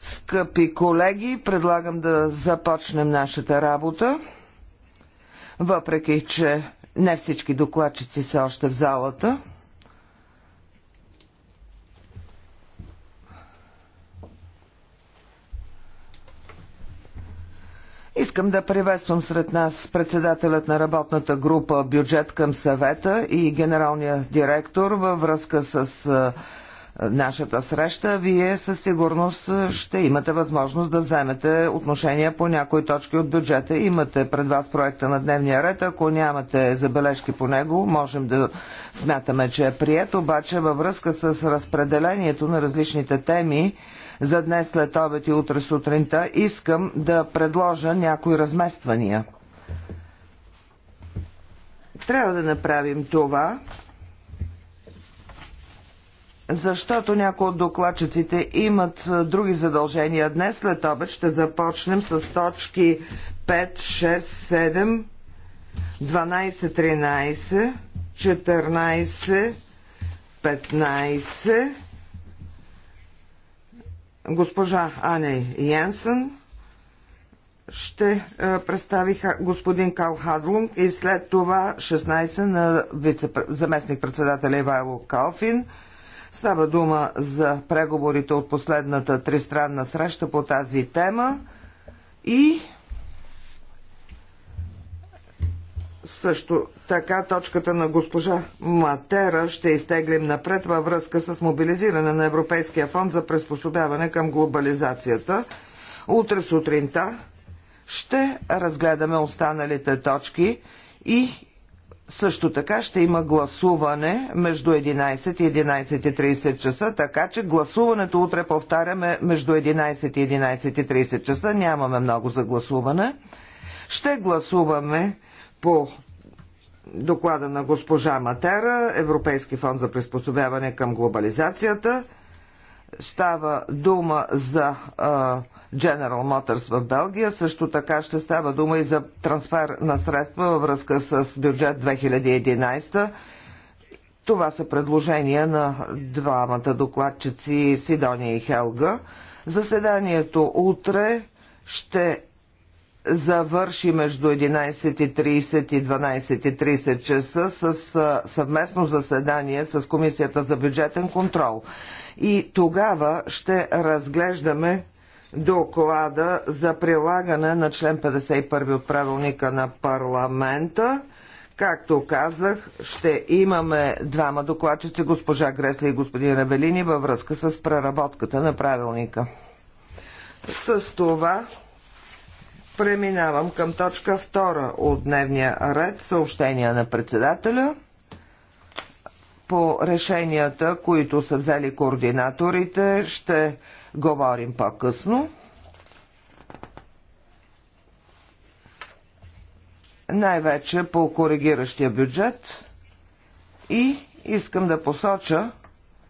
Скъпи колеги, предлагам да започнем нашата работа, въпреки че не всички докладчици са още в залата. Искам да приветствам сред нас председателят на работната група бюджет към съвета и генералния директор във връзка с нашата среща, вие със сигурност ще имате възможност да вземете отношение по някои точки от бюджета. Имате пред вас проекта на дневния ред. Ако нямате забележки по него, можем да смятаме, че е прият. Обаче във връзка с разпределението на различните теми, за днес след обед и утре сутринта, искам да предложа някои размествания. Трябва да направим това, защото някои от докладчиците имат други задължения. Днес след обед ще започнем с точки 5, 6, 7, 12, 13, 14, 15, госпожа Ане Янсен ще представи господин Кал Хадлунг и след това 16 на заместник-председателя Ивайло Калфин – Става дума за преговорите от последната тристранна среща по тази тема и Също така точката на госпожа Матера ще изтеглим напред във връзка с мобилизиране на Европейския фонд за приспособяване към глобализацията. Утре сутринта ще разгледаме останалите точки и също така ще има гласуване между 11 и 11.30 часа, така че гласуването утре, повтаряме, между 11 и 11.30 часа. Нямаме много за гласуване. Ще гласуваме по доклада на госпожа Матера, Европейски фонд за приспособяване към глобализацията. Става дума за а, General Motors в Белгия. Също така ще става дума и за трансфер на средства във връзка с бюджет 2011. Това са предложения на двамата докладчици Сидония и Хелга. Заседанието утре ще завърши между 11.30 и 12.30 часа с съвместно заседание с Комисията за бюджетен контрол. И тогава ще разглеждаме доклада за прилагане на член 51 от правилника на парламента. Както казах, ще имаме двама докладчици, госпожа Гресли и господин Ревелини, във връзка с преработката на правилника. С това преминавам към точка 2 от дневния ред съобщения на председателя по решенията, които са взели координаторите, ще говорим по-късно. Най-вече по коригиращия бюджет и искам да посоча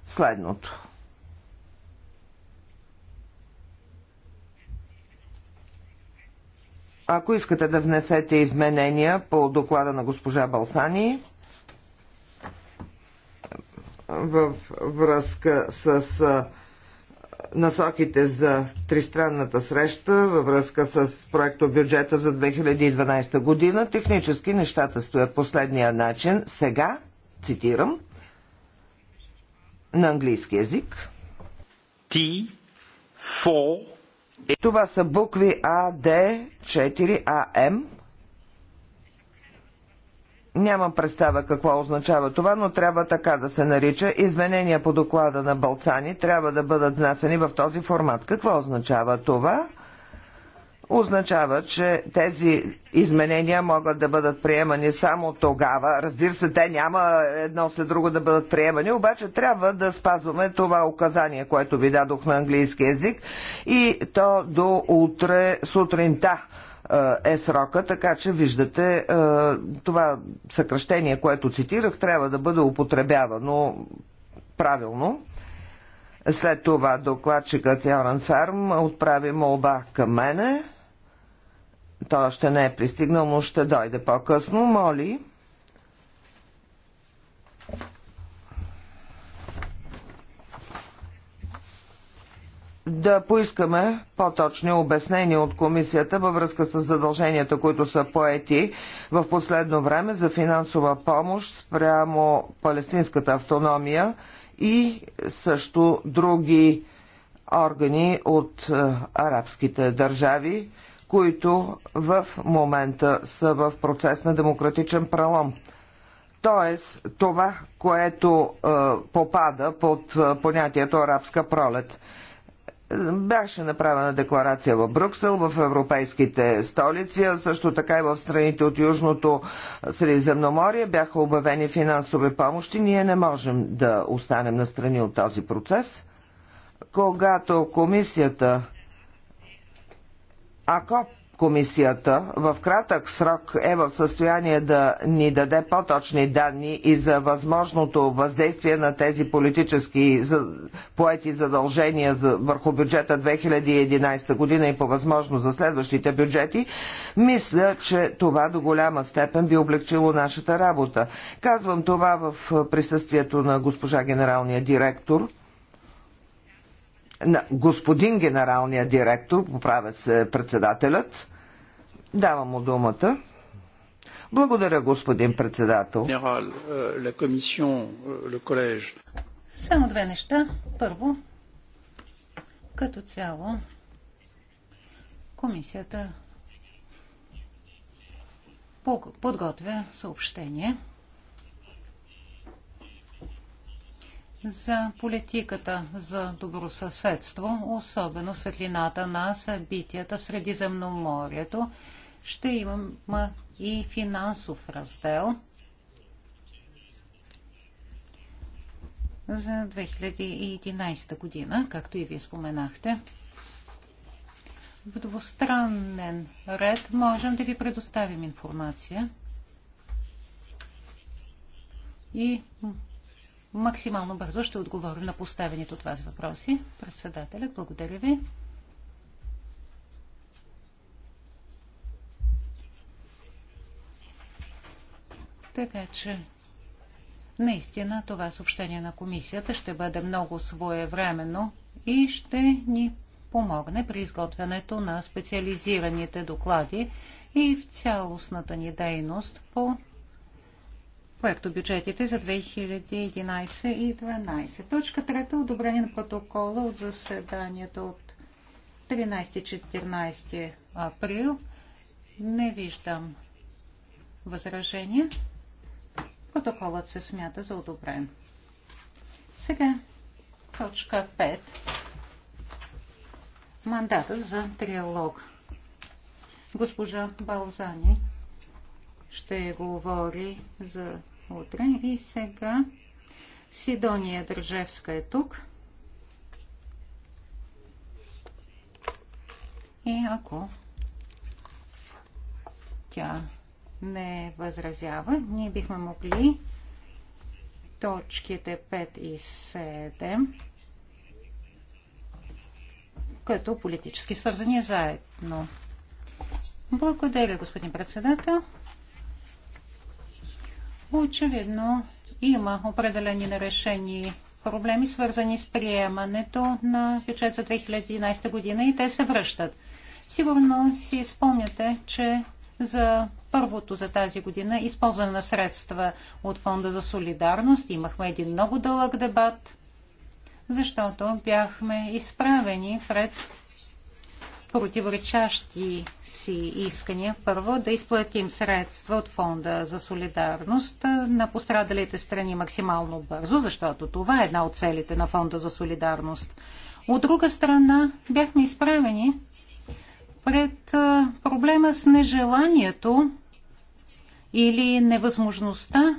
следното. Ако искате да внесете изменения по доклада на госпожа Балсани във връзка с насоките за тристранната среща във връзка с проекто бюджета за 2012 година, технически нещата стоят последния начин. Сега, цитирам, на английски язик. T, 4, Това са букви A, D, 4, A, M. Нямам представа какво означава това, но трябва така да се нарича. Изменения по доклада на Балцани трябва да бъдат внасени в този формат. Какво означава това? означава, че тези изменения могат да бъдат приемани само тогава. Разбира се, те няма едно след друго да бъдат приемани, обаче трябва да спазваме това указание, което ви дадох на английски язик и то до утре сутринта е срока, така че виждате е, това съкръщение, което цитирах, трябва да бъде употребявано правилно. След това докладчикът Йоран Ферм отправи молба към мене. Той още не е пристигнал, но ще дойде по-късно. Моли да поискаме по-точни обяснения от комисията във връзка с задълженията, които са поети в последно време за финансова помощ спрямо палестинската автономия и също други органи от е, арабските държави, които в момента са в процес на демократичен прелом. Тоест, това, което е, попада под е, понятието арабска пролет. Беше направена декларация в Брюксел, в европейските столици, а също така и в страните от Южното Средиземноморие бяха обявени финансови помощи. Ние не можем да останем настрани от този процес. Когато комисията, ако комисията в кратък срок е в състояние да ни даде по-точни данни и за възможното въздействие на тези политически поети задължения върху бюджета 2011 година и по възможност за следващите бюджети, мисля, че това до голяма степен би облегчило нашата работа. Казвам това в присъствието на госпожа генералния директор – на господин генералния директор, поправя се председателят. Давам му думата. Благодаря, господин председател. Е, е, Само две неща. Първо, като цяло, комисията подготвя съобщение – за политиката за добросъседство, особено светлината на събитията в Средиземноморието. Ще има и финансов раздел за 2011 година, както и вие споменахте. В двустранен ред можем да ви предоставим информация и максимално бързо ще отговоря на поставените от вас въпроси. Председателят, благодаря ви. Така че, наистина, това съобщение на комисията ще бъде много своевременно и ще ни помогне при изготвянето на специализираните доклади и в цялостната ни дейност по проектобюджетите за 2011 и 2012. Точка трета – одобрение на протокола от заседанието от 13-14 април. Не виждам възражения. Протоколът се смята за одобрен. Сега точка 5. Мандата за триалог. Госпожа Балзани ще говори за утре. И сега Сидония Държевска е тук. И ако тя не възразява, ние бихме могли точките 5 и 7 като политически свързани заедно. Благодаря, господин председател. Очевидно има определени нарешени проблеми, свързани с приемането на бюджет за 2011 година и те се връщат. Сигурно си спомняте, че за първото за тази година използване на средства от Фонда за солидарност имахме един много дълъг дебат, защото бяхме изправени пред противоречащи си искания. Първо, да изплатим средства от Фонда за солидарност на пострадалите страни максимално бързо, защото това е една от целите на Фонда за солидарност. От друга страна, бяхме изправени пред проблема с нежеланието или невъзможността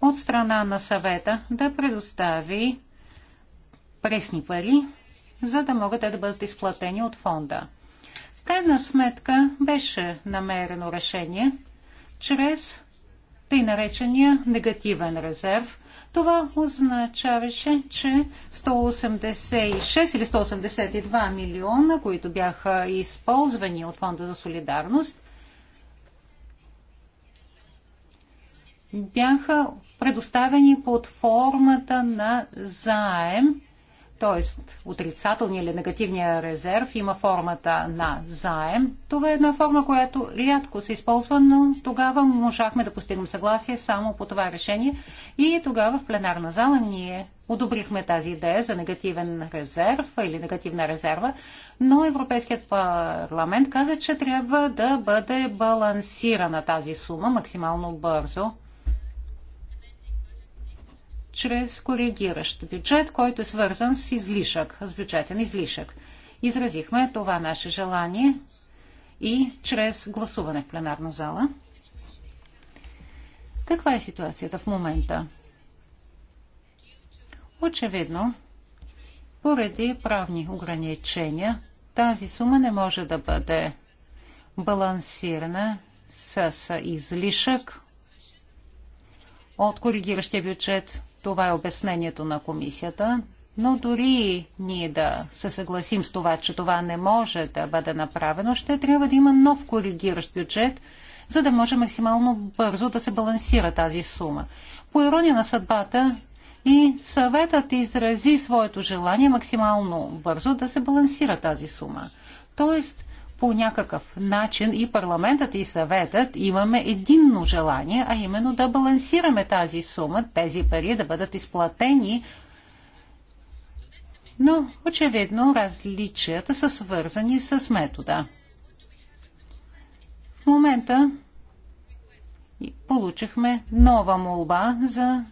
от страна на съвета да предостави пресни пари за да могат те да бъдат изплатени от фонда. В крайна сметка беше намерено решение чрез тъй наречения негативен резерв. Това означаваше, че 186 или 182 милиона, които бяха използвани от Фонда за солидарност, бяха предоставени под формата на заем т.е. отрицателния или негативния резерв има формата на заем. Това е една форма, която рядко се използва, но тогава можахме да постигнем съгласие само по това решение и тогава в пленарна зала ние одобрихме тази идея за негативен резерв или негативна резерва, но Европейският парламент каза, че трябва да бъде балансирана тази сума максимално бързо чрез коригиращ бюджет, който е свързан с излишък, с бюджетен излишък. Изразихме това наше желание и чрез гласуване в пленарна зала. Каква е ситуацията в момента? Очевидно, поради правни ограничения, тази сума не може да бъде балансирана с излишък от коригиращия бюджет това е обяснението на комисията. Но дори ние да се съгласим с това, че това не може да бъде направено, ще трябва да има нов коригиращ бюджет, за да може максимално бързо да се балансира тази сума. По ирония на съдбата и съветът изрази своето желание максимално бързо да се балансира тази сума. Тоест, по някакъв начин и парламентът и съветът имаме единно желание, а именно да балансираме тази сума, тези пари да бъдат изплатени. Но очевидно различията са свързани с метода. В момента получихме нова молба за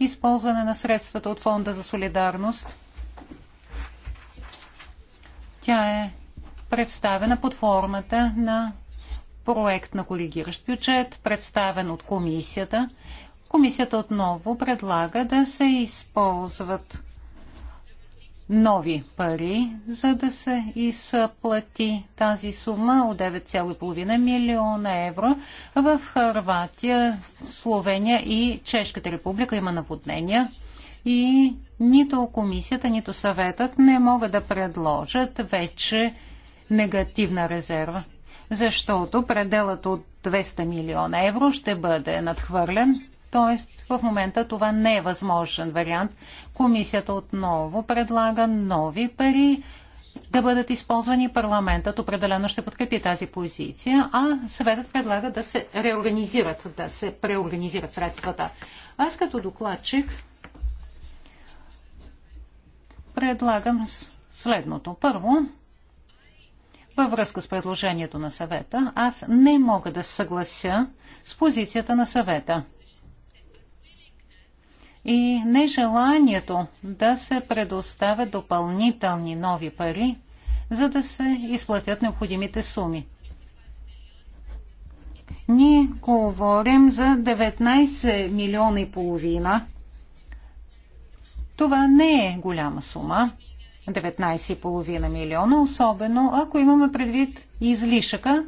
използване на средствата от Фонда за солидарност. Тя е представена под формата на проект на коригиращ бюджет, представен от комисията. Комисията отново предлага да се използват нови пари, за да се изплати тази сума от 9,5 милиона евро. В Харватия, Словения и Чешката република има наводнения и нито комисията, нито съветът не могат да предложат вече негативна резерва, защото пределът от 200 милиона евро ще бъде надхвърлен, т.е. в момента това не е възможен вариант. Комисията отново предлага нови пари да бъдат използвани. Парламентът определено ще подкрепи тази позиция, а съветът предлага да се реорганизират, да се преорганизират средствата. Аз като докладчик предлагам следното. Първо, във връзка с предложението на съвета, аз не мога да съглася с позицията на съвета и нежеланието да се предоставят допълнителни нови пари, за да се изплатят необходимите суми. Ние говорим за 19 милиона и половина. Това не е голяма сума. 19,5 милиона, особено ако имаме предвид излишъка,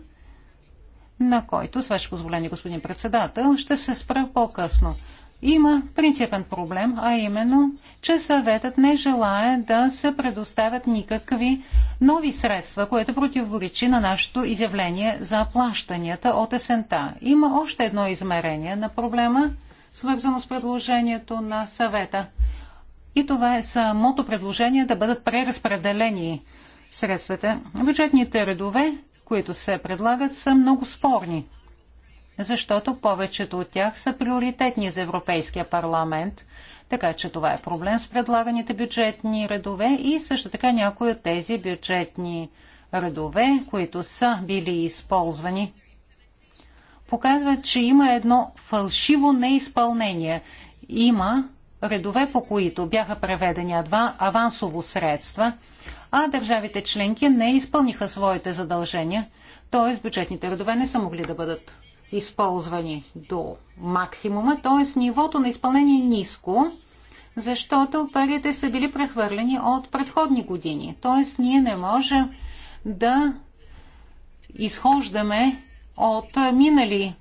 на който, с ваше позволение, господин председател, ще се спра по-късно. Има принципен проблем, а именно, че съветът не желая да се предоставят никакви нови средства, което противоречи на нашето изявление за плащанията от есента. Има още едно измерение на проблема, свързано с предложението на съвета – и това е самото предложение да бъдат преразпределени средствата. Бюджетните редове, които се предлагат, са много спорни, защото повечето от тях са приоритетни за Европейския парламент. Така че това е проблем с предлаганите бюджетни редове и също така някои от тези бюджетни редове, които са били използвани, показват, че има едно фалшиво неизпълнение. Има редове, по които бяха преведени авансово средства, а държавите членки не изпълниха своите задължения, т.е. бюджетните редове не са могли да бъдат използвани до максимума, т.е. нивото на изпълнение е ниско, защото парите са били прехвърлени от предходни години. Т.е. ние не можем да изхождаме от минали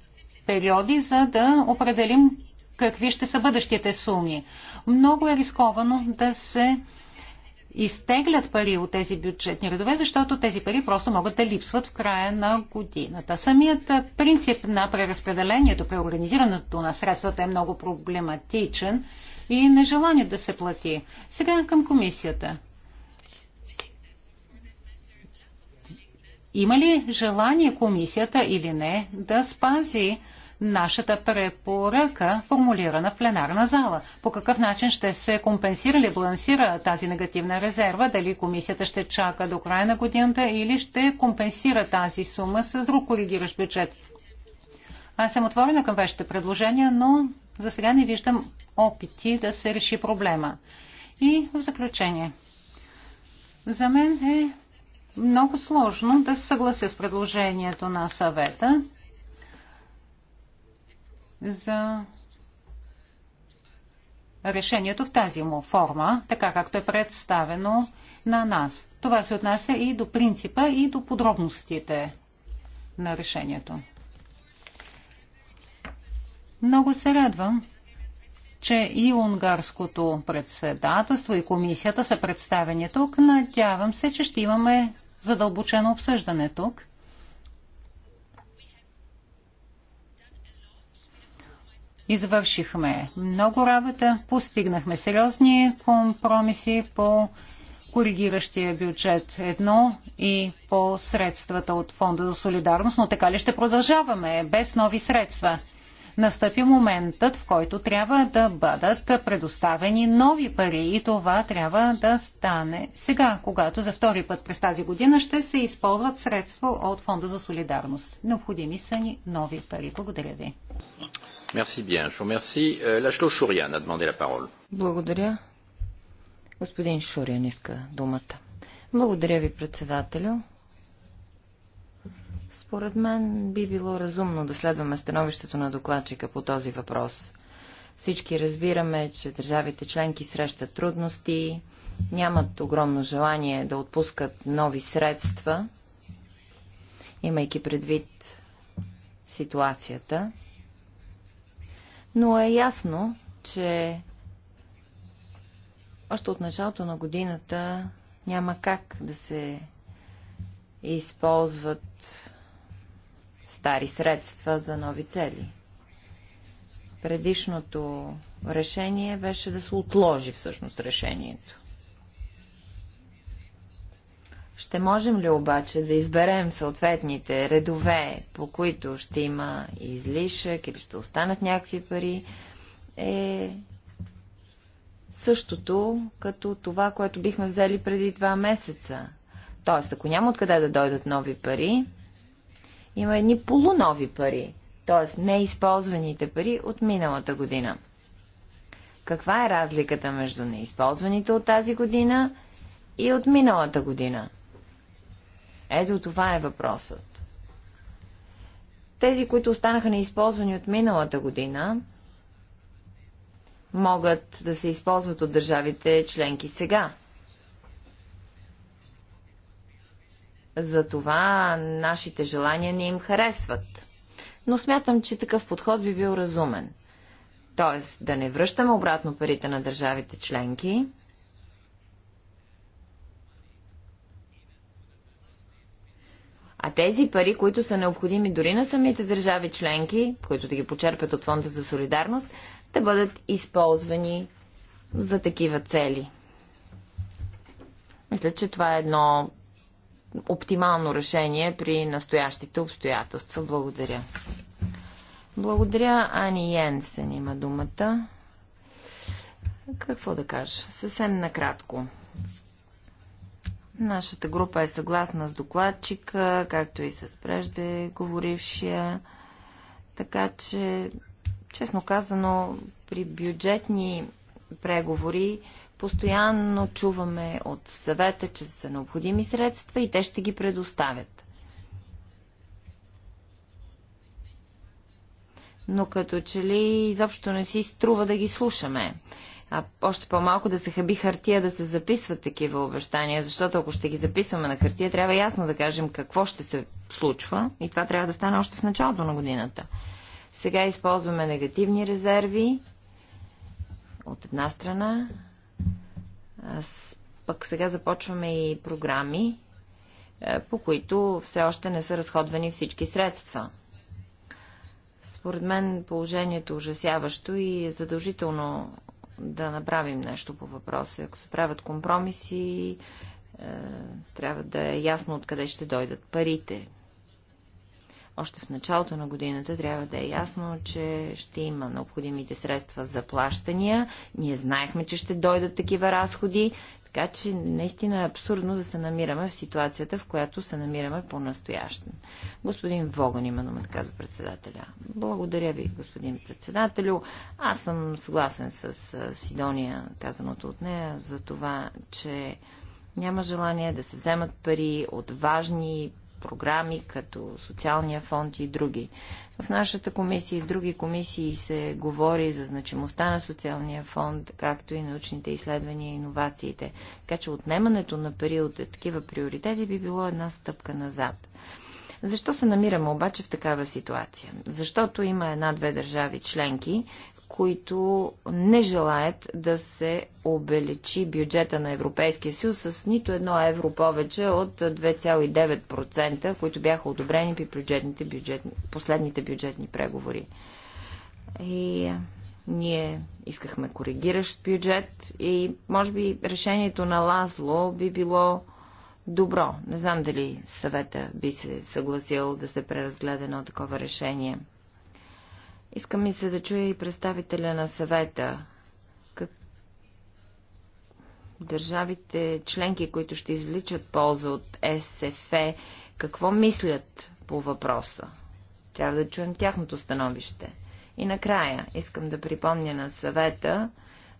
периоди, за да определим какви ще са бъдещите суми. Много е рисковано да се изтеглят пари от тези бюджетни редове, защото тези пари просто могат да липсват в края на годината. Самият принцип на преразпределението, преорганизирането на средствата е много проблематичен и нежелание да се плати. Сега към комисията. Има ли желание комисията или не да спази нашата препоръка, формулирана в пленарна зала. По какъв начин ще се компенсира или балансира тази негативна резерва? Дали комисията ще чака до края на годината или ще компенсира тази сума с друг коригиращ бюджет? Аз съм отворена към вашите предложения, но за сега не виждам опити да се реши проблема. И в заключение. За мен е много сложно да се съглася с предложението на съвета за решението в тази му форма, така както е представено на нас. Това се отнася и до принципа, и до подробностите на решението. Много се радвам, че и унгарското председателство и комисията са представени тук. Надявам се, че ще имаме задълбочено обсъждане тук. Извършихме много работа, постигнахме сериозни компромиси по коригиращия бюджет едно и по средствата от Фонда за солидарност, но така ли ще продължаваме без нови средства? Настъпи моментът, в който трябва да бъдат предоставени нови пари и това трябва да стане сега, когато за втори път през тази година ще се използват средства от Фонда за солидарност. Необходими са ни нови пари. Благодаря ви. Merci bien, je vous remercie. Лашло euh, Шуриан a demandé la parole. Благодаря. Господин Шуриан иска думата. Благодаря ви, председателю. Според мен би било разумно да следваме становището на докладчика по този въпрос. Всички разбираме, че държавите членки срещат трудности, нямат огромно желание да отпускат нови средства, имайки предвид ситуацията но е ясно, че още от началото на годината няма как да се използват стари средства за нови цели. Предишното решение беше да се отложи всъщност решението. Ще можем ли обаче да изберем съответните редове, по които ще има излишък или ще останат някакви пари, е същото като това, което бихме взели преди два месеца. Тоест, ако няма откъде да дойдат нови пари, има едни полунови пари, т.е. неизползваните пари от миналата година. Каква е разликата между неизползваните от тази година и от миналата година? Ето това е въпросът. Тези, които останаха неизползвани от миналата година, могат да се използват от държавите членки сега. Затова нашите желания не им харесват. Но смятам, че такъв подход би бил разумен. Тоест да не връщаме обратно парите на държавите членки, А тези пари, които са необходими дори на самите държави членки, които да ги почерпят от Фонда за солидарност, да бъдат използвани за такива цели. Мисля, че това е едно оптимално решение при настоящите обстоятелства. Благодаря. Благодаря. Ани Йенсен има думата. Какво да кажа? Съвсем накратко. Нашата група е съгласна с докладчика, както и с преждеговорившия. Така че, честно казано, при бюджетни преговори постоянно чуваме от съвета, че са необходими средства и те ще ги предоставят. Но като че ли изобщо не си струва да ги слушаме а още по-малко да се хаби хартия да се записват такива обещания, защото ако ще ги записваме на хартия, трябва ясно да кажем какво ще се случва и това трябва да стане още в началото на годината. Сега използваме негативни резерви от една страна. Аз пък сега започваме и програми, по които все още не са разходвани всички средства. Според мен положението е ужасяващо и е задължително да направим нещо по въпроса. Ако се правят компромиси, е, трябва да е ясно откъде ще дойдат парите. Още в началото на годината трябва да е ясно, че ще има необходимите средства за плащания. Ние знаехме, че ще дойдат такива разходи. Така че наистина е абсурдно да се намираме в ситуацията, в която се намираме по-настоящен. Господин Воган има думата, казва председателя. Благодаря ви, господин председателю. Аз съм съгласен с Сидония, казаното от нея, за това, че няма желание да се вземат пари от важни програми, като социалния фонд и други. В нашата комисия и в други комисии се говори за значимостта на социалния фонд, както и научните изследвания и иновациите. Така че отнемането на пари от такива приоритети би било една стъпка назад. Защо се намираме обаче в такава ситуация? Защото има една-две държави членки, които не желаят да се обеличи бюджета на Европейския съюз с нито едно евро повече от 2,9%, които бяха одобрени при бюджетните бюджетни, последните бюджетни преговори. И е, ние искахме коригиращ бюджет и може би решението на Лазло би било добро. Не знам дали съвета би се съгласил да се преразгледа едно такова решение – Искам ми се да чуя и представителя на съвета. Как... Държавите членки, които ще изличат полза от СФЕ, какво мислят по въпроса? Трябва да чуем тяхното становище. И накрая искам да припомня на съвета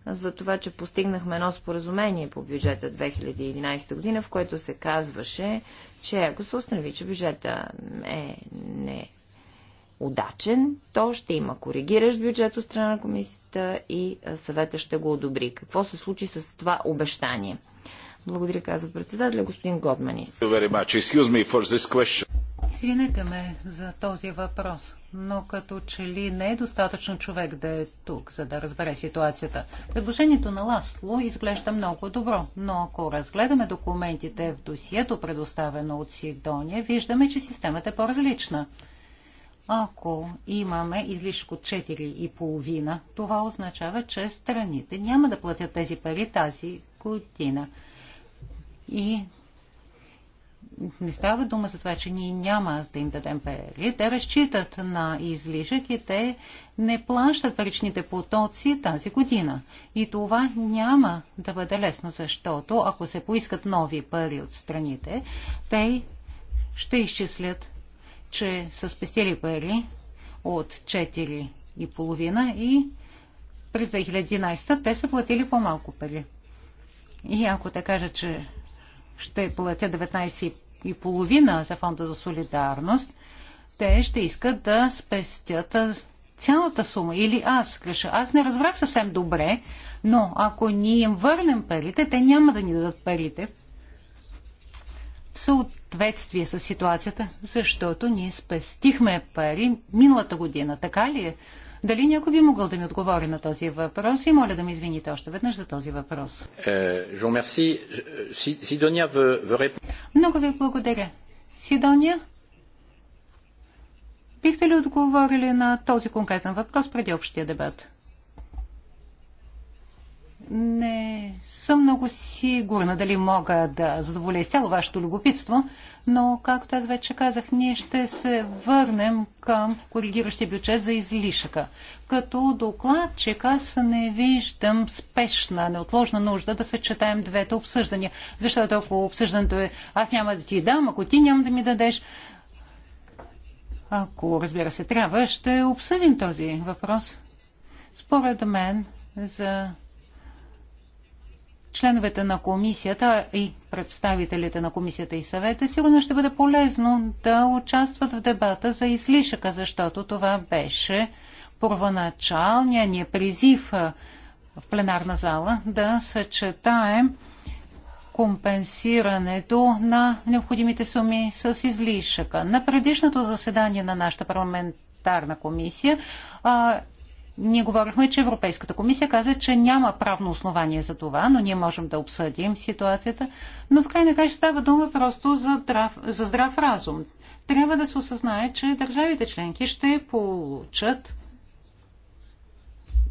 за това, че постигнахме едно споразумение по бюджета 2011 година, в което се казваше, че ако се установи, че бюджета е не удачен, то ще има коригиращ бюджет от страна на комисията и съвета ще го одобри. Какво се случи с това обещание? Благодаря, казва председателя господин Годманис. Извинете ме за този въпрос, но като че ли не е достатъчно човек да е тук, за да разбере ситуацията. Предложението на Ласло изглежда много добро, но ако разгледаме документите в досието, предоставено от Сидония, виждаме, че системата е по-различна. Ако имаме излишко 4,5, това означава, че страните няма да платят тези пари тази година. И не става дума за това, че ние няма да им дадем пари. Те разчитат на излишък и те не плащат паричните потоци тази година. И това няма да бъде лесно, защото ако се поискат нови пари от страните, те ще изчислят че са спестили пари от 4,5 и през 2011 те са платили по-малко пари. И ако те кажат, че ще платя 19,5 за фонда за солидарност, те ще искат да спестят цялата сума. Или аз греша. Аз не разбрах съвсем добре, но ако ние им върнем парите, те няма да ни дадат парите съответствие с ситуацията, защото ние спестихме пари миналата година, така ли е? Дали някой би могъл да ми отговори на този въпрос и моля да ми извините още веднъж за този въпрос. Е, Много ви благодаря. Сидония? Бихте ли отговорили на този конкретен въпрос преди общия дебат? не съм много сигурна дали мога да задоволя изцяло вашето любопитство, но, както аз вече казах, ние ще се върнем към коригиращия бюджет за излишъка. Като докладчик аз не виждам спешна, неотложна нужда да съчетаем двете обсъждания, защото ако обсъждането е аз няма да ти дам, ако ти няма да ми дадеш, ако, разбира се, трябва, ще обсъдим този въпрос. Според мен, за членовете на комисията и представителите на комисията и съвета, сигурно ще бъде полезно да участват в дебата за излишъка, защото това беше първоначалния ни призив в пленарна зала да съчетаем компенсирането на необходимите суми с излишъка. На предишното заседание на нашата парламентарна комисия ние говорихме, че Европейската комисия каза, че няма правно основание за това, но ние можем да обсъдим ситуацията. Но в крайна краща става дума просто за здрав, за здрав разум. Трябва да се осъзнае, че държавите членки ще получат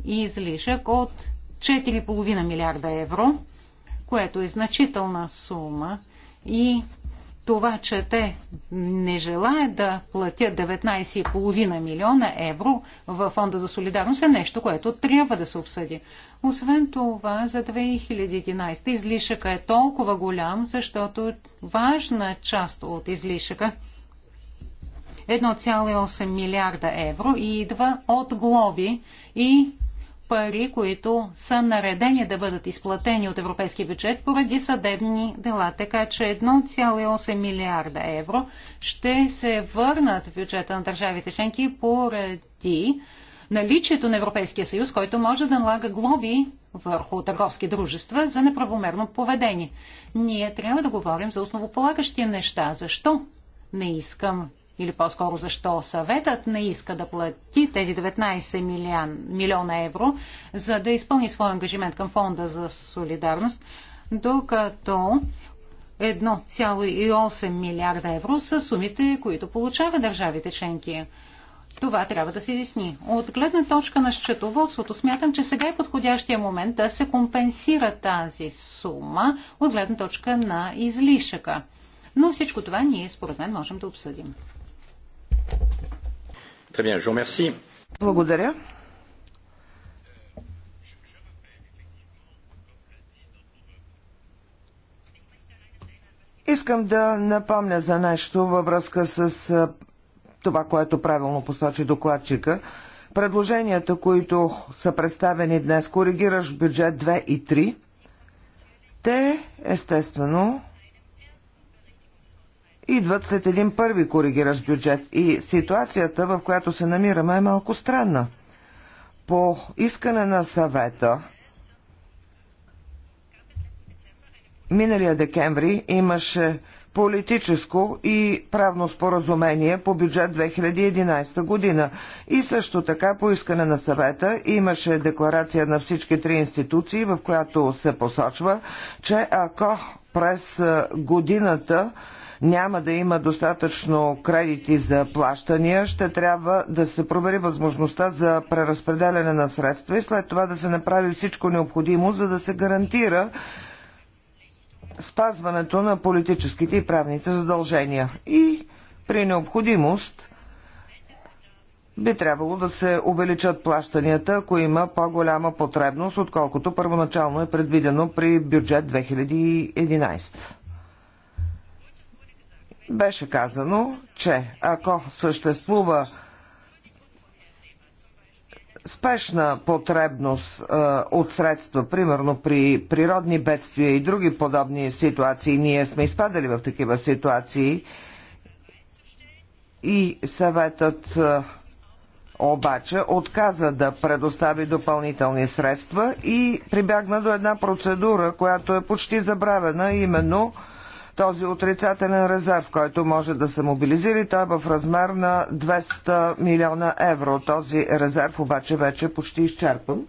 излишък от 4,5 милиарда евро, което е значителна сума и това, че те не желаят да платят 19,5 милиона евро в Фонда за солидарност е нещо, което трябва да се обсъди. Освен това, за 2011 излишъка е толкова голям, защото важна част от излишъка 1,8 милиарда евро и идва от глоби и пари, които са наредени да бъдат изплатени от европейски бюджет поради съдебни дела. Така че 1,8 милиарда евро ще се върнат в бюджета на държавите членки поради наличието на Европейския съюз, който може да налага глоби върху търговски дружества за неправомерно поведение. Ние трябва да говорим за основополагащи неща. Защо не искам или по-скоро защо съветът не иска да плати тези 19 милион, милиона евро, за да изпълни своя ангажимент към фонда за солидарност, докато 1,8 милиарда евро са сумите, които получава държавите членки. Това трябва да се изясни. От гледна точка на счетоводството смятам, че сега е подходящия момент да се компенсира тази сума от гледна точка на излишъка. Но всичко това ние, според мен, можем да обсъдим. Благодаря. Искам да напомня за нещо във връзка с това, което правилно посочи докладчика. Предложенията, които са представени днес, коригираш бюджет 2 и 3, те естествено идват след един първи коригиращ бюджет и ситуацията, в която се намираме, е малко странна. По искане на съвета, миналия декември имаше политическо и правно споразумение по бюджет 2011 година. И също така по искане на съвета имаше декларация на всички три институции, в която се посочва, че ако през годината няма да има достатъчно кредити за плащания, ще трябва да се провери възможността за преразпределяне на средства и след това да се направи всичко необходимо, за да се гарантира спазването на политическите и правните задължения. И при необходимост би трябвало да се увеличат плащанията, ако има по-голяма потребност, отколкото първоначално е предвидено при бюджет 2011 беше казано, че ако съществува спешна потребност е, от средства, примерно при природни бедствия и други подобни ситуации, ние сме изпадали в такива ситуации и съветът е, обаче отказа да предостави допълнителни средства и прибягна до една процедура, която е почти забравена, именно този отрицателен резерв, който може да се мобилизира и той е в размер на 200 милиона евро. Този резерв обаче вече е почти изчерпан.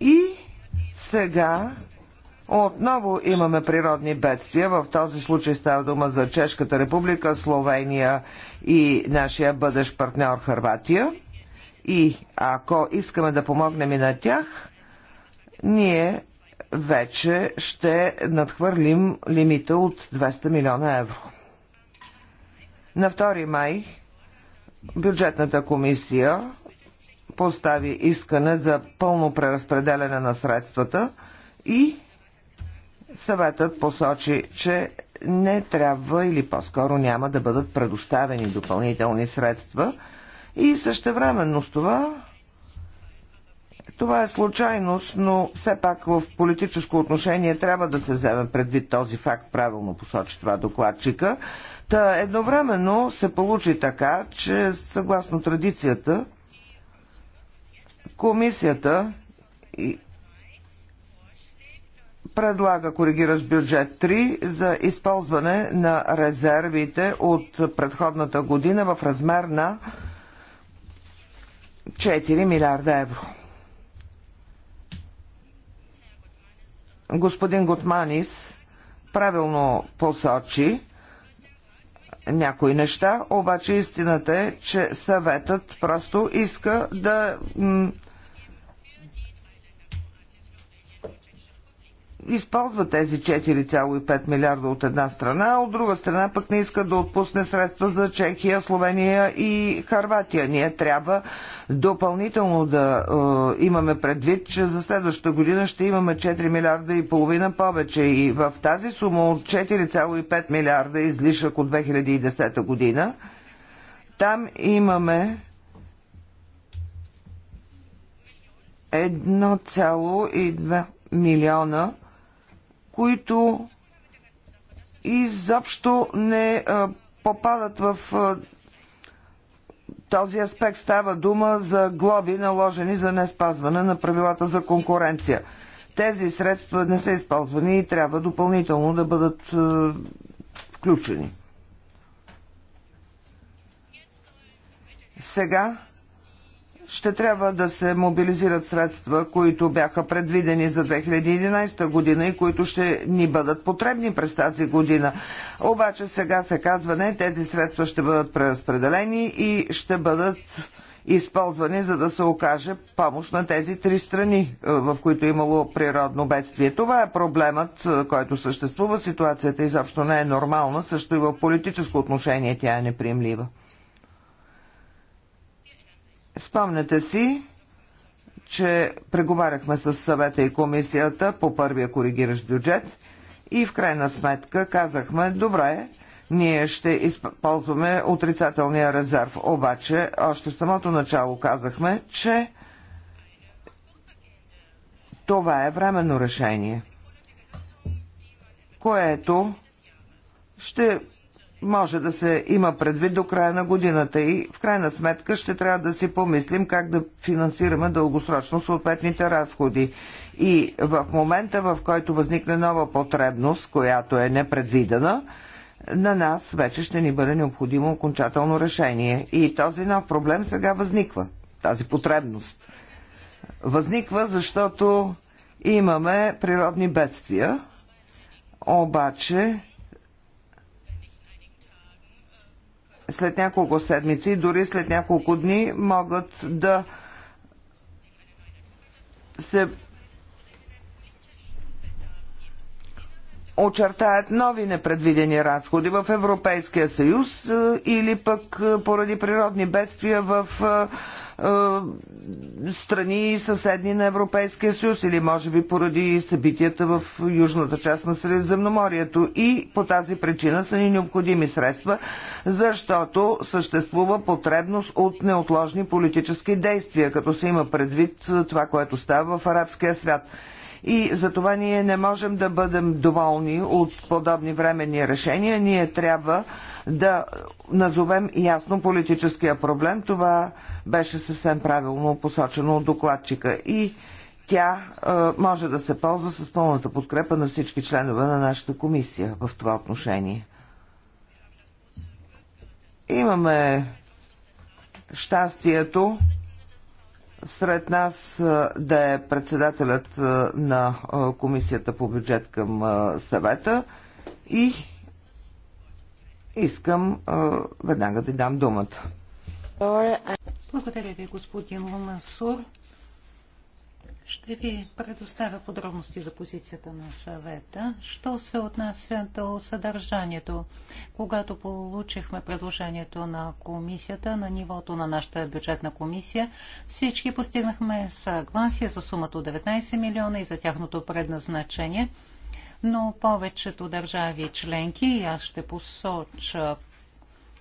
И сега отново имаме природни бедствия. В този случай става дума за Чешката република, Словения и нашия бъдещ партньор Харватия. И ако искаме да помогнем и на тях, ние вече ще надхвърлим лимита от 200 милиона евро. На 2 май бюджетната комисия постави искане за пълно преразпределяне на средствата и съветът посочи, че не трябва или по-скоро няма да бъдат предоставени допълнителни средства и същевременно с това това е случайност, но все пак в политическо отношение трябва да се вземе предвид този факт, правилно посочи това докладчика. Та едновременно се получи така, че съгласно традицията, комисията предлага коригираш бюджет 3 за използване на резервите от предходната година в размер на 4 милиарда евро. господин Готманис правилно посочи някои неща, обаче истината е, че съветът просто иска да използва тези 4,5 милиарда от една страна, а от друга страна пък не иска да отпусне средства за Чехия, Словения и Харватия. Ние трябва допълнително да е, имаме предвид, че за следващата година ще имаме 4 милиарда и половина повече и в тази сума от 4,5 милиарда излишък от 2010 година, там имаме 1,2 милиона които изобщо не попадат в този аспект. Става дума за глоби, наложени за не спазване на правилата за конкуренция. Тези средства не са използвани и трябва допълнително да бъдат включени. Сега ще трябва да се мобилизират средства, които бяха предвидени за 2011 година и които ще ни бъдат потребни през тази година. Обаче сега се казва не, тези средства ще бъдат преразпределени и ще бъдат използвани, за да се окаже помощ на тези три страни, е, в които е имало природно бедствие. Това е проблемът, е, който съществува. Ситуацията изобщо не е нормална, също и в политическо отношение тя е неприемлива. Спомняте си, че преговаряхме с съвета и комисията по първия коригиращ бюджет и в крайна сметка казахме, добре, ние ще използваме отрицателния резерв. Обаче, още в самото начало казахме, че това е временно решение, което ще може да се има предвид до края на годината и в крайна сметка ще трябва да си помислим как да финансираме дългосрочно съответните разходи. И в момента, в който възникне нова потребност, която е непредвидена, на нас вече ще ни бъде необходимо окончателно решение. И този нов проблем сега възниква, тази потребност. Възниква, защото имаме природни бедствия, обаче след няколко седмици, дори след няколко дни могат да се очертаят нови непредвидени разходи в Европейския съюз е, или пък е, поради природни бедствия в е, страни съседни на Европейския съюз или може би поради събитията в южната част на Средиземноморието. И по тази причина са ни необходими средства, защото съществува потребност от неотложни политически действия, като се има предвид това, което става в арабския свят и за това ние не можем да бъдем доволни от подобни временни решения. Ние трябва да назовем ясно политическия проблем. Това беше съвсем правилно посочено от докладчика. И тя е, може да се ползва с пълната подкрепа на всички членове на нашата комисия в това отношение. Имаме щастието сред нас да е председателят на Комисията по бюджет към съвета и искам веднага да дам думата. Благодаря ви, господин Ломасур. Ще ви предоставя подробности за позицията на съвета. Що се отнася до съдържанието? Когато получихме предложението на комисията на нивото на нашата бюджетна комисия, всички постигнахме съгласие за сумата от 19 милиона и за тяхното предназначение, но повечето държави членки, и аз ще посоча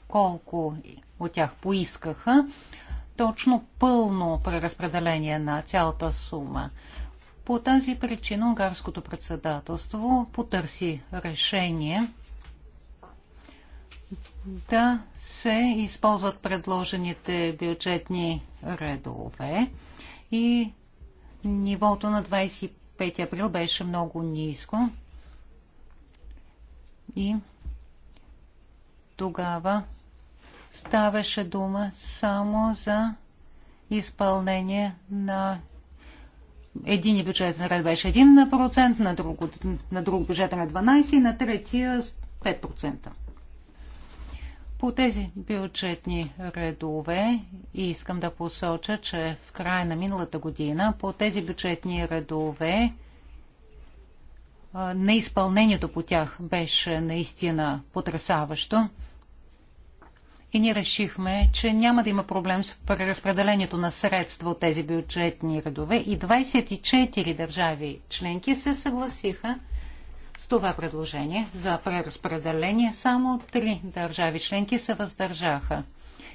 колко от тях поискаха, точно пълно преразпределение на цялата сума. По тази причина унгарското председателство потърси решение да се използват предложените бюджетни редове и нивото на 25 април беше много ниско и тогава ставаше дума само за изпълнение на един бюджетен ред беше 1%, на друг, на друг бюджетен ред 12% и на третия 5%. По тези бюджетни редове и искам да посоча, че в края на миналата година по тези бюджетни редове неизпълнението по тях беше наистина потрясаващо и ние решихме, че няма да има проблем с преразпределението на средства от тези бюджетни редове и 24 държави членки се съгласиха с това предложение за преразпределение. Само три държави членки се въздържаха.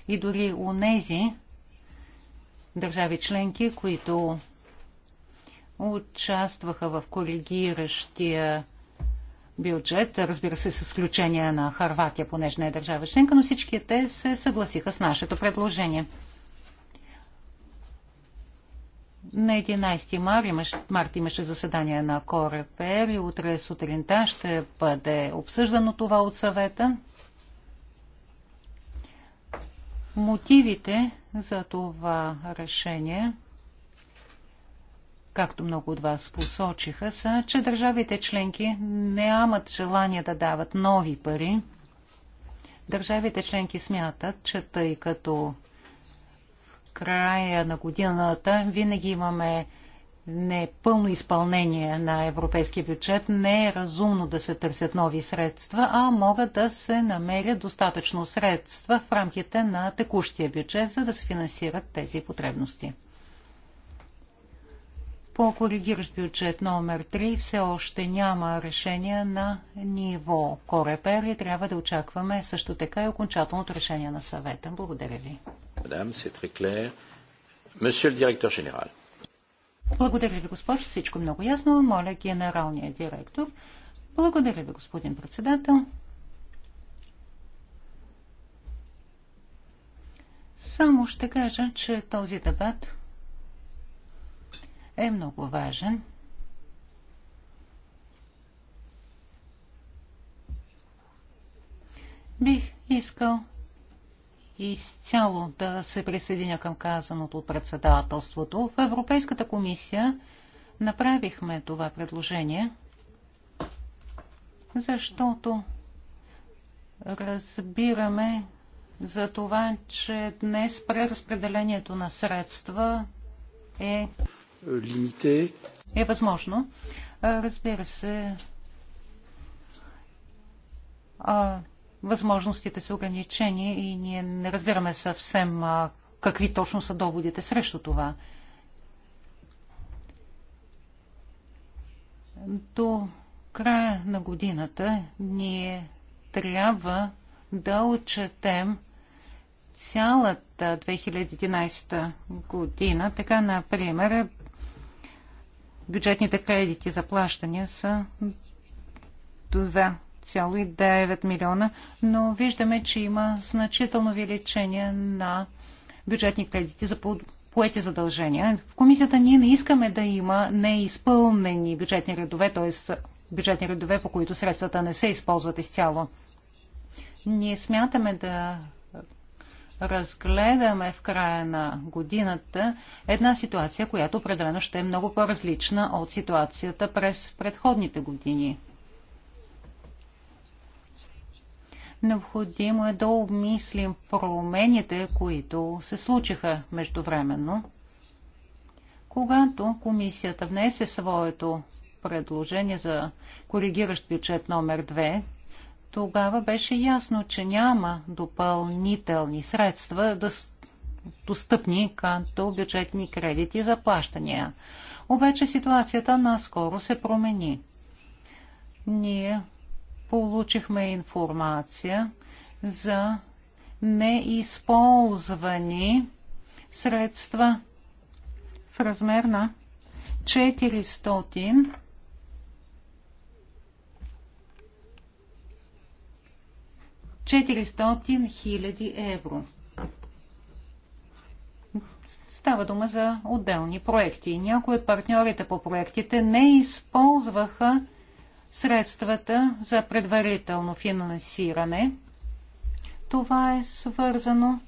И дори у нези държави членки, които участваха в коригиращия бюджет, разбира се, с изключение на Харватия, понеже не е държава членка, но всички те се съгласиха с нашето предложение. На 11 мар имаш, март имаше заседание на Корепер и утре сутринта ще бъде обсъждано това от съвета. Мотивите за това решение както много от вас посочиха, са, че държавите членки нямат желание да дават нови пари. Държавите членки смятат, че тъй като в края на годината винаги имаме непълно изпълнение на европейския бюджет, не е разумно да се търсят нови средства, а могат да се намерят достатъчно средства в рамките на текущия бюджет, за да се финансират тези потребности. По коригиращ бюджет номер 3 все още няма решение на ниво Корепер и трябва да очакваме също така и окончателното решение на съвета. Благодаря ви. Благодаря ви, госпожо. Всичко много ясно. Моля генералния директор. Благодаря ви, господин председател. Само ще кажа, че този дебат е много важен. Бих искал изцяло да се присъединя към казаното от председателството. В Европейската комисия направихме това предложение, защото разбираме за това, че днес преразпределението на средства е лимите. Е възможно. Разбира се, а, възможностите са ограничени и ние не разбираме съвсем а, какви точно са доводите срещу това. До края на годината ние трябва да отчетем цялата 2011 година. Така, например, бюджетните кредити за плащания са 2,9 милиона, но виждаме, че има значително увеличение на бюджетни кредити за поети задължения. В комисията ние не искаме да има неизпълнени бюджетни редове, т.е. бюджетни редове, по които средствата не се използват изцяло. Ние смятаме да разгледаме в края на годината една ситуация, която определено ще е много по-различна от ситуацията през предходните години. Необходимо е да обмислим промените, които се случиха междувременно. Когато комисията внесе своето предложение за коригиращ бюджет номер 2, тогава беше ясно, че няма допълнителни средства да достъпни като бюджетни кредити за плащания. Обаче ситуацията наскоро се промени. Ние получихме информация за неизползвани средства в размер на 400 400 000 евро. Става дума за отделни проекти. Някои от партньорите по проектите не използваха средствата за предварително финансиране. Това е свързано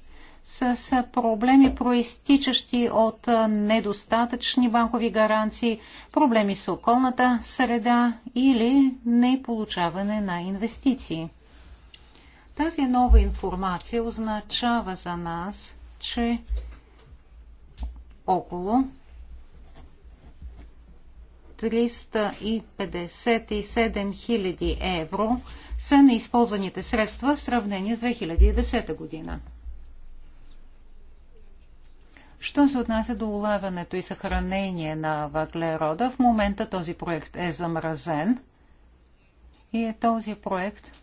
с проблеми, проистичащи от недостатъчни банкови гаранции, проблеми с околната среда или неполучаване на инвестиции. Тази нова информация означава за нас, че около 357 000 евро са неизползваните средства в сравнение с 2010 година. Що се отнася до улавянето и съхранение на въглерода, в момента този проект е замразен и е този проект –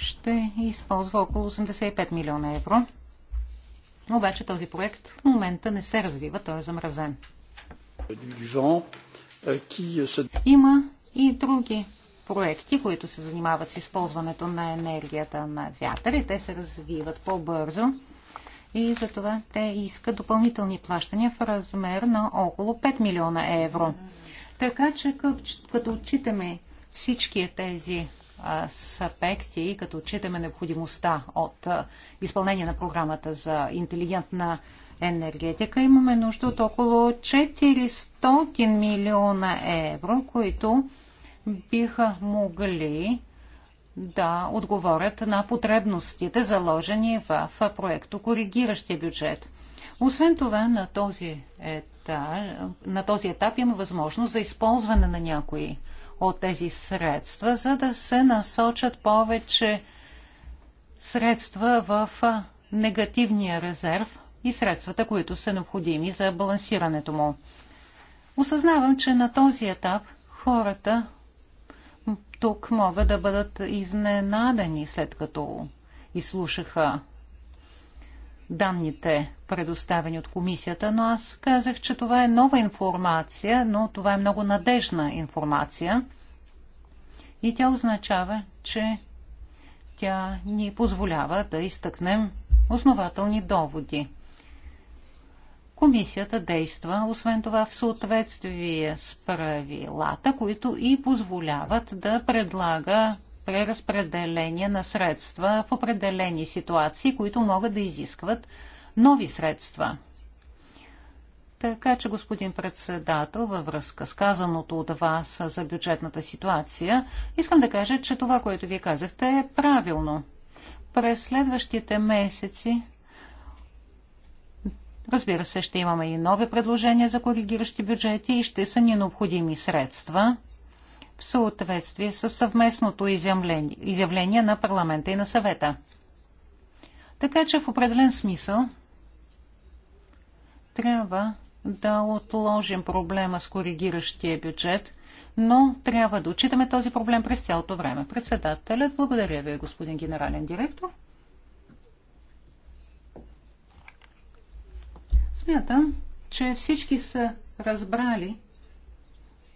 ще използва около 85 милиона евро. Обаче този проект в момента не се развива, той е замразен. Има и други проекти, които се занимават с използването на енергията на вятър и те се развиват по-бързо и затова те искат допълнителни плащания в размер на около 5 милиона евро. Така че като отчитаме всички тези аспекти, като отчитаме необходимостта от изпълнение на програмата за интелигентна енергетика, имаме нужда от около 400 милиона евро, които биха могли да отговорят на потребностите, заложени в проекто коригиращия бюджет. Освен това, на този, етап, на този етап има възможност за използване на някои от тези средства, за да се насочат повече средства в негативния резерв и средствата, които са необходими за балансирането му. Осъзнавам, че на този етап хората тук могат да бъдат изненадани, след като изслушаха данните, предоставени от комисията, но аз казах, че това е нова информация, но това е много надежна информация. И тя означава, че тя ни позволява да изтъкнем основателни доводи. Комисията действа, освен това, в съответствие с правилата, които и позволяват да предлага преразпределение на средства в определени ситуации, които могат да изискват нови средства. Така че, господин председател, във връзка с казаното от вас за бюджетната ситуация, искам да кажа, че това, което вие казахте, е правилно. През следващите месеци, разбира се, ще имаме и нови предложения за коригиращи бюджети и ще са ни необходими средства – в съответствие с съвместното изявление, изявление на парламента и на съвета. Така че в определен смисъл трябва да отложим проблема с коригиращия бюджет, но трябва да отчитаме този проблем през цялото време. Председателят, благодаря ви, господин генерален директор. Смятам, че всички са разбрали,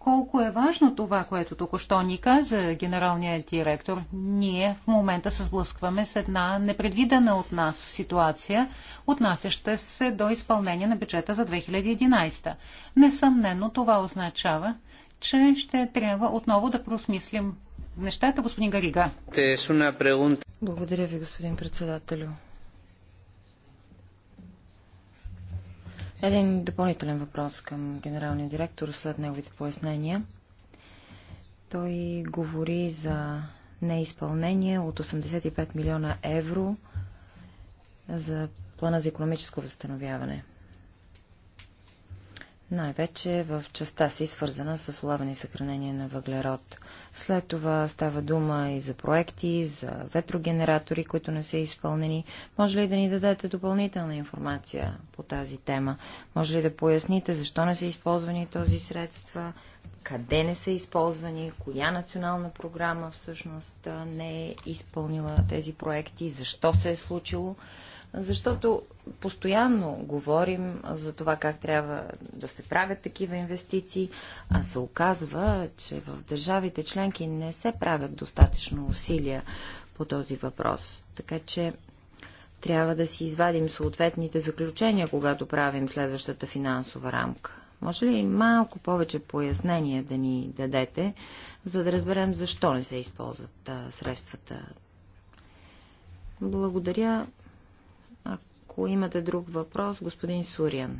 колко е важно това, което току-що ни каза генералният директор. Ние в момента се сблъскваме с една непредвидена от нас ситуация, отнасяща се до изпълнение на бюджета за 2011. Несъмнено това означава, че ще трябва отново да просмислим нещата, господин Гарига. Благодаря ви, господин председателю. Един допълнителен въпрос към генералния директор след неговите пояснения. Той говори за неизпълнение от 85 милиона евро за плана за економическо възстановяване най-вече в частта си, свързана с улавяне и съхранение на въглерод. След това става дума и за проекти, за ветрогенератори, които не са изпълнени. Може ли да ни дадете допълнителна информация по тази тема? Може ли да поясните защо не са използвани този средства? Къде не са използвани? Коя национална програма всъщност не е изпълнила тези проекти? Защо се е случило? защото постоянно говорим за това как трябва да се правят такива инвестиции, а се оказва, че в държавите членки не се правят достатъчно усилия по този въпрос. Така че трябва да си извадим съответните заключения, когато правим следващата финансова рамка. Може ли малко повече пояснения да ни дадете, за да разберем защо не се използват а, средствата? Благодаря. Ако имате друг въпрос, господин Сурян.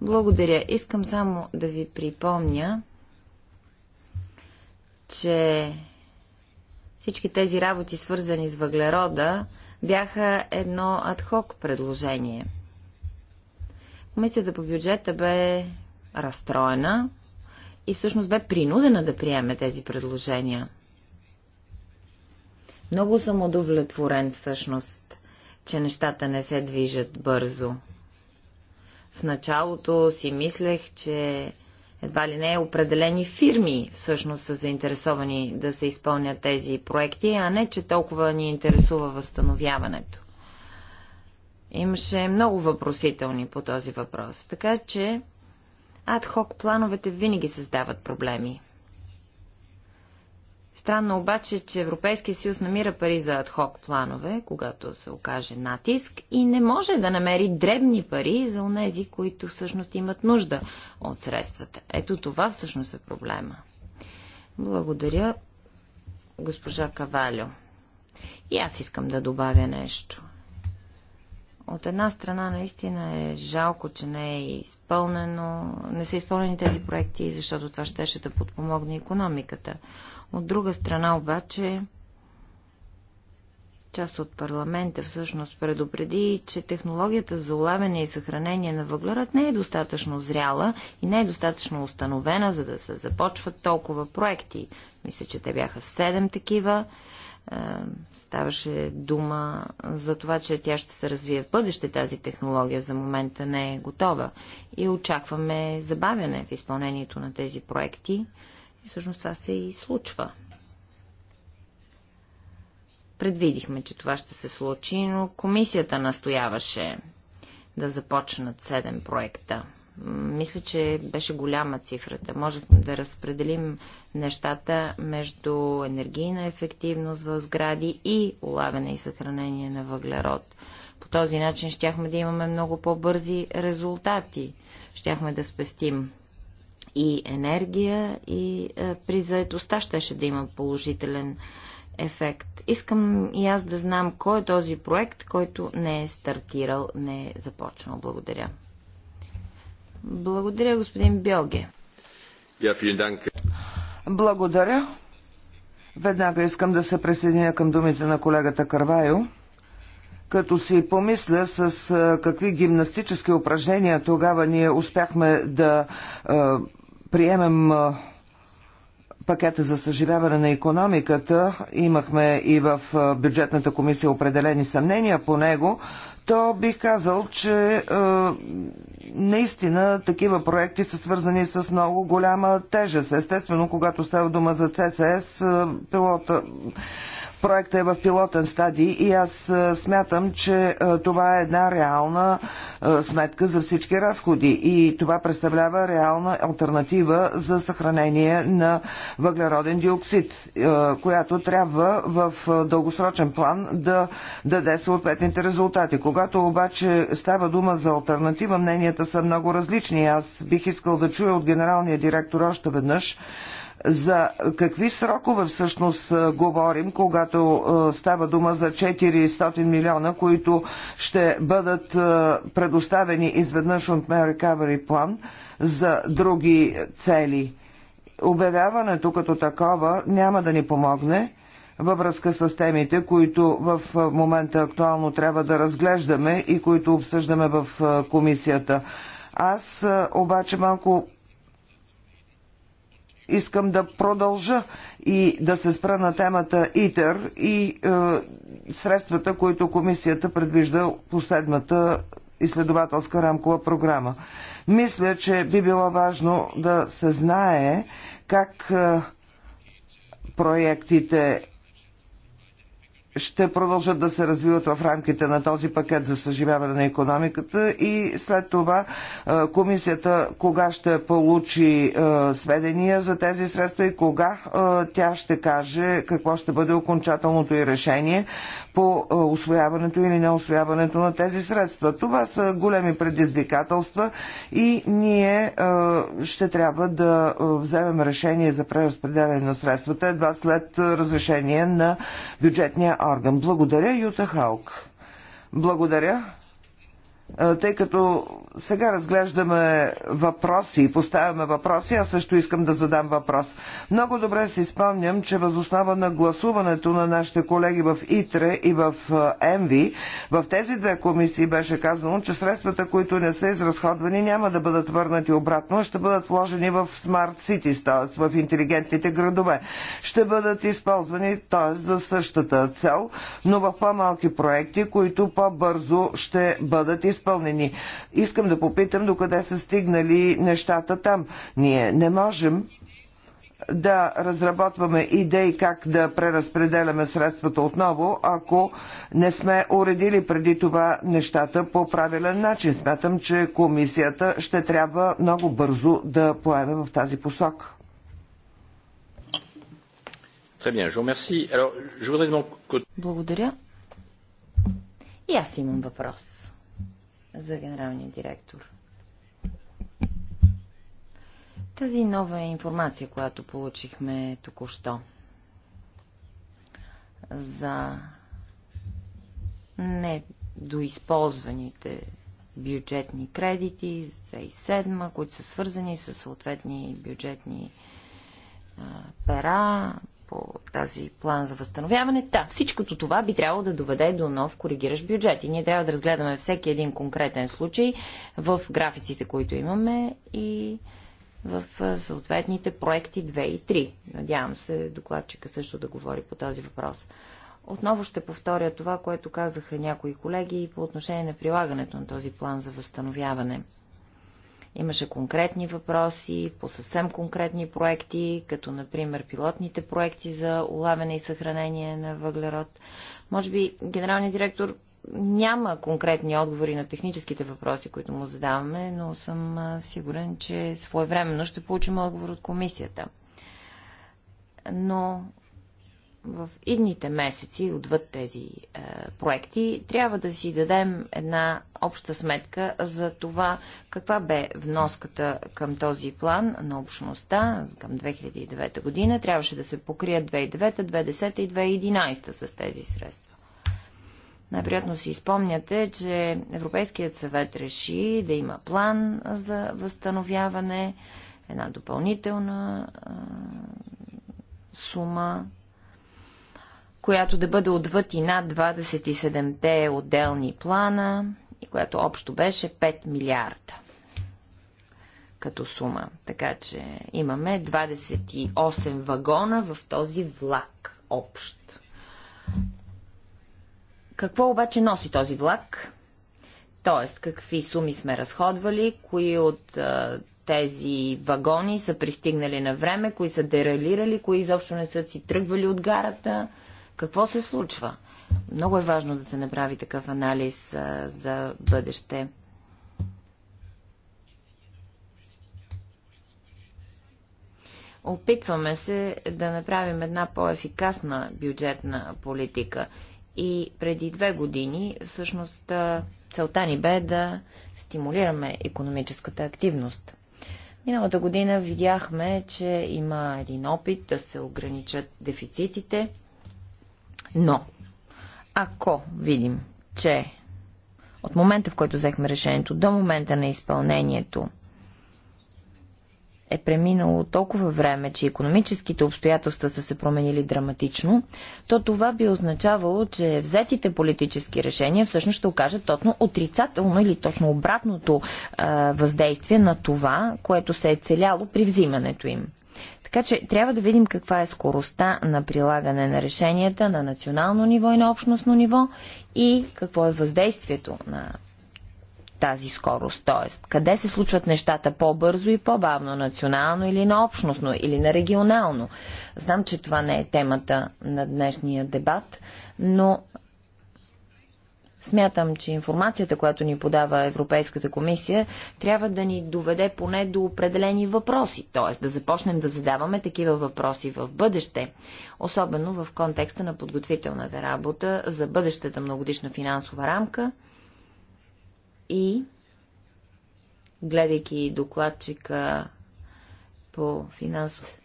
Благодаря. Искам само да ви припомня, че всички тези работи, свързани с въглерода, бяха едно адхок предложение. Комисията по бюджета бе разстроена и всъщност бе принудена да приеме тези предложения – много съм удовлетворен всъщност, че нещата не се движат бързо. В началото си мислех, че едва ли не определени фирми всъщност са заинтересовани да се изпълнят тези проекти, а не, че толкова ни интересува възстановяването. Имаше много въпросителни по този въпрос, така че адхок плановете винаги създават проблеми. Странно обаче, че Европейския съюз намира пари за адхок планове, когато се окаже натиск и не може да намери дребни пари за онези, които всъщност имат нужда от средствата. Ето това всъщност е проблема. Благодаря, госпожа Кавалю. И аз искам да добавя нещо. От една страна наистина е жалко, че не е изпълнено, не са изпълнени тези проекти, защото това щеше да подпомогне економиката. От друга страна обаче, част от парламента всъщност предупреди, че технологията за улавяне и съхранение на въглерод не е достатъчно зряла и не е достатъчно установена, за да се започват толкова проекти. Мисля, че те бяха седем такива. Е, ставаше дума за това, че тя ще се развие в бъдеще. Тази технология за момента не е готова и очакваме забавяне в изпълнението на тези проекти и всъщност това се и случва. Предвидихме, че това ще се случи, но комисията настояваше да започнат 7 проекта. Мисля, че беше голяма цифрата. Можехме да разпределим нещата между енергийна ефективност в сгради и улавяне и съхранение на въглерод. По този начин щяхме да имаме много по-бързи резултати. Щяхме да спестим и енергия и а, е, при заедостта щеше да има положителен ефект. Искам и аз да знам кой е този проект, който не е стартирал, не е започнал. Благодаря. Благодаря, господин Бьоге. Благодаря. Веднага искам да се присъединя към думите на колегата Карвайо. Като си помисля с е, какви гимнастически упражнения тогава ние успяхме да е, приемем пакета за съживяване на економиката, имахме и в бюджетната комисия определени съмнения по него, то бих казал, че е, наистина такива проекти са свързани с много голяма тежест. Естествено, когато става дума за ЦСС, е пилота Проектът е в пилотен стадий и аз смятам, че това е една реална сметка за всички разходи и това представлява реална альтернатива за съхранение на въглероден диоксид, която трябва в дългосрочен план да даде съответните резултати. Когато обаче става дума за альтернатива, мненията са много различни. Аз бих искал да чуя от генералния директор още веднъж за какви срокове всъщност е, говорим, когато е, става дума за 400 милиона, които ще бъдат е, предоставени изведнъж от May Recovery План за други цели. Обявяването като такова няма да ни помогне във връзка с темите, които в момента актуално трябва да разглеждаме и които обсъждаме в комисията. Аз обаче малко искам да продължа и да се спра на темата ИТЕР и е, средствата, които комисията предвижда последната изследователска рамкова програма. Мисля, че би било важно да се знае как е, проектите ще продължат да се развиват в рамките на този пакет за съживяване на економиката и след това е, комисията кога ще получи е, сведения за тези средства и кога е, тя ще каже какво ще бъде окончателното и решение по освояването или неосвояването на тези средства. Това са големи предизвикателства и ние ще трябва да вземем решение за преразпределение на средствата едва след разрешение на бюджетния орган. Благодаря, Юта Халк. Благодаря тъй като сега разглеждаме въпроси и поставяме въпроси, аз също искам да задам въпрос. Много добре си спомням, че възоснова на гласуването на нашите колеги в ИТРЕ и в ЕМВИ, в тези две комисии беше казано, че средствата, които не са изразходвани, няма да бъдат върнати обратно, а ще бъдат вложени в Smart Cities, т.е. в интелигентните градове. Ще бъдат използвани, т.е. за същата цел, но в по-малки проекти, които по-бързо ще бъдат използвани изпълнени. Искам да попитам докъде са стигнали нещата там. Ние не можем да разработваме идеи как да преразпределяме средствата отново, ако не сме уредили преди това нещата по правилен начин. Смятам, че комисията ще трябва много бързо да поеме в тази посока. Благодаря. И аз имам въпрос за генералния директор. Тази нова информация, която получихме току-що за недоизползваните бюджетни кредити за 2007, които са свързани с съответни бюджетни пера, по този план за възстановяване. Да, всичкото това би трябвало да доведе до нов коригиращ бюджет. И ние трябва да разгледаме всеки един конкретен случай в графиците, които имаме и в съответните проекти 2 и 3. Надявам се докладчика също да говори по този въпрос. Отново ще повторя това, което казаха някои колеги по отношение на прилагането на този план за възстановяване – Имаше конкретни въпроси по съвсем конкретни проекти, като например пилотните проекти за улавяне и съхранение на въглерод. Може би генералният директор няма конкретни отговори на техническите въпроси, които му задаваме, но съм сигурен, че своевременно ще получим отговор от комисията. Но в идните месеци, отвъд тези е, проекти, трябва да си дадем една обща сметка за това каква бе вноската към този план на общността към 2009 година. Трябваше да се покрият 2009, 2010 и 2011 с тези средства. най приятно си спомняте, че Европейският съвет реши да има план за възстановяване, една допълнителна е, сума която да бъде отвъд и над 27-те отделни плана, и която общо беше 5 милиарда като сума. Така че имаме 28 вагона в този влак общ. Какво обаче носи този влак? Тоест, какви суми сме разходвали, кои от а, тези вагони са пристигнали на време, кои са дералирали, кои изобщо не са си тръгвали от гарата, какво се случва? Много е важно да се направи такъв анализ а, за бъдеще. Опитваме се да направим една по-ефикасна бюджетна политика. И преди две години, всъщност, целта ни бе да стимулираме економическата активност. Миналата година видяхме, че има един опит да се ограничат дефицитите – но, ако видим, че от момента, в който взехме решението, до момента на изпълнението е преминало толкова време, че економическите обстоятелства са се променили драматично, то това би означавало, че взетите политически решения всъщност ще окажат точно отрицателно или точно обратното а, въздействие на това, което се е целяло при взимането им. Така че трябва да видим каква е скоростта на прилагане на решенията на национално ниво и на общностно ниво и какво е въздействието на тази скорост, т.е. къде се случват нещата по-бързо и по-бавно, национално или на общностно, или на регионално. Знам, че това не е темата на днешния дебат, но Смятам, че информацията, която ни подава Европейската комисия, трябва да ни доведе поне до определени въпроси, т.е. да започнем да задаваме такива въпроси в бъдеще, особено в контекста на подготвителната работа за бъдещата многодишна финансова рамка и гледайки докладчика по финансов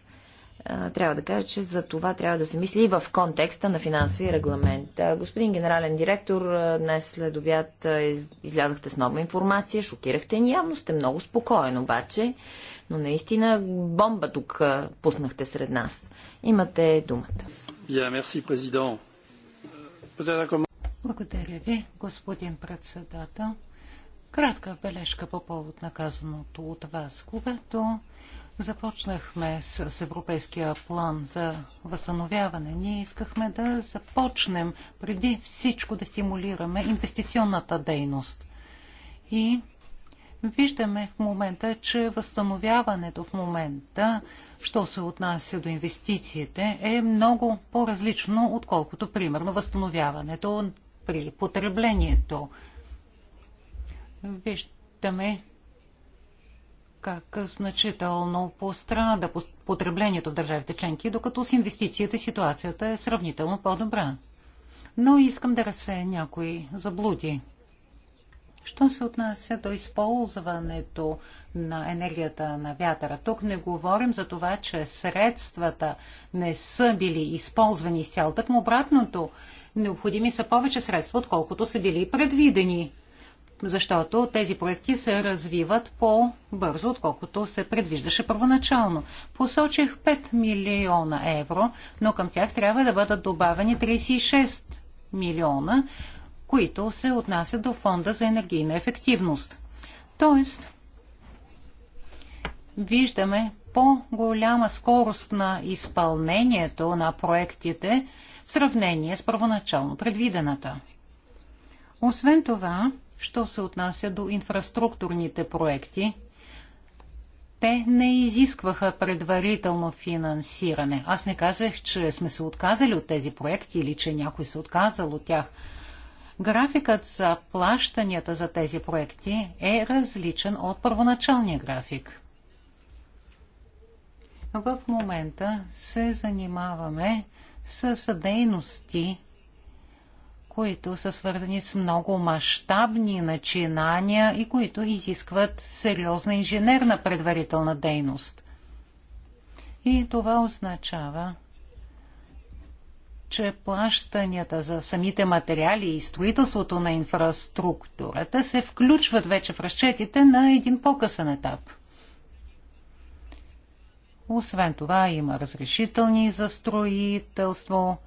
трябва да кажа, че за това трябва да се мисли и в контекста на финансови регламент. Господин генерален директор, днес след обяд излязахте с нова информация, шокирахте ни, явно сте много спокоен обаче, но наистина бомба тук пуснахте сред нас. Имате думата. Благодаря ви, господин председател. Кратка бележка по повод наказаното от вас. Когато Започнахме с Европейския план за възстановяване. Ние искахме да започнем преди всичко да стимулираме инвестиционната дейност. И виждаме в момента, че възстановяването в момента, що се отнася до инвестициите, е много по-различно, отколкото, примерно, възстановяването при потреблението. Виждаме, как значително пострада потреблението в държавите членки, докато с инвестицията ситуацията е сравнително по-добра. Но искам да разсея някои заблуди. Що се отнася до използването на енергията на вятъра? Тук не говорим за това, че средствата не са били използвани изцяло. Тъкмо обратното, необходими са повече средства, отколкото са били предвидени защото тези проекти се развиват по-бързо, отколкото се предвиждаше първоначално. Посочих 5 милиона евро, но към тях трябва да бъдат добавени 36 милиона, които се отнасят до фонда за енергийна ефективност. Тоест, виждаме по-голяма скорост на изпълнението на проектите в сравнение с първоначално предвидената. Освен това, Що се отнася до инфраструктурните проекти, те не изискваха предварително финансиране. Аз не казах, че сме се отказали от тези проекти или че някой се отказал от тях. Графикът за плащанията за тези проекти е различен от първоначалния график. В момента се занимаваме с дейности, които са свързани с много мащабни начинания и които изискват сериозна инженерна предварителна дейност. И това означава, че плащанията за самите материали и строителството на инфраструктурата се включват вече в разчетите на един по-късен етап. Освен това има разрешителни за строителство,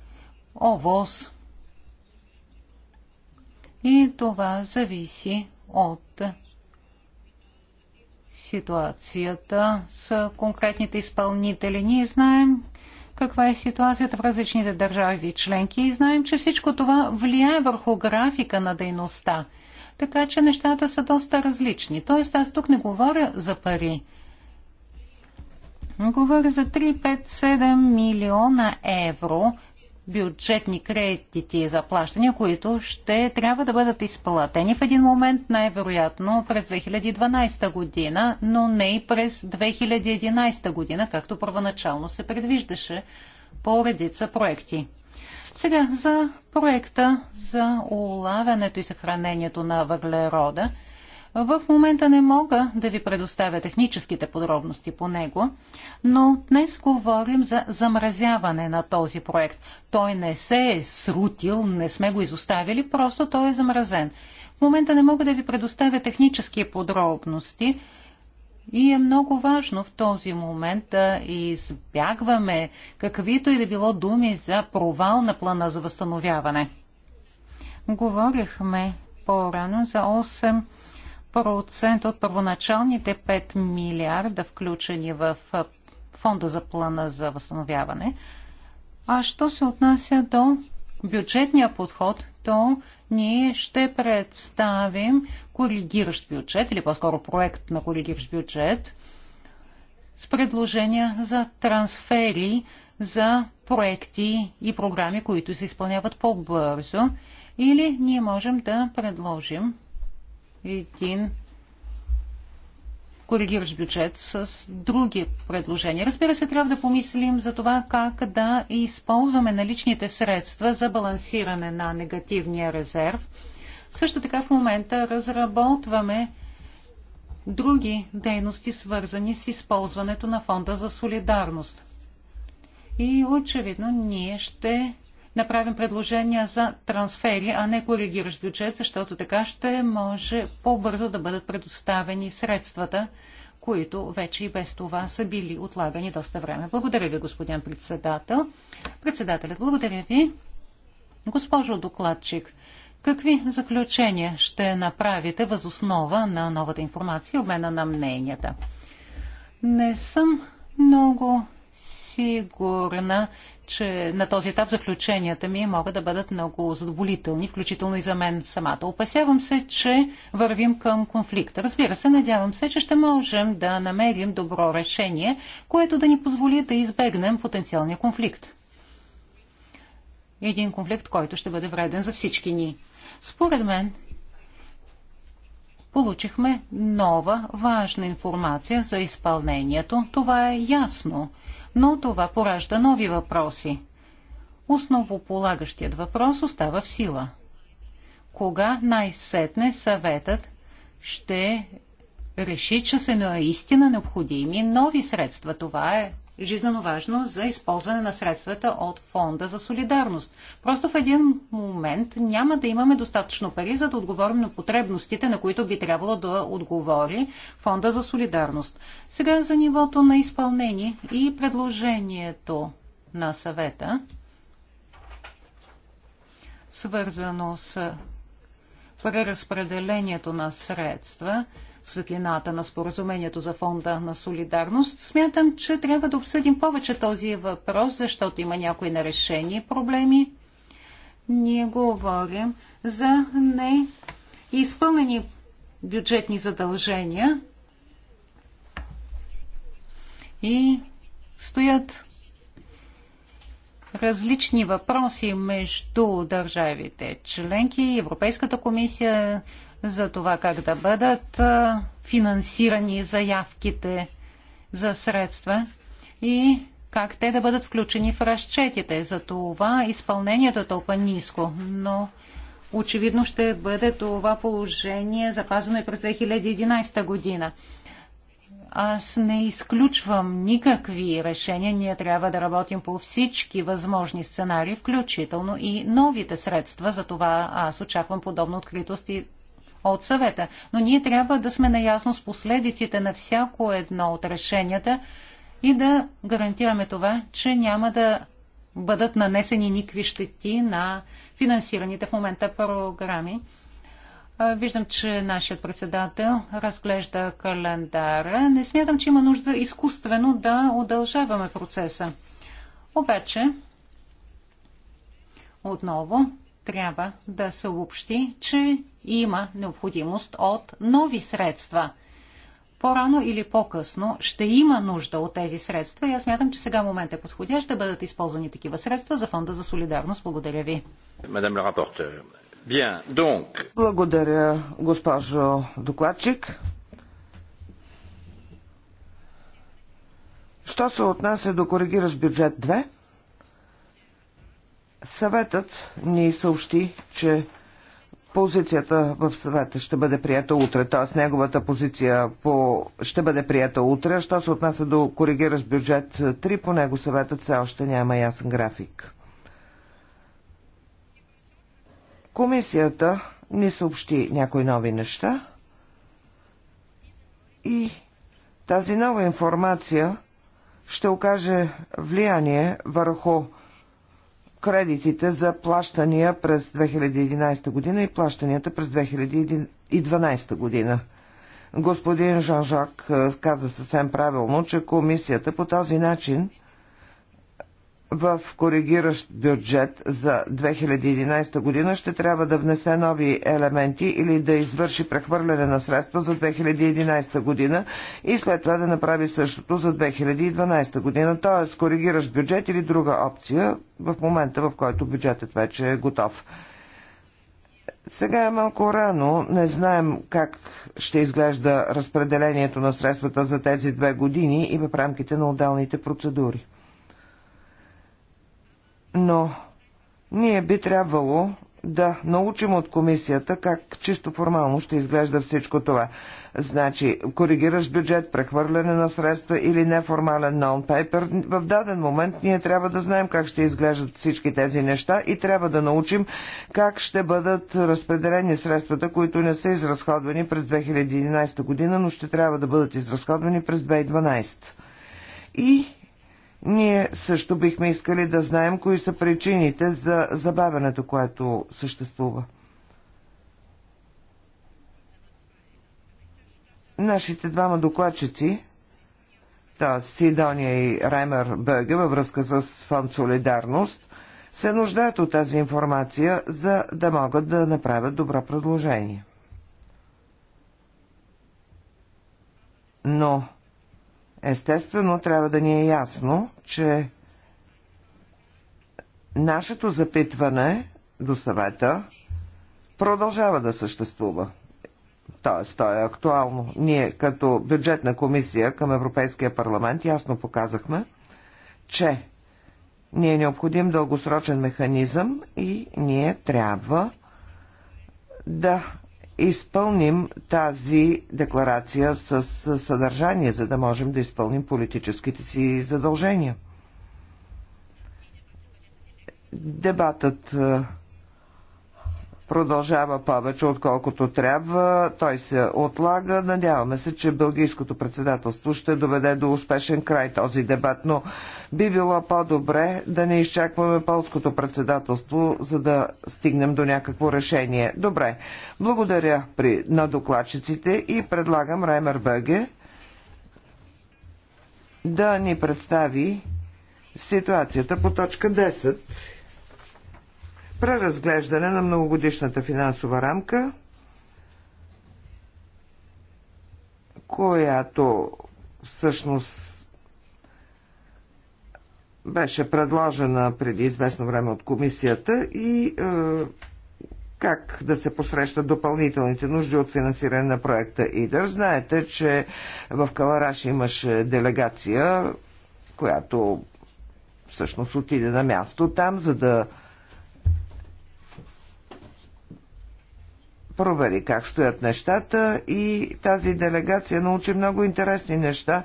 ОВОз – и това зависи от ситуацията с конкретните изпълнители. Ние знаем каква е ситуацията в различните държави членки и знаем, че всичко това влияе върху графика на дейността. Така че нещата са доста различни. Тоест аз тук не говоря за пари. Говоря за 3, 5, 7 милиона евро – бюджетни кредити за плащания, които ще трябва да бъдат изплатени в един момент, най-вероятно през 2012 година, но не и през 2011 година, както първоначално се предвиждаше по редица проекти. Сега за проекта за улавянето и съхранението на въглерода – в момента не мога да ви предоставя техническите подробности по него, но днес говорим за замразяване на този проект. Той не се е срутил, не сме го изоставили, просто той е замразен. В момента не мога да ви предоставя технически подробности и е много важно в този момент да избягваме каквито и да било думи за провал на плана за възстановяване. Говорихме по-рано за 8 процент от първоначалните 5 милиарда, включени в фонда за плана за възстановяване. А що се отнася до бюджетния подход, то ние ще представим коригиращ бюджет, или по-скоро проект на коригиращ бюджет, с предложения за трансфери за проекти и програми, които се изпълняват по-бързо, или ние можем да предложим един коригираш бюджет с други предложения. Разбира се, трябва да помислим за това как да използваме наличните средства за балансиране на негативния резерв. Също така в момента разработваме други дейности, свързани с използването на фонда за солидарност. И очевидно ние ще направим предложения за трансфери, а не коригиращ бюджет, защото така ще може по-бързо да бъдат предоставени средствата, които вече и без това са били отлагани доста време. Благодаря ви, господин председател. Председателят, благодаря ви. Госпожо докладчик, какви заключения ще направите възоснова на новата информация и обмена на мненията? Не съм много сигурна, че на този етап заключенията ми могат да бъдат много задоволителни, включително и за мен самата. Опасявам се, че вървим към конфликт. Разбира се, надявам се, че ще можем да намерим добро решение, което да ни позволи да избегнем потенциалния конфликт. Един конфликт, който ще бъде вреден за всички ни. Според мен, получихме нова важна информация за изпълнението. Това е ясно но това поражда нови въпроси. Основополагащият въпрос остава в сила. Кога най-сетне съветът ще реши, че са наистина необходими нови средства? Това е жизненно важно за използване на средствата от фонда за солидарност. Просто в един момент няма да имаме достатъчно пари, за да отговорим на потребностите, на които би трябвало да отговори фонда за солидарност. Сега за нивото на изпълнение и предложението на съвета, свързано с преразпределението на средства, в светлината на споразумението за фонда на солидарност. Смятам, че трябва да обсъдим повече този въпрос, защото има някои нарешени проблеми. Ние говорим за неизпълнени бюджетни задължения и стоят различни въпроси между държавите членки, Европейската комисия, за това как да бъдат финансирани заявките за средства и как те да бъдат включени в разчетите. За това изпълнението е толкова ниско, но очевидно ще бъде това положение запазено и през 2011 година. Аз не изключвам никакви решения. Ние трябва да работим по всички възможни сценарии, включително и новите средства. За това аз очаквам подобна откритост и от съвета. Но ние трябва да сме наясно с последиците на всяко едно от решенията и да гарантираме това, че няма да бъдат нанесени никакви щети на финансираните в момента програми. Виждам, че нашият председател разглежда календара. Не смятам, че има нужда изкуствено да удължаваме процеса. Обаче, отново, трябва да съобщи, че има необходимост от нови средства. По-рано или по-късно ще има нужда от тези средства и аз мятам, че сега момент е подходящ да бъдат използвани такива средства за Фонда за солидарност. Благодаря ви. Bien, donc... Благодаря, госпожо докладчик. Що се отнася до коригираш бюджет 2? Съветът ни съобщи, че позицията в съвета ще бъде прията утре, т.е. неговата позиция по... ще бъде прията утре. Що се отнася до коригираш бюджет 3, по него съветът все още няма ясен график. Комисията ни съобщи някои нови неща и тази нова информация ще окаже влияние върху кредитите за плащания през 2011 година и плащанията през 2012 година. Господин Жан-Жак е, каза съвсем правилно, че комисията по този начин – в коригиращ бюджет за 2011 година ще трябва да внесе нови елементи или да извърши прехвърляне на средства за 2011 година и след това да направи същото за 2012 година, т.е. коригиращ бюджет или друга опция в момента, в който бюджетът вече е готов. Сега е малко рано, не знаем как ще изглежда разпределението на средствата за тези две години и в рамките на отделните процедури но ние би трябвало да научим от комисията как чисто формално ще изглежда всичко това. Значи, коригираш бюджет, прехвърляне на средства или неформален нон-пейпер, в даден момент ние трябва да знаем как ще изглеждат всички тези неща и трябва да научим как ще бъдат разпределени средствата, които не са изразходвани през 2011 година, но ще трябва да бъдат изразходвани през 2012. И ние също бихме искали да знаем кои са причините за забавянето, което съществува. Нашите двама докладчици, т.е. Сидония и Раймер Бъге във връзка с фонд Солидарност, се нуждаят от тази информация, за да могат да направят добро предложение. Но Естествено, трябва да ни е ясно, че нашето запитване до съвета продължава да съществува. Тоест, то е актуално. Ние като бюджетна комисия към Европейския парламент ясно показахме, че ни е необходим дългосрочен механизъм и ние трябва да изпълним тази декларация с съдържание, за да можем да изпълним политическите си задължения. Дебатът продължава повече, отколкото трябва. Той се отлага. Надяваме се, че бългийското председателство ще доведе до успешен край този дебат, но би било по-добре да не изчакваме полското председателство, за да стигнем до някакво решение. Добре, благодаря при, на докладчиците и предлагам Раймер Бъге да ни представи ситуацията по точка 10 преразглеждане на многогодишната финансова рамка, която всъщност беше предложена преди известно време от комисията и е, как да се посрещат допълнителните нужди от финансиране на проекта ИДЕР. Знаете, че в Калараш имаше делегация, която всъщност отиде на място там, за да провери как стоят нещата и тази делегация научи много интересни неща,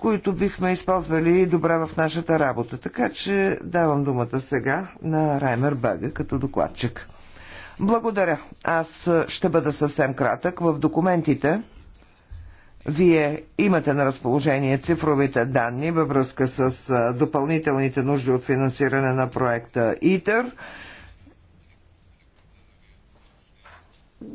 които бихме използвали добре в нашата работа. Така че давам думата сега на Раймер Бага като докладчик. Благодаря. Аз ще бъда съвсем кратък. В документите вие имате на разположение цифровите данни във връзка с допълнителните нужди от финансиране на проекта ИТЕР.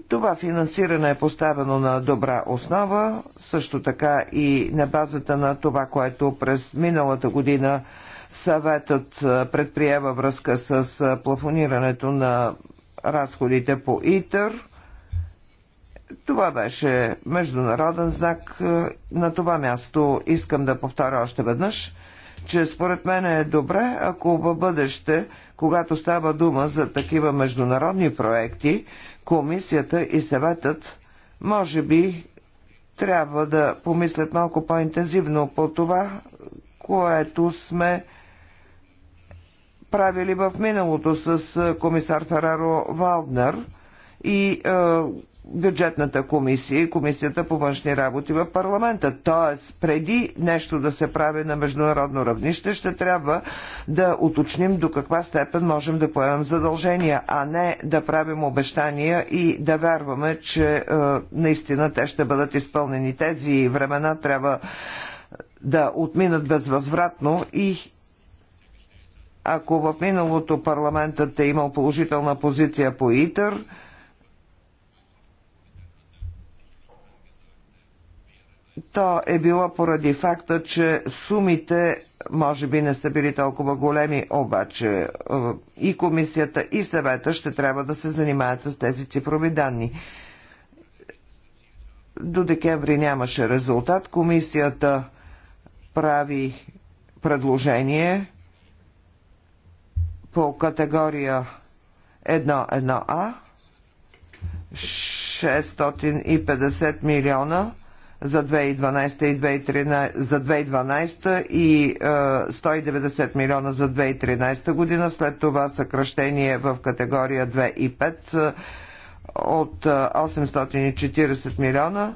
Това финансиране е поставено на добра основа, също така и на базата на това, което през миналата година съветът предприема връзка с плафонирането на разходите по ИТър. Това беше международен знак. На това място искам да повторя още веднъж, че според мен е добре, ако в бъдеще, когато става дума за такива международни проекти, комисията и съветът може би трябва да помислят малко по-интензивно по това, което сме правили в миналото с комисар Фераро Валднер и е, бюджетната комисия и комисията по външни работи в парламента. Тоест, преди нещо да се прави на международно равнище, ще трябва да уточним до каква степен можем да поемем задължения, а не да правим обещания и да вярваме, че е, наистина те ще бъдат изпълнени. Тези времена трябва да отминат безвъзвратно и ако в миналото парламентът е имал положителна позиция по ИТър, то е било поради факта, че сумите може би не са били толкова големи, обаче е, и комисията, и съвета ще трябва да се занимават с тези цифрови данни. До декември нямаше резултат. Комисията прави предложение по категория 1.1а 650 милиона – за 2012 и 2013, за 2012 и е, 190 милиона за 2013 година. След това съкръщение в категория 2 и 5 е, от 840 е, милиона.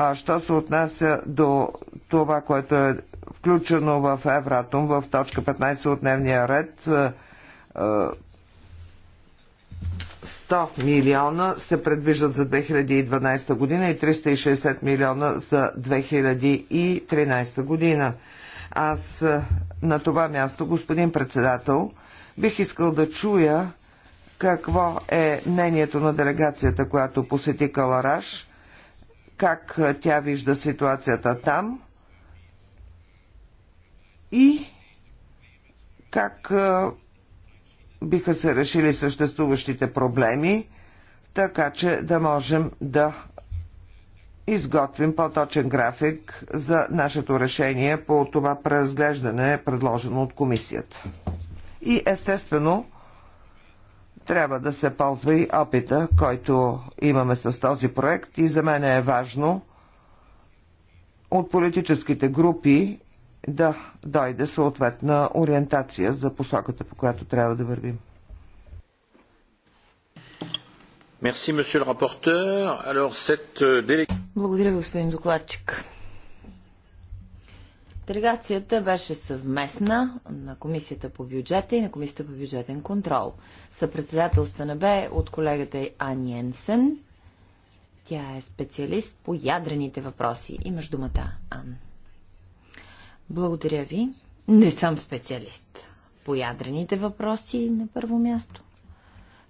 А що се отнася до това, което е включено в Евратум в точка 15 от дневния ред, е, е 100 милиона се предвиждат за 2012 година и 360 милиона за 2013 година. Аз е, на това място, господин председател, бих искал да чуя какво е мнението на делегацията, която посети Калараш, как е, тя вижда ситуацията там и как е, биха се решили съществуващите проблеми, така че да можем да изготвим по-точен график за нашето решение по това преразглеждане, предложено от комисията. И естествено, трябва да се ползва и опита, който имаме с този проект и за мен е важно от политическите групи да дойде съответна ориентация за посоката, по която трябва да вървим. Euh, Благодаря, господин докладчик. Делегацията беше съвместна на Комисията по бюджета и на Комисията по бюджетен контрол. на бе от колегата Ани Енсен. Тя е специалист по ядрените въпроси. Имаш думата, Ан. Благодаря ви. Не съм специалист по ядрените въпроси на първо място,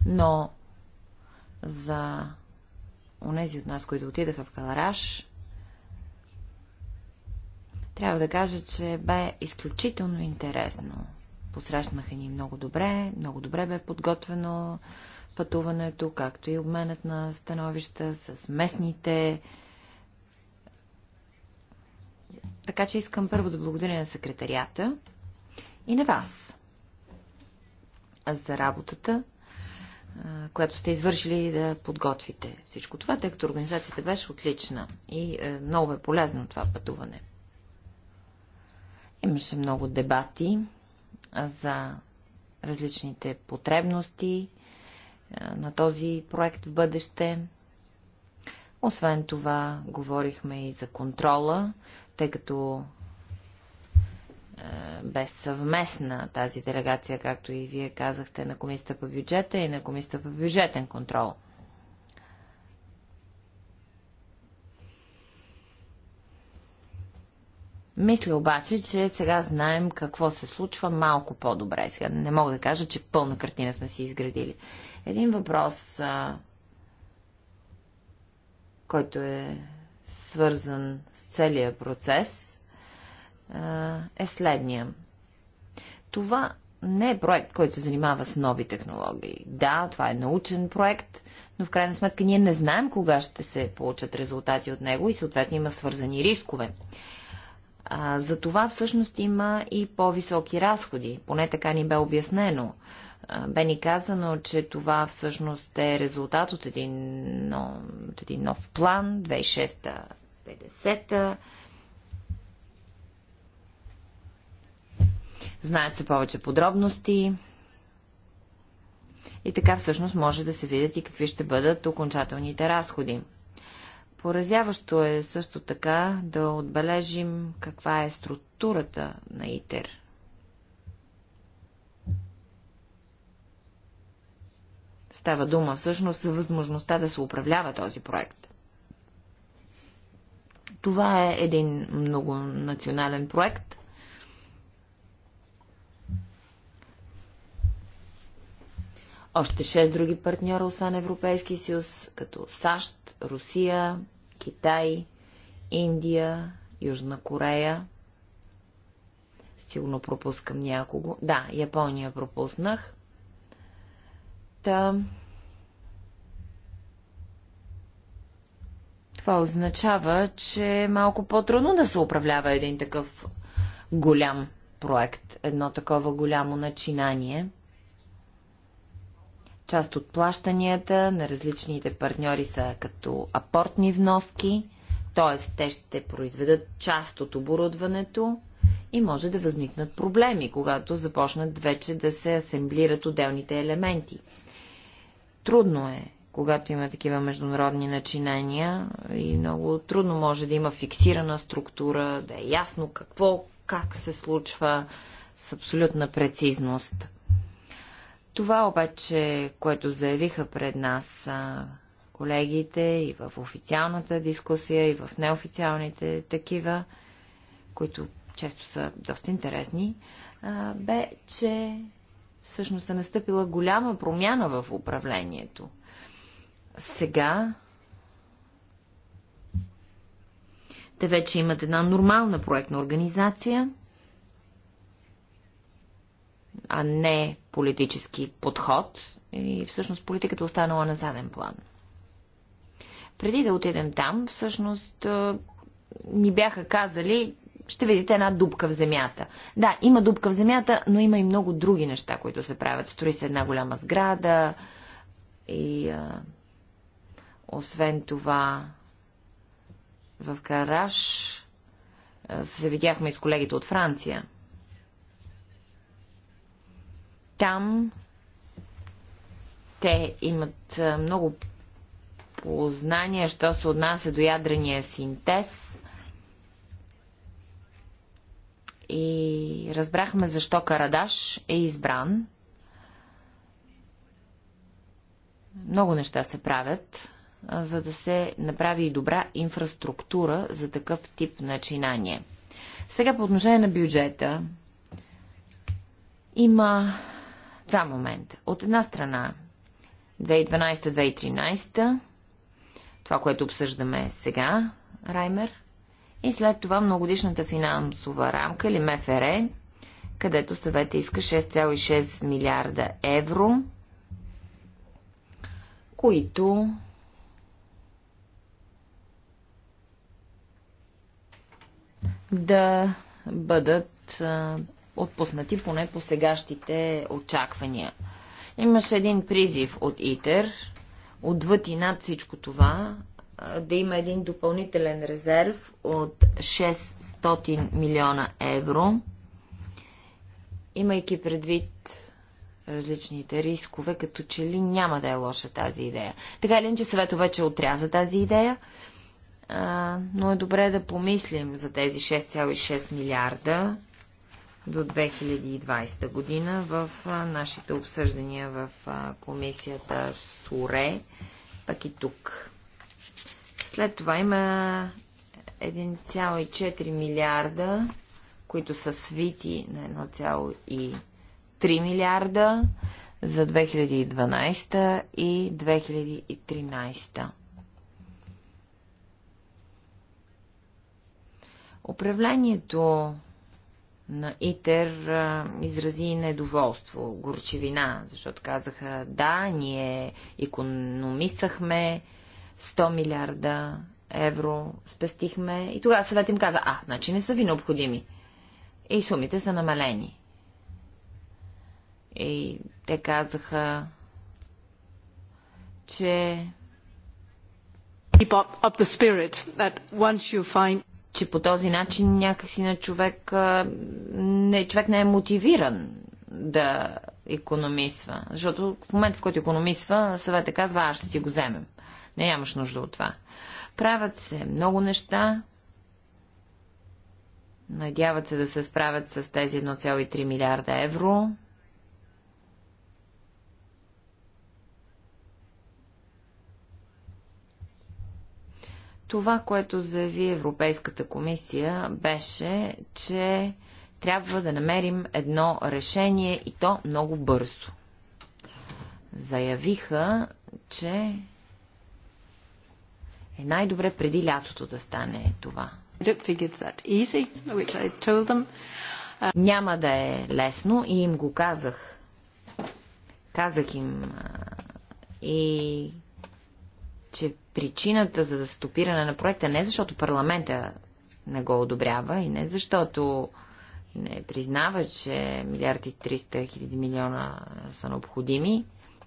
но за онези от нас, които отидаха в Калараш, трябва да кажа, че бе изключително интересно. Посрещнаха ни много добре, много добре бе подготвено пътуването, както и обменът на становища с местните така че искам първо да благодаря на секретарията и на вас за работата, която сте извършили да подготвите всичко това, тъй като организацията беше отлична и е, много е полезно това пътуване. Имаше много дебати за различните потребности е, на този проект в бъдеще. Освен това, говорихме и за контрола, тъй като е, без съвместна тази делегация, както и вие казахте, на Комисията по бюджета и на Комисията по бюджетен контрол. Мисля обаче, че сега знаем какво се случва малко по-добре. Сега не мога да кажа, че пълна картина сме си изградили. Един въпрос, който е свързан с целия процес, е следния. Това не е проект, който се занимава с нови технологии. Да, това е научен проект, но в крайна сметка ние не знаем кога ще се получат резултати от него и съответно има свързани рискове. за това всъщност има и по-високи разходи, поне така ни бе обяснено. Бе ни казано, че това всъщност е резултат от един, от един нов план, 2650. 2050 Знаят се повече подробности. И така всъщност може да се видят и какви ще бъдат окончателните разходи. Поразяващо е също така да отбележим каква е структурата на ИТЕР. Става дума всъщност за възможността да се управлява този проект. Това е един многонационален проект. Още 6 други партньора, освен Европейски съюз, като САЩ, Русия, Китай, Индия, Южна Корея. Сигурно пропускам някого. Да, Япония пропуснах. Та... Това означава, че е малко по-трудно да се управлява един такъв голям проект, едно такова голямо начинание. Част от плащанията на различните партньори са като апортни вноски, т.е. те ще произведат част от оборудването и може да възникнат проблеми, когато започнат вече да се асемблират отделните елементи. Трудно е, когато има такива международни начинания и много трудно може да има фиксирана структура, да е ясно какво, как се случва с абсолютна прецизност. Това обаче, което заявиха пред нас колегите и в официалната дискусия, и в неофициалните такива, които често са доста интересни, бе, че всъщност е настъпила голяма промяна в управлението. Сега те вече имат една нормална проектна организация, а не политически подход и всъщност политиката е останала на заден план. Преди да отидем там, всъщност ни бяха казали, ще видите една дупка в земята. Да, има дупка в земята, но има и много други неща, които се правят. Строи се една голяма сграда и а, освен това в гараж се видяхме и с колегите от Франция. Там те имат много познания, що се отнася до ядрения синтез и разбрахме защо Карадаш е избран. Много неща се правят, за да се направи и добра инфраструктура за такъв тип начинание. Сега по отношение на бюджета има два момента. От една страна 2012-2013, това, което обсъждаме сега, Раймер – и след това многодишната финансова рамка или МФР, където съвета иска 6,6 милиарда евро, които да бъдат отпуснати поне по сегащите очаквания. Имаше един призив от ИТЕР, отвъд и над всичко това, да има един допълнителен резерв от 600 милиона евро, имайки предвид различните рискове, като че ли няма да е лоша тази идея. Така или иначе съвето вече отряза тази идея, а, но е добре да помислим за тези 6,6 милиарда до 2020 година в а, нашите обсъждания в а, комисията СУРЕ, пък и тук. След това има 1,4 милиарда, които са свити на 1,3 милиарда за 2012 и 2013. Управлението на ИТЕР изрази недоволство, горчевина, защото казаха, да, ние економисахме, 100 милиарда евро спестихме. И тогава съвет им каза, а, значи не са ви необходими. И сумите са намалени. И те казаха, че Find... че по този начин някакси на човек не, човек не е мотивиран да економисва. Защото в момента, в който економисва, съвета казва, аз ще ти го вземем. Не, нямаш нужда от това. Правят се много неща. Надяват се да се справят с тези 1,3 милиарда евро. Това, което заяви Европейската комисия, беше, че трябва да намерим едно решение и то много бързо. Заявиха, че е най-добре преди лятото да стане това. Няма да е лесно и им го казах. Казах им и че причината за стопиране на проекта не е защото парламента не го одобрява и не защото не признава, че милиарди 300 хиляди милиона са необходими,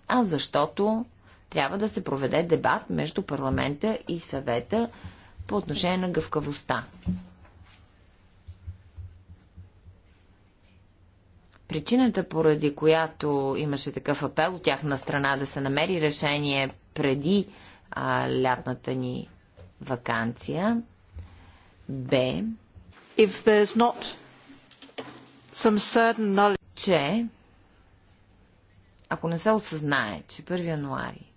а защото трябва да се проведе дебат между парламента и съвета по отношение на гъвкавостта. Причината, поради която имаше такъв апел от тяхна страна да се намери решение преди а, лятната ни вакансия, бе, If there's not some certain knowledge... че ако не се осъзнае, че 1 януари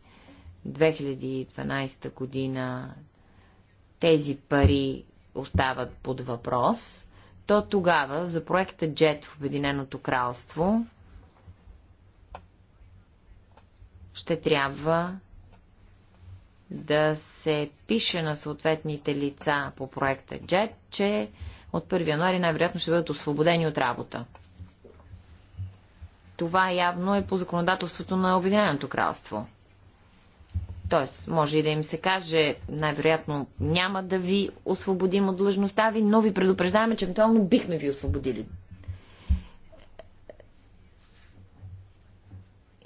2012 година тези пари остават под въпрос, то тогава за проекта JET в Обединеното кралство ще трябва да се пише на съответните лица по проекта JET, че от 1 януари най-вероятно ще бъдат освободени от работа. Това явно е по законодателството на Обединеното кралство. Тоест, може и да им се каже, най-вероятно няма да ви освободим от длъжността ви, но ви предупреждаваме, че евентуално бихме ви освободили.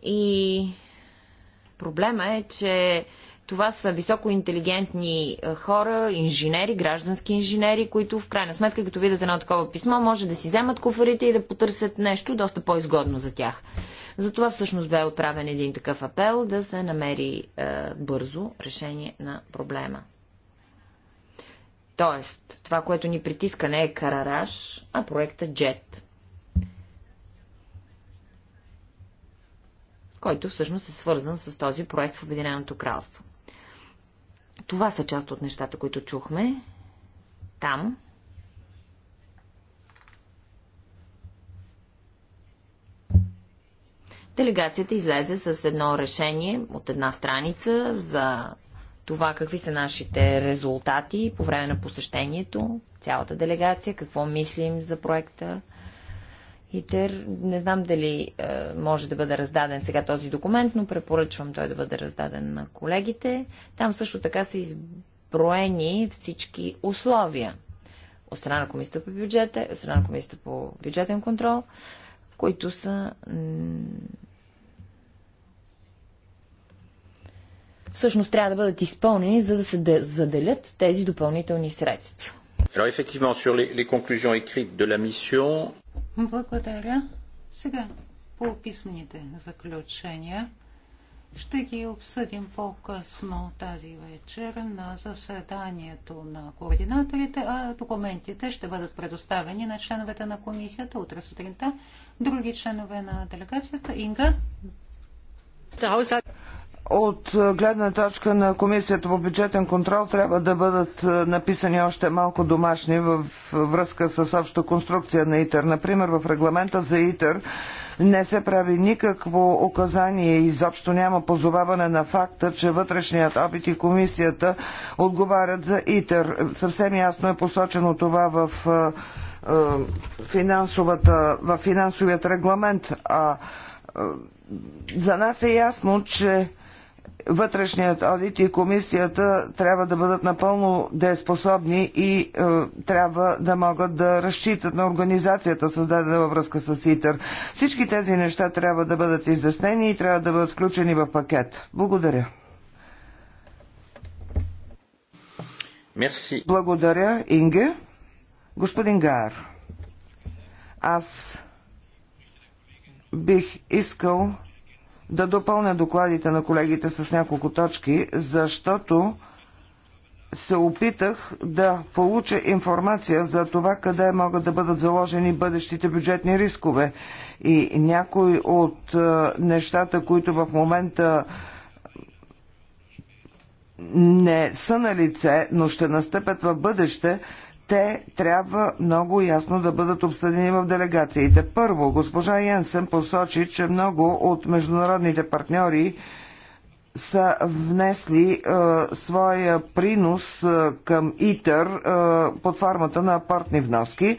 И проблема е, че това са високо интелигентни е, хора, инженери, граждански инженери, които в крайна сметка, като видят едно такова писмо, може да си вземат куфарите и да потърсят нещо доста по-изгодно за тях. Затова всъщност бе отправен един такъв апел да се намери е, бързо решение на проблема. Тоест, това, което ни притиска не е Карараш, а проекта Джет. който всъщност е свързан с този проект в Обединеното кралство. Това са част от нещата, които чухме там. Делегацията излезе с едно решение от една страница за това какви са нашите резултати по време на посещението, цялата делегация, какво мислим за проекта. ИТЕР, не знам дали е, може да бъде раздаден сега този документ, но препоръчвам той да бъде раздаден на колегите. Там също така са изброени всички условия. От страна на комисията по бюджета, от страна на комисията по бюджетен контрол, които са всъщност трябва да бъдат изпълнени, за да се заделят тези допълнителни средства. Alors effectivement, sur les, les conclusions écrites de la mission... Благодаря. Сега, по писмените заключения, ще ги обсъдим по-късно тази вечер на заседанието на координаторите, а документите ще бъдат предоставени на членовете на комисията утре сутринта. Други членове на делегацията. Инга? От гледна точка на Комисията по бюджетен контрол трябва да бъдат е, написани още малко домашни в връзка с обща конструкция на ИТЕР. Например, в регламента за ИТЕР не се прави никакво указание и изобщо няма позоваване на факта, че вътрешният опит и комисията отговарят за ИТЕР. Съвсем ясно е посочено това в е, е, финансовата, в финансовият регламент. А за нас е ясно, че вътрешният одит и комисията трябва да бъдат напълно дееспособни и е, трябва да могат да разчитат на организацията, създадена във връзка с ИТАР. Всички тези неща трябва да бъдат изяснени и трябва да бъдат включени в пакет. Благодаря. Мерси. Благодаря, Инге. Господин Гар, аз бих искал да допълня докладите на колегите с няколко точки, защото се опитах да получа информация за това къде могат да бъдат заложени бъдещите бюджетни рискове. И някои от е, нещата, които в момента не са на лице, но ще настъпят в бъдеще, те трябва много ясно да бъдат обсъдени в делегациите. Първо, госпожа Йенсен посочи, че много от международните партньори са внесли е, своя принос е, към ИТЕР е, под формата на апортни вноски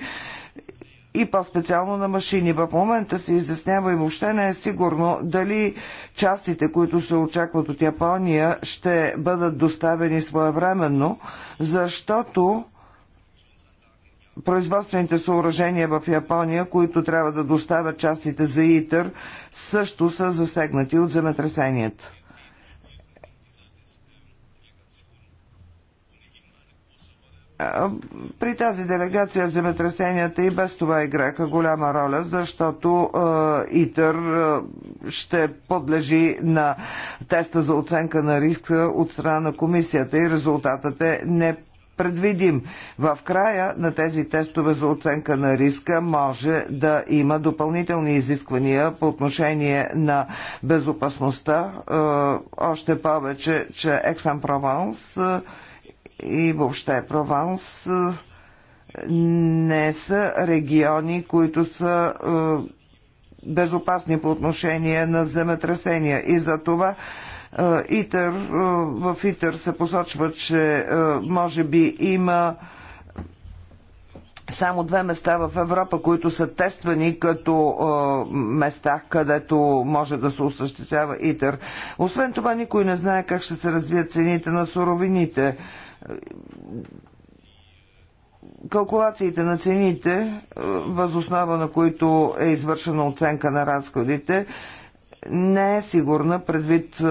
и по-специално на машини. В момента се изяснява и въобще не е сигурно дали частите, които се очакват от Япония, ще бъдат доставени своевременно, защото производствените съоръжения в Япония, които трябва да доставят частите за ИТър, също са засегнати от земетресението. При тази делегация земетресенията и без това играеха голяма роля, защото е, ИТър е, ще подлежи на теста за оценка на риска от страна на комисията и резултатът е не предвидим. В края на тези тестове за оценка на риска може да има допълнителни изисквания по отношение на безопасността, е, още повече, че Ексан Прованс и въобще Прованс е, не са региони, които са е, безопасни по отношение на земетресения. И за това ИТър. В ИТЕР се посочва, че може би има само две места в Европа, които са тествани като е, места, където може да се осъществява ИТЕР. Освен това, никой не знае как ще се развият цените на суровините. Калкулациите на цените, възоснова на които е извършена оценка на разходите, не е сигурна предвид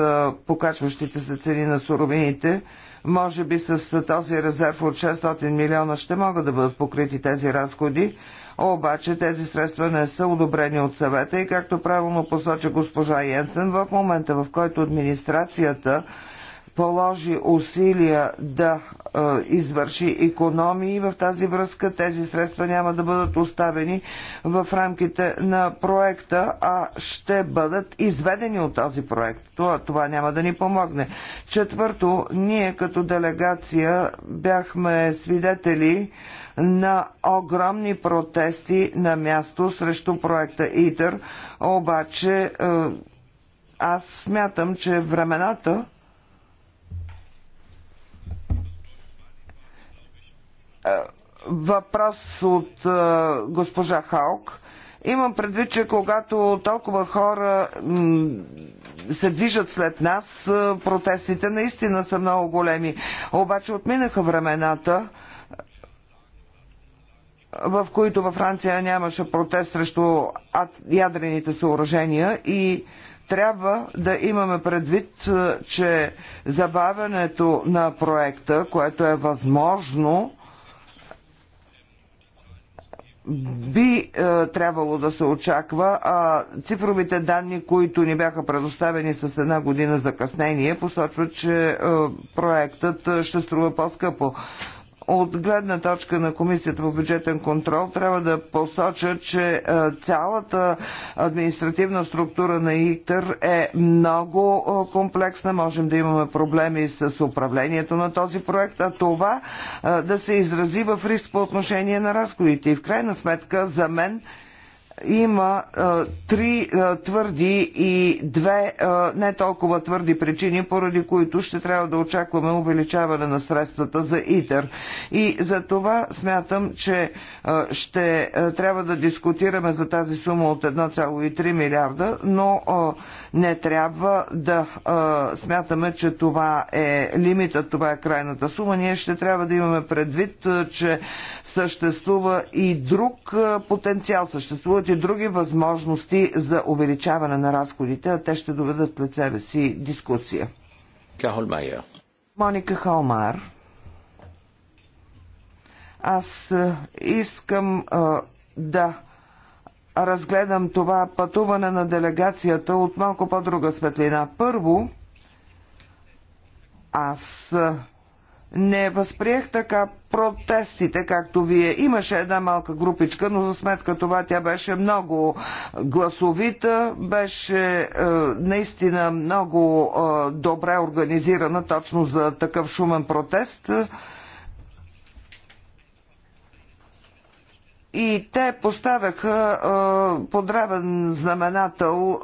покачващите се цени на суровините. Може би с този резерв от 600 милиона ще могат да бъдат покрити тези разходи, обаче тези средства не са одобрени от съвета и както правилно посочи госпожа Йенсен, в момента в който администрацията положи усилия да е, извърши економии в тази връзка. Тези средства няма да бъдат оставени в рамките на проекта, а ще бъдат изведени от този проект. Това, това няма да ни помогне. Четвърто, ние като делегация бяхме свидетели на огромни протести на място срещу проекта ИТЕР, обаче е, аз смятам, че времената Е, въпрос от е, госпожа Халк. Имам предвид, че когато толкова хора се движат след нас, е, протестите наистина са много големи. Обаче отминаха времената, в които във Франция нямаше протест срещу ядрените съоръжения и трябва да имаме предвид, че забавянето на проекта, което е възможно, би е, трябвало да се очаква, а цифровите данни, които ни бяха предоставени с една година закъснение, посочват, че е, проектът е, ще струва по-скъпо от гледна точка на Комисията по бюджетен контрол трябва да посоча, че цялата административна структура на ИТР е много комплексна. Можем да имаме проблеми с управлението на този проект, а това да се изрази в риск по отношение на разходите. И в крайна сметка за мен има а, три а, твърди и две а, не толкова твърди причини, поради които ще трябва да очакваме увеличаване на средствата за ИТЕР. И за това смятам, че а, ще а, трябва да дискутираме за тази сума от 1,3 милиарда, но а, не трябва да а, смятаме, че това е лимитът, това е крайната сума. Ние ще трябва да имаме предвид, а, че съществува и друг а, потенциал, съществуват и други възможности за увеличаване на разходите, а те ще доведат след себе си дискусия. Майя. Моника Халмар. Аз искам а, да разгледам това пътуване на делегацията от малко по-друга светлина. Първо, аз не възприех така протестите, както вие. Имаше една малка групичка, но за сметка това тя беше много гласовита, беше е, наистина много е, добре организирана точно за такъв шумен протест. Е, и те поставяха подравен знаменател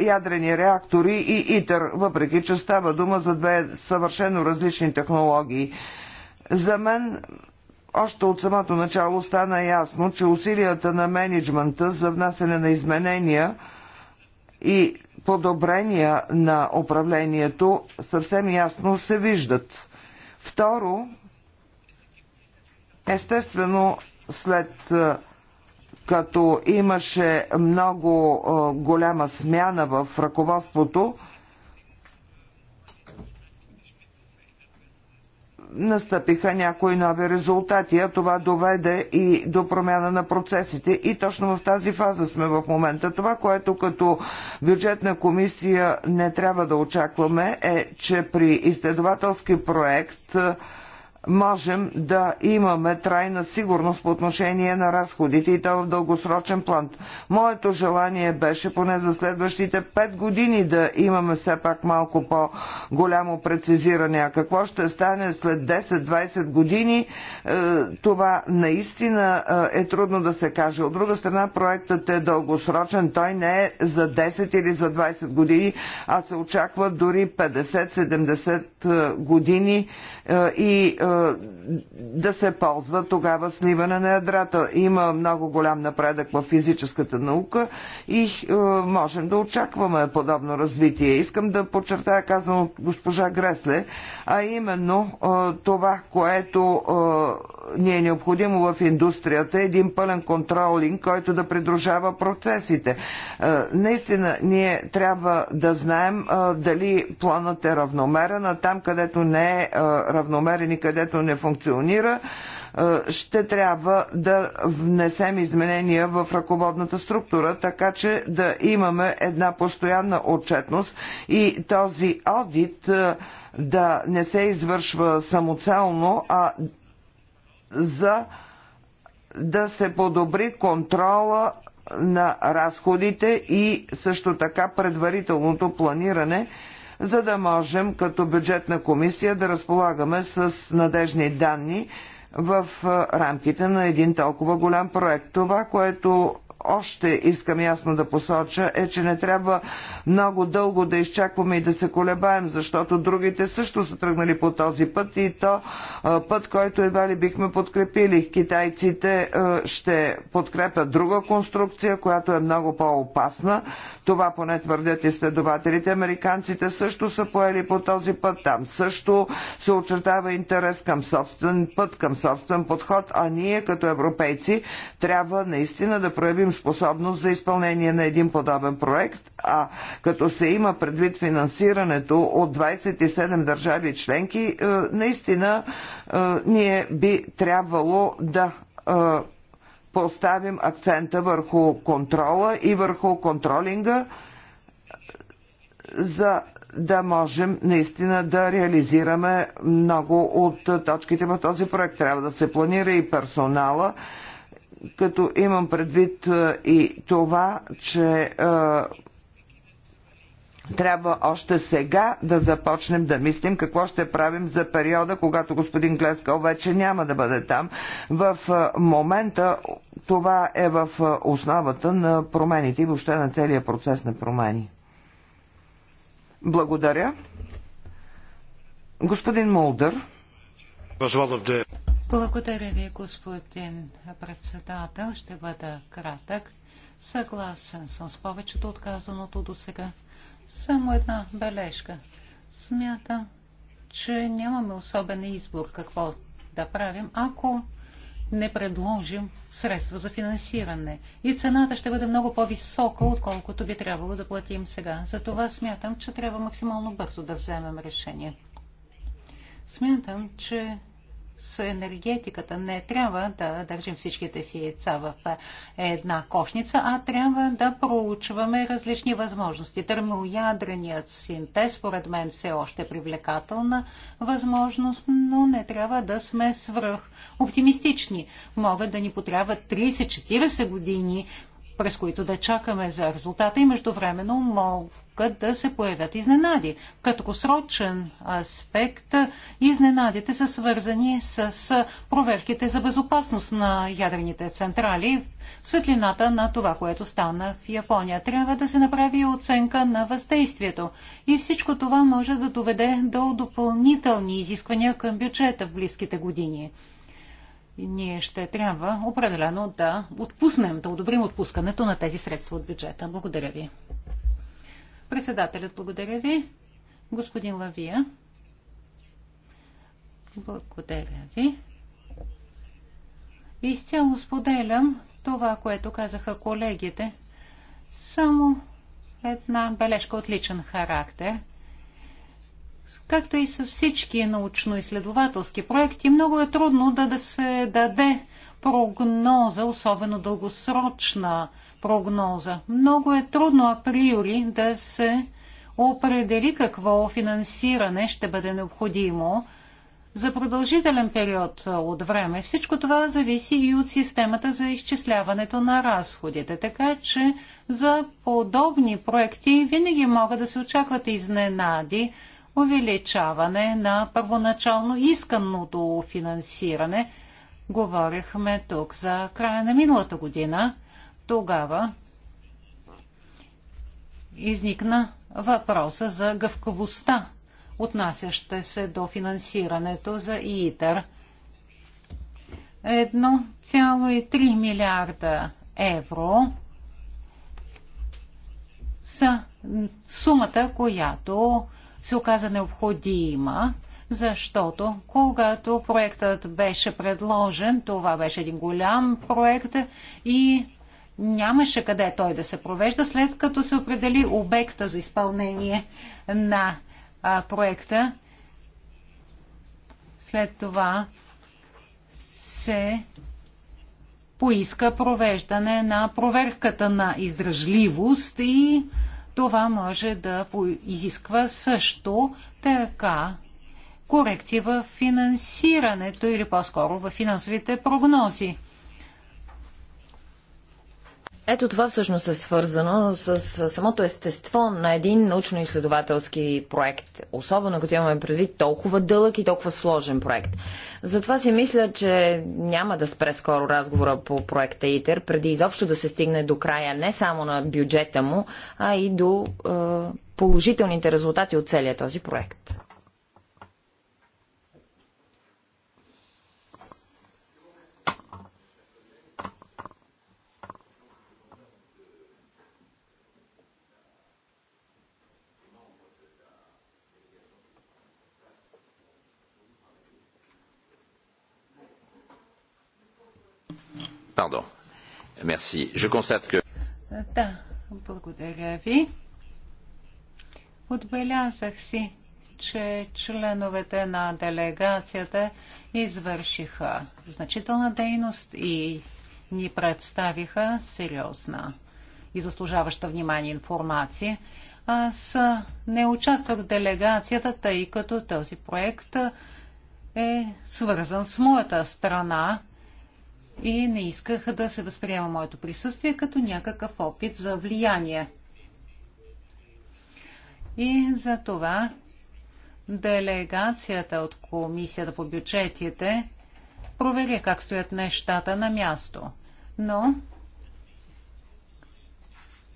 ядрени реактори и ИТЕР, въпреки че става дума за две съвършено различни технологии. За мен още от самото начало стана ясно, че усилията на менеджмента за внасене на изменения и подобрения на управлението съвсем ясно се виждат. Второ, естествено след е, като имаше много е, голяма смяна в ръководството, настъпиха някои нови резултати, а това доведе и до промяна на процесите. И точно в тази фаза сме в момента. Това, което като бюджетна комисия не трябва да очакваме е, че при изследователски проект е, можем да имаме трайна сигурност по отношение на разходите и то в дългосрочен план. Моето желание беше поне за следващите 5 години да имаме все пак малко по-голямо прецизиране. А какво ще стане след 10-20 години, е, това наистина е, е трудно да се каже. От друга страна, проектът е дългосрочен. Той не е за 10 или за 20 години, а се очаква дори 50-70 е, години е, и е, да се ползва тогава сливане на ядрата. Има много голям напредък в физическата наука и е, можем да очакваме подобно развитие. Искам да подчертая казано от госпожа Гресле, а именно това, което ни е необходимо в индустрията, един пълен контролинг, който да придружава процесите. Наистина, ние трябва да знаем дали планът е равномерен, а там, където не е равномерен и където не функционира, е, ще трябва да внесем изменения в ръководната структура, така че да имаме една постоянна отчетност и този одит е, да не се извършва самоцелно, а за да се подобри контрола на разходите и също така предварителното планиране за да можем като бюджетна комисия да разполагаме с надежни данни в рамките на един толкова голям проект. Това, което още искам ясно да посоча е, че не трябва много дълго да изчакваме и да се колебаем, защото другите също са тръгнали по този път и то път, който едва ли бихме подкрепили. Китайците ще подкрепят друга конструкция, която е много по-опасна. Това поне твърдят изследователите. Американците също са поели по този път. Там също се очертава интерес към собствен път, към собствен подход, а ние като европейци трябва наистина да проявим осигурим способност за изпълнение на един подобен проект, а като се има предвид финансирането от 27 държави членки, е, наистина е, ние би трябвало да е, поставим акцента върху контрола и върху контролинга, за да можем наистина да реализираме много от точките в този проект. Трябва да се планира и персонала, като имам предвид е, и това, че е, трябва още сега да започнем да мислим какво ще правим за периода, когато господин Глескал вече няма да бъде там. В е, момента това е в основата на промените и въобще на целия процес на промени. Благодаря. Господин Молдър. Благодаря ви, господин председател. Ще бъда кратък. Съгласен съм с повечето отказаното до сега. Само една бележка. Смятам, че нямаме особен избор какво да правим, ако не предложим средства за финансиране. И цената ще бъде много по-висока, отколкото би трябвало да платим сега. Затова смятам, че трябва максимално бързо да вземем решение. Смятам, че с енергетиката. Не трябва да държим всичките си яйца в една кошница, а трябва да проучваме различни възможности. Термоядреният синтез, според мен, все още е привлекателна възможност, но не трябва да сме свръх оптимистични. Могат да ни потрябват 30-40 години, през които да чакаме за резултата и междувременно могат да се появят изненади. Като краткосрочен аспект изненадите са свързани с проверките за безопасност на ядрените централи. В светлината на това, което стана в Япония, трябва да се направи оценка на въздействието. И всичко това може да доведе до допълнителни изисквания към бюджета в близките години ние ще трябва определено да отпуснем, да одобрим отпускането на тези средства от бюджета. Благодаря ви. Председателят, благодаря ви. Господин Лавия. Благодаря ви. Изцяло споделям това, което казаха колегите. Само една бележка от личен характер. Както и с всички научно-изследователски проекти, много е трудно да, да се даде прогноза, особено дългосрочна, прогноза. Много е трудно априори да се определи какво финансиране ще бъде необходимо за продължителен период от време. Всичко това зависи и от системата за изчисляването на разходите, така че за подобни проекти винаги могат да се очакват изненади, увеличаване на първоначално исканото финансиране. Говорихме тук за края на миналата година – тогава изникна въпроса за гъвкавостта, отнасяща се до финансирането за ИИТър. 1,3 милиарда евро са сумата, която се оказа необходима, защото когато проектът беше предложен, това беше един голям проект и нямаше къде той да се провежда, след като се определи обекта за изпълнение на а, проекта. След това се поиска провеждане на проверката на издръжливост и това може да изисква също така корекция в финансирането или по-скоро в финансовите прогнози. Ето това всъщност е свързано с, с самото естество на един научно-изследователски проект, особено като имаме предвид толкова дълъг и толкова сложен проект. Затова си мисля, че няма да спре скоро разговора по проекта ИТЕР, преди изобщо да се стигне до края не само на бюджета му, а и до е, положителните резултати от целия този проект. Pardon. Merci. Je constate que... Да, благодаря ви. Отбелязах си, че членовете на делегацията извършиха значителна дейност и ни представиха сериозна и заслужаваща внимание информация. Аз не участвах в делегацията, тъй като този проект е свързан с моята страна и не исках да се възприема моето присъствие като някакъв опит за влияние. И за това делегацията от Комисията по бюджетите провери как стоят нещата на място. Но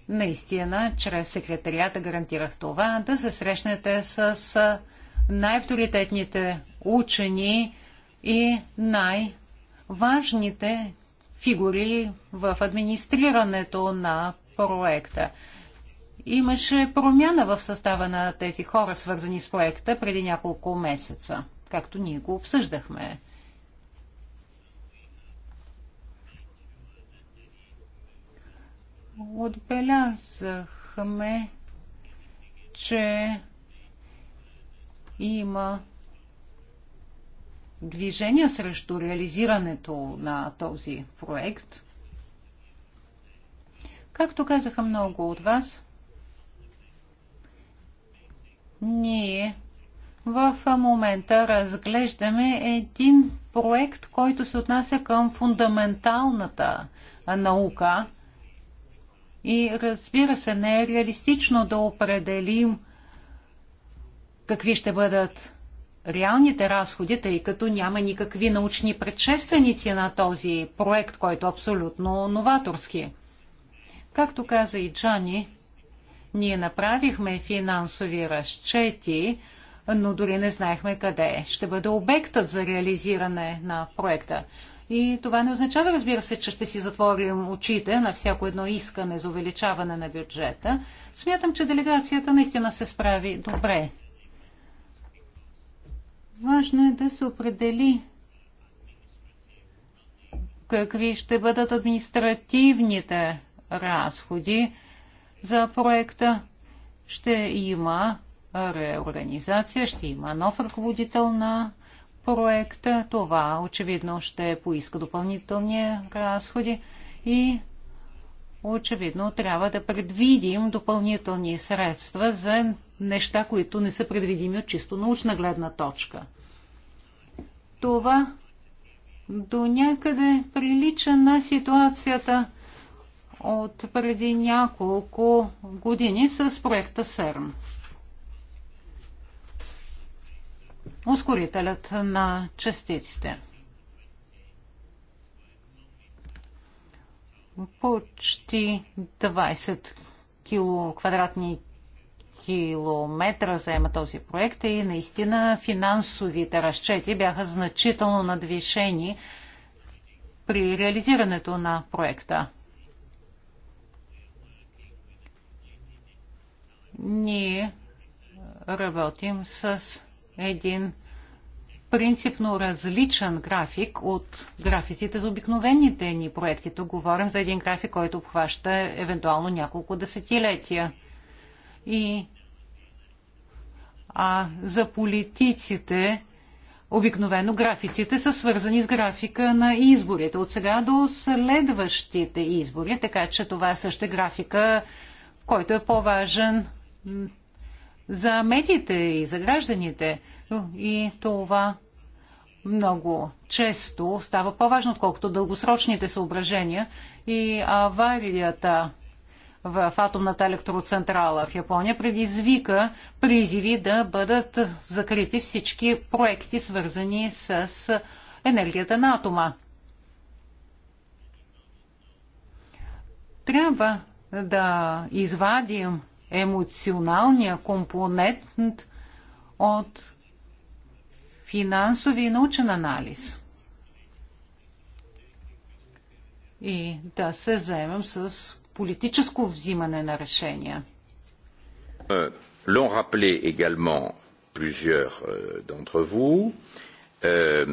наистина, чрез секретарията гарантирах това, да се срещнете с най-авторитетните учени и най- важните фигури в администрирането на проекта. Имаше промяна в състава на тези хора, свързани с проекта, преди няколко месеца, както ние го обсъждахме. Отбелязахме, че има движения срещу реализирането на този проект. Както казаха много от вас, ние в момента разглеждаме един проект, който се отнася към фундаменталната наука. И разбира се, не е реалистично да определим какви ще бъдат реалните разходи, тъй като няма никакви научни предшественици на този проект, който е абсолютно новаторски. Както каза и Джани, ние направихме финансови разчети, но дори не знаехме къде ще бъде обектът за реализиране на проекта. И това не означава, разбира се, че ще си затворим очите на всяко едно искане за увеличаване на бюджета. Смятам, че делегацията наистина се справи добре. Важно е да се определи какви ще бъдат административните разходи за проекта. Ще има реорганизация, ще има нов ръководител на проекта. Това очевидно ще поиска допълнителни разходи и очевидно трябва да предвидим допълнителни средства за неща, които не са предвидими от чисто научна гледна точка. Това до някъде прилича на ситуацията от преди няколко години с проекта СЕРН. Ускорителят на частиците. Почти 20 квадратни километра заема този проект и наистина финансовите разчети бяха значително надвишени при реализирането на проекта. Ние работим с един принципно различен график от графиците за обикновените ни проекти. Тук говорим за един график, който обхваща евентуално няколко десетилетия. И а за политиците обикновено графиците са свързани с графика на изборите от сега до следващите избори, така че това също е графика, който е по-важен за медиите и за гражданите. И това много често става по-важно, отколкото дългосрочните съображения и аварията в атомната електроцентрала в Япония предизвика призиви да бъдат закрити всички проекти, свързани с енергията на атома. Трябва да извадим емоционалния компонент от финансови и научен анализ и да се заемем с политическо взимане на решения. Е, l'ont rappelé également plusieurs е, d'entre vous. Е,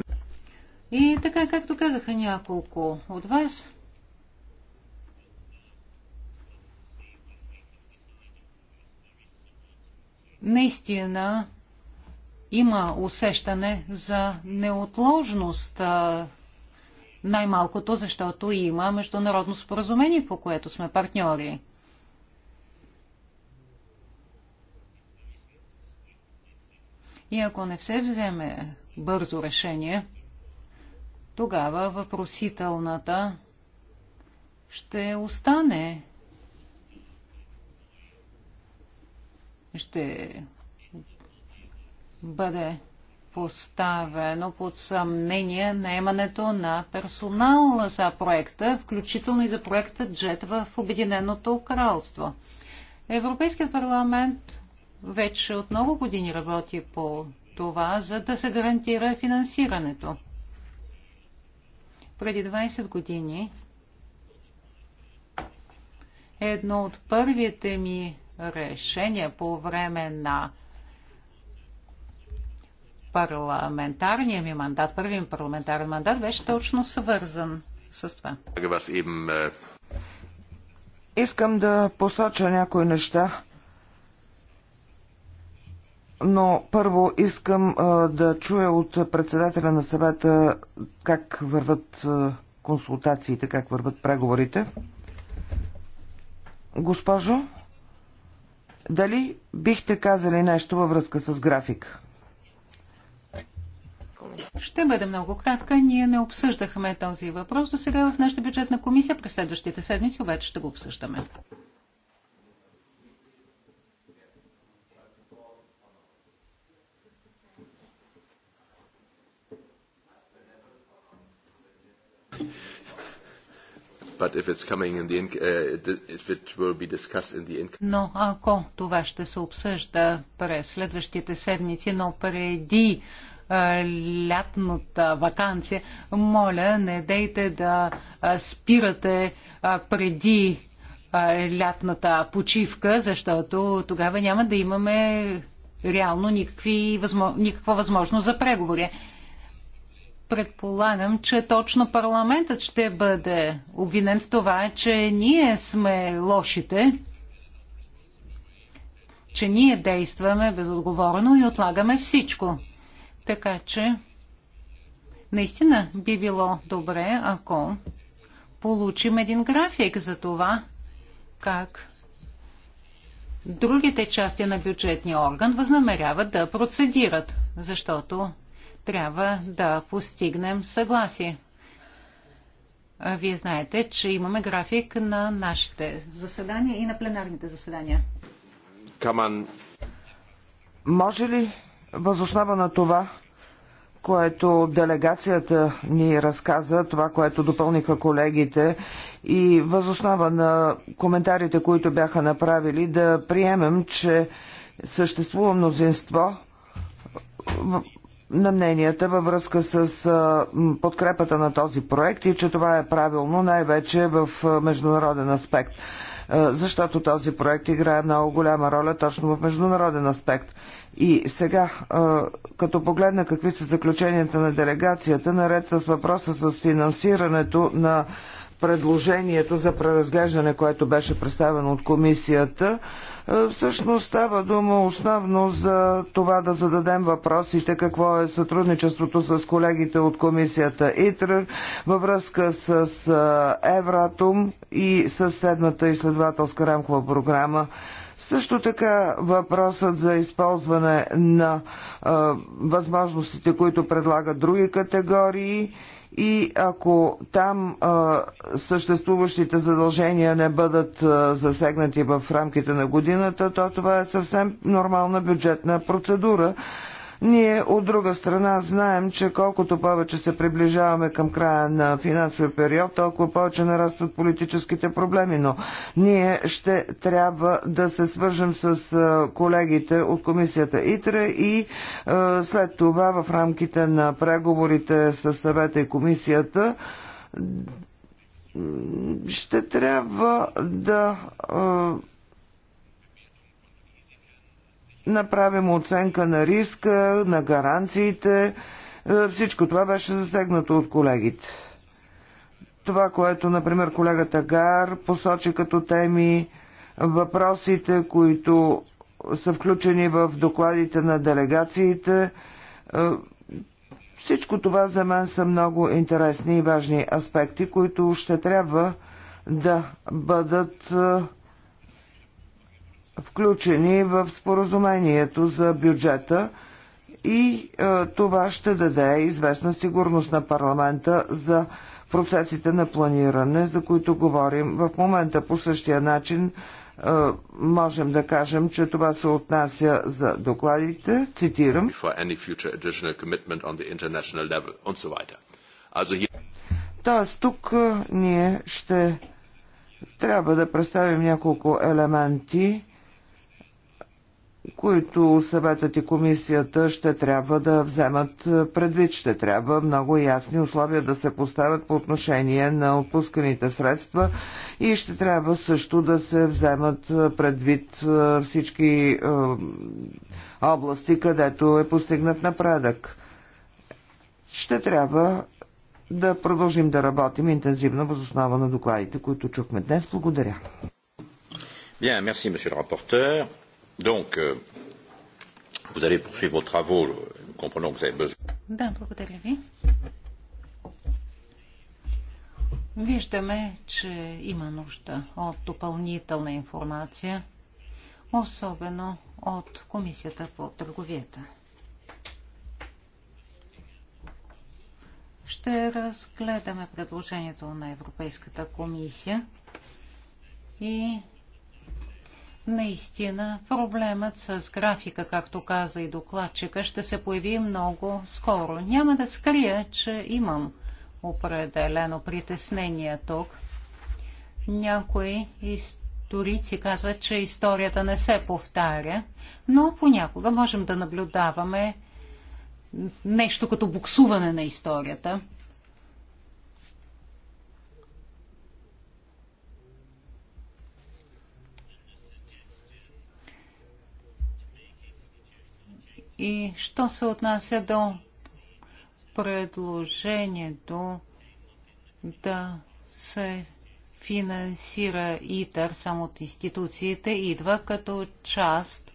И така, както казаха няколко от вас, наистина има усещане за неотложност най-малкото защото има международно споразумение, по което сме партньори. И ако не се вземе бързо решение, тогава въпросителната ще остане. Ще бъде поставено под съмнение наемането на персонал за проекта, включително и за проекта Джет в Обединеното кралство. Европейският парламент вече от много години работи по това, за да се гарантира финансирането. Преди 20 години едно от първите ми решения по време на парламентарния ми мандат, първият ми парламентарен мандат беше точно свързан с това. Искам да посоча някои неща, но първо искам да чуя от председателя на съвета как върват консултациите, как върват преговорите. Госпожо, дали бихте казали нещо във връзка с график? Ще бъде много кратка. Ние не обсъждахме този въпрос до сега в нашата бюджетна комисия. През следващите седмици обаче ще го обсъждаме. Uh, но ако това ще се обсъжда през следващите седмици, но преди лятната вакансия, моля, не дейте да спирате преди лятната почивка, защото тогава няма да имаме реално никакви, никаква възможност за преговори. Предполагам, че точно парламентът ще бъде обвинен в това, че ние сме лошите, че ние действаме безотговорно и отлагаме всичко. Така че наистина би било добре, ако получим един график за това, как другите части на бюджетния орган възнамеряват да процедират, защото трябва да постигнем съгласие. Вие знаете, че имаме график на нашите заседания и на пленарните заседания. Каман. Може ли Възоснова на това, което делегацията ни разказа, това, което допълниха колегите и възоснова на коментарите, които бяха направили, да приемем, че съществува мнозинство на мненията във връзка с подкрепата на този проект и че това е правилно най-вече в международен аспект, защото този проект играе много голяма роля точно в международен аспект. И сега, като погледна какви са заключенията на делегацията, наред с въпроса с финансирането на предложението за преразглеждане, което беше представено от комисията, Всъщност става дума основно за това да зададем въпросите какво е сътрудничеството с колегите от комисията ИТР във връзка с Евратум и с седмата изследователска рамкова програма. Също така въпросът за използване на а, възможностите, които предлагат други категории и ако там а, съществуващите задължения не бъдат а, засегнати в рамките на годината, то това е съвсем нормална бюджетна процедура. Ние от друга страна знаем, че колкото повече се приближаваме към края на финансовия период, толкова повече нарастват политическите проблеми, но ние ще трябва да се свържем с колегите от комисията ИТРЕ и след това в рамките на преговорите с съвета и комисията ще трябва да направим оценка на риска, на гаранциите. Е, всичко това беше засегнато от колегите. Това, което, например, колегата Гар посочи като теми, въпросите, които са включени в докладите на делегациите, е, всичко това за мен са много интересни и важни аспекти, които ще трябва да бъдат е, включени в споразумението за бюджета и е, това ще даде известна сигурност на парламента за процесите на планиране, за които говорим в момента по същия начин е, можем да кажем, че това се отнася за докладите, цитирам. Тоест тук е, ние ще трябва да представим няколко елементи, които съветът и комисията ще трябва да вземат предвид. Ще трябва много ясни условия да се поставят по отношение на отпусканите средства и ще трябва също да се вземат предвид е, всички е, области, където е постигнат напредък. Ще трябва да продължим да работим интензивно въз основа на докладите, които чухме днес. Благодаря. Bien, merci, monsieur le rapporteur. Donc, euh, vous allez poursuivre vos travaux. Euh, nous comprenons que vous avez besoin. Да, благодаря ви. Виждаме, че има нужда от допълнителна информация, особено от Комисията по търговията. Ще разгледаме предложението на Европейската комисия и Наистина, проблемът с графика, както каза и докладчика, ще се появи много скоро. Няма да скрия, че имам определено притеснение тук. Някои историци казват, че историята не се повтаря, но понякога можем да наблюдаваме нещо като буксуване на историята – И що се отнася до предложението да се финансира ИТАР само от институциите, идва като част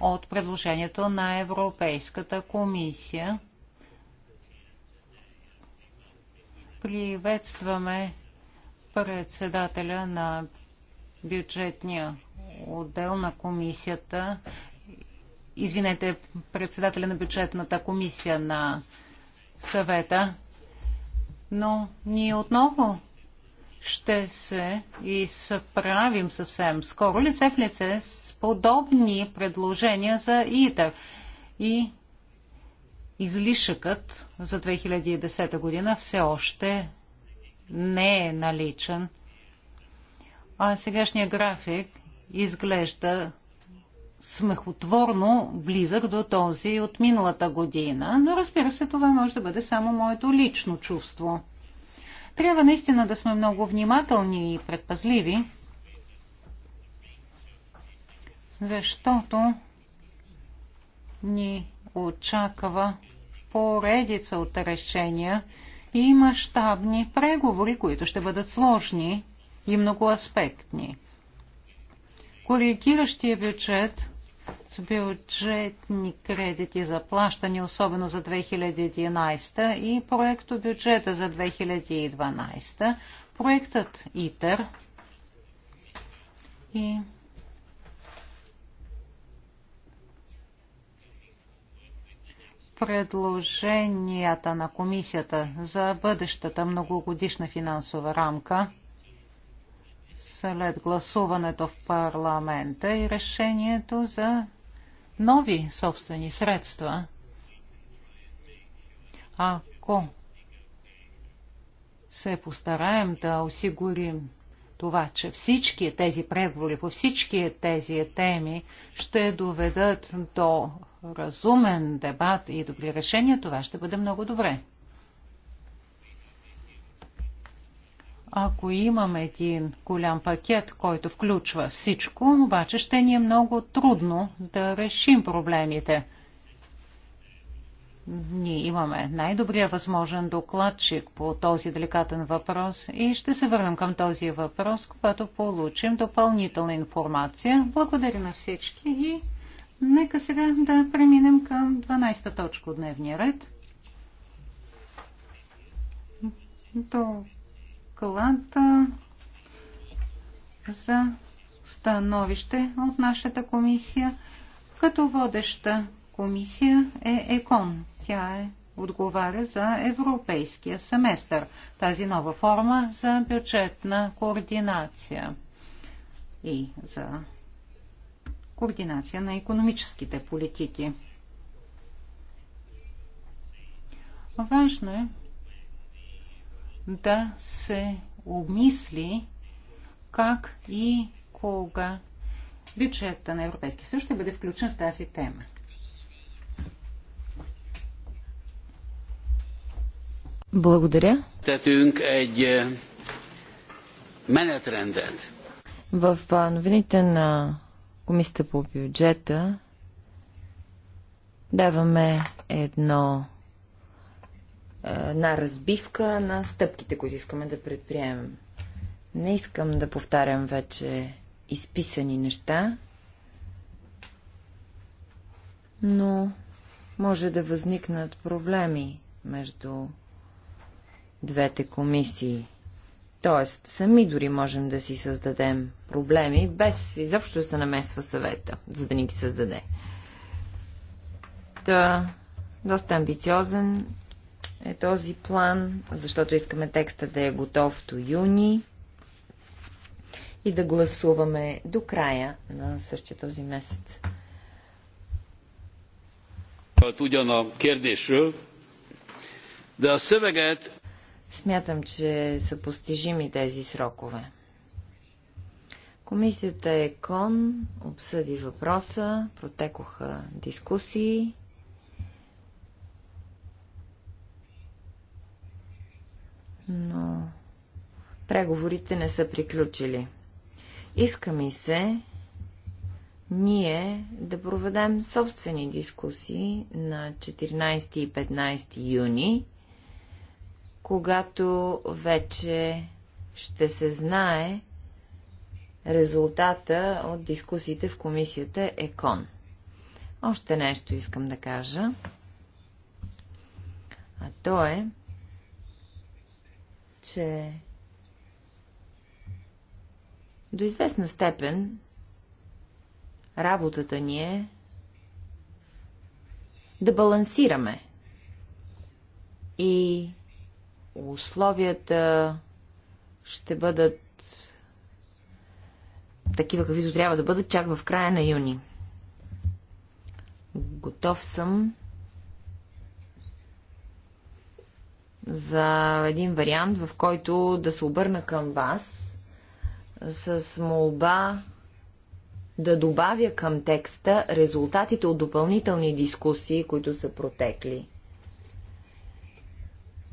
от предложението на Европейската комисия. Приветстваме председателя на бюджетния отдел на комисията извинете, председателя на бюджетната комисия на съвета, но ние отново ще се изправим съвсем скоро лице в лице с подобни предложения за ИТАР. И излишъкът за 2010 година все още не е наличен. А сегашният график изглежда смехотворно близък до този от миналата година, но разбира се, това може да бъде само моето лично чувство. Трябва наистина да сме много внимателни и предпазливи, защото ни очаква поредица от решения и мащабни преговори, които ще бъдат сложни и многоаспектни. Коригиращия бюджет с бюджетни кредити за плащане, особено за 2011 и проекто бюджета за 2012, проектът ИТЕР и предложенията на комисията за бъдещата многогодишна финансова рамка – след гласуването в парламента и решението за нови собствени средства. Ако се постараем да осигурим това, че всички тези преговори по всички тези теми ще доведат до разумен дебат и добри решения, това ще бъде много добре. Ако имаме един голям пакет, който включва всичко, обаче ще ни е много трудно да решим проблемите. Ние имаме най-добрия възможен докладчик по този деликатен въпрос и ще се върнем към този въпрос, когато получим допълнителна информация. Благодаря на всички и нека сега да преминем към 12-та точка от дневния ред. Това доклад за становище от нашата комисия, като водеща комисия е ЕКОН. Тя е отговаря за европейския семестър, тази нова форма за бюджетна координация и за координация на економическите политики. Важно е да се обмисли как и кога бюджета на Европейския съюз ще бъде включен в тази тема. Благодаря. Е, в новините на Комисията по бюджета даваме едно една разбивка на стъпките, които искаме да предприемем. Не искам да повтарям вече изписани неща, но може да възникнат проблеми между двете комисии. Тоест, сами дори можем да си създадем проблеми, без изобщо да се намесва съвета, за да ни ги създаде. Та, доста амбициозен е този план, защото искаме текста да е готов до юни и да гласуваме до края на същия този месец. Смятам, че са постижими тези срокове. Комисията ЕКОН обсъди въпроса, протекоха дискусии. но преговорите не са приключили. Иска ми се ние да проведем собствени дискусии на 14 и 15 юни, когато вече ще се знае резултата от дискусиите в комисията ЕКОН. Още нещо искам да кажа. А то е, че до известна степен работата ни е да балансираме и условията ще бъдат такива, каквито трябва да бъдат чак в края на юни. Готов съм за един вариант, в който да се обърна към вас с молба да добавя към текста резултатите от допълнителни дискусии, които са протекли.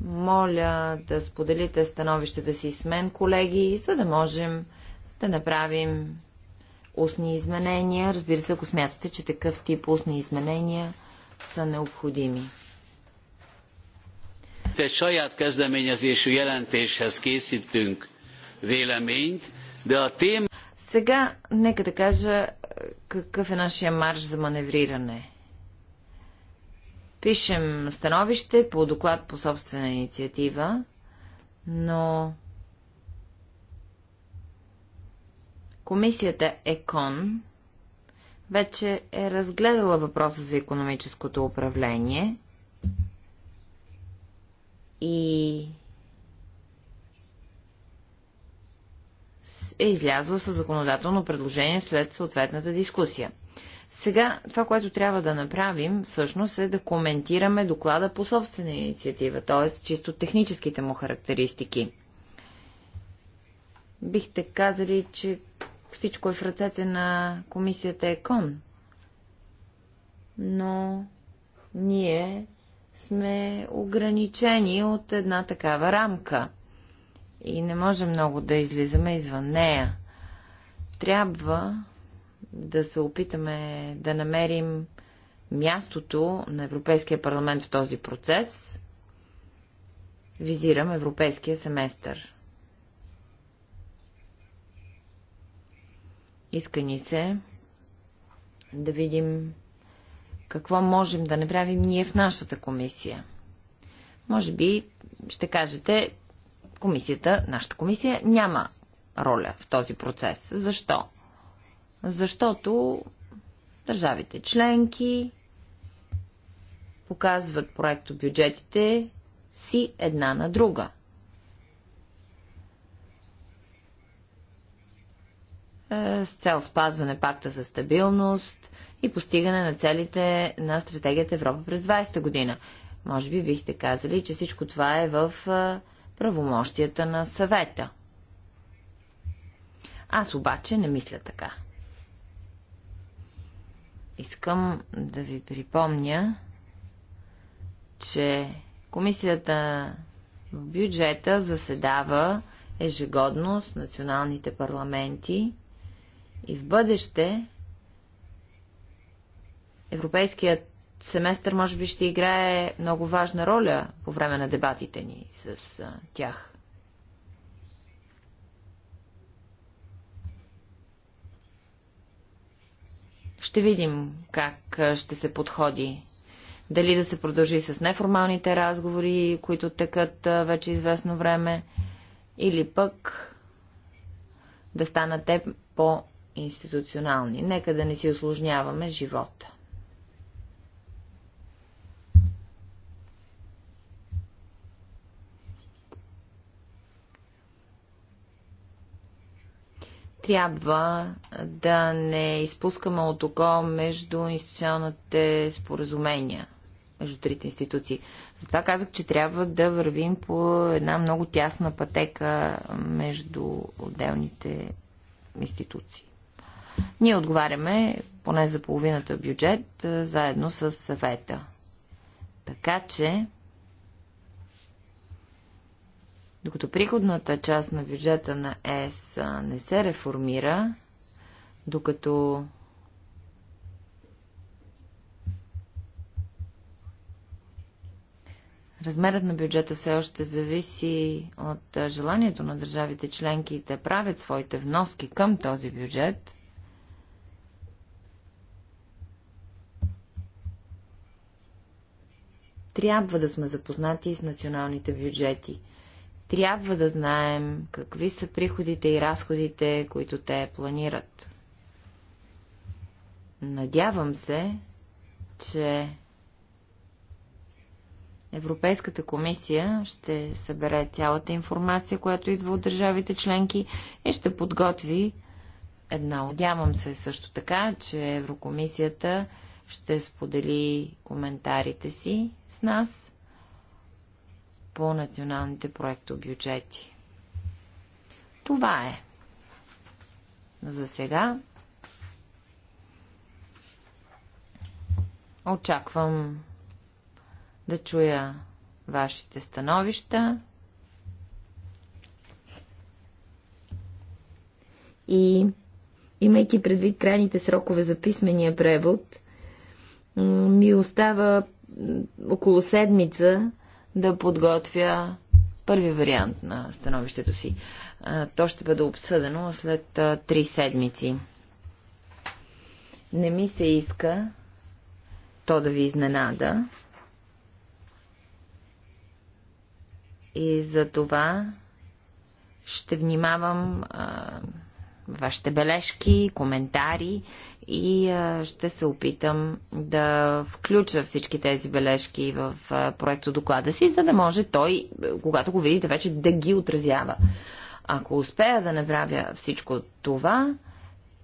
Моля да споделите становищата си с мен, колеги, за да можем да направим устни изменения. Разбира се, ако смятате, че такъв тип устни изменения са необходими. Itt egy saját kezdeményezésű jelentéshez készítünk véleményt, de a téma... Сега нека да кажа какъв е нашия марш за маневриране. Пишем становище по доклад по собствена инициатива, но комисията ЕКОН вече е разгледала въпроса за економическото управление и е излязла със законодателно предложение след съответната дискусия. Сега това, което трябва да направим, всъщност е да коментираме доклада по собствена инициатива, т.е. чисто техническите му характеристики. Бихте казали, че всичко е в ръцете на комисията ЕКОН, но ние сме ограничени от една такава рамка и не може много да излизаме извън нея. Трябва да се опитаме да намерим мястото на Европейския парламент в този процес. Визирам Европейския семестър. Иска ни се да видим какво можем да направим ние в нашата комисия? Може би ще кажете, комисията, нашата комисия няма роля в този процес. Защо? Защото държавите членки показват проекто бюджетите си една на друга. Е, с цел спазване пакта за стабилност и постигане на целите на стратегията Европа през 20-та година. Може би бихте казали, че всичко това е в правомощията на съвета. Аз обаче не мисля така. Искам да ви припомня, че комисията в бюджета заседава ежегодно с националните парламенти и в бъдеще Европейският семестър може би ще играе много важна роля по време на дебатите ни с тях. Ще видим как ще се подходи. Дали да се продължи с неформалните разговори, които текат вече известно време, или пък да станат те по-институционални. Нека да не си осложняваме живота. трябва да не изпускаме от око между институционалните споразумения между трите институции. Затова казах, че трябва да вървим по една много тясна пътека между отделните институции. Ние отговаряме поне за половината бюджет заедно с съвета. Така че докато приходната част на бюджета на ЕС не се реформира, докато Размерът на бюджета все още зависи от желанието на държавите членки да правят своите вноски към този бюджет. Трябва да сме запознати с националните бюджети – трябва да знаем какви са приходите и разходите, които те планират. Надявам се, че Европейската комисия ще събере цялата информация, която идва от държавите членки и ще подготви една. Надявам се също така, че Еврокомисията ще сподели коментарите си с нас по националните проектобюджети. Това е. За сега очаквам да чуя вашите становища и имайки предвид крайните срокове за писмения превод, ми остава около седмица да подготвя първи вариант на становището си. То ще бъде обсъдено след три седмици. Не ми се иска то да ви изненада. И за това ще внимавам а, вашите бележки, коментари и а, ще се опитам да включа всички тези бележки в а, проекто доклада си, за да може той, когато го видите вече, да ги отразява. Ако успея да направя всичко това,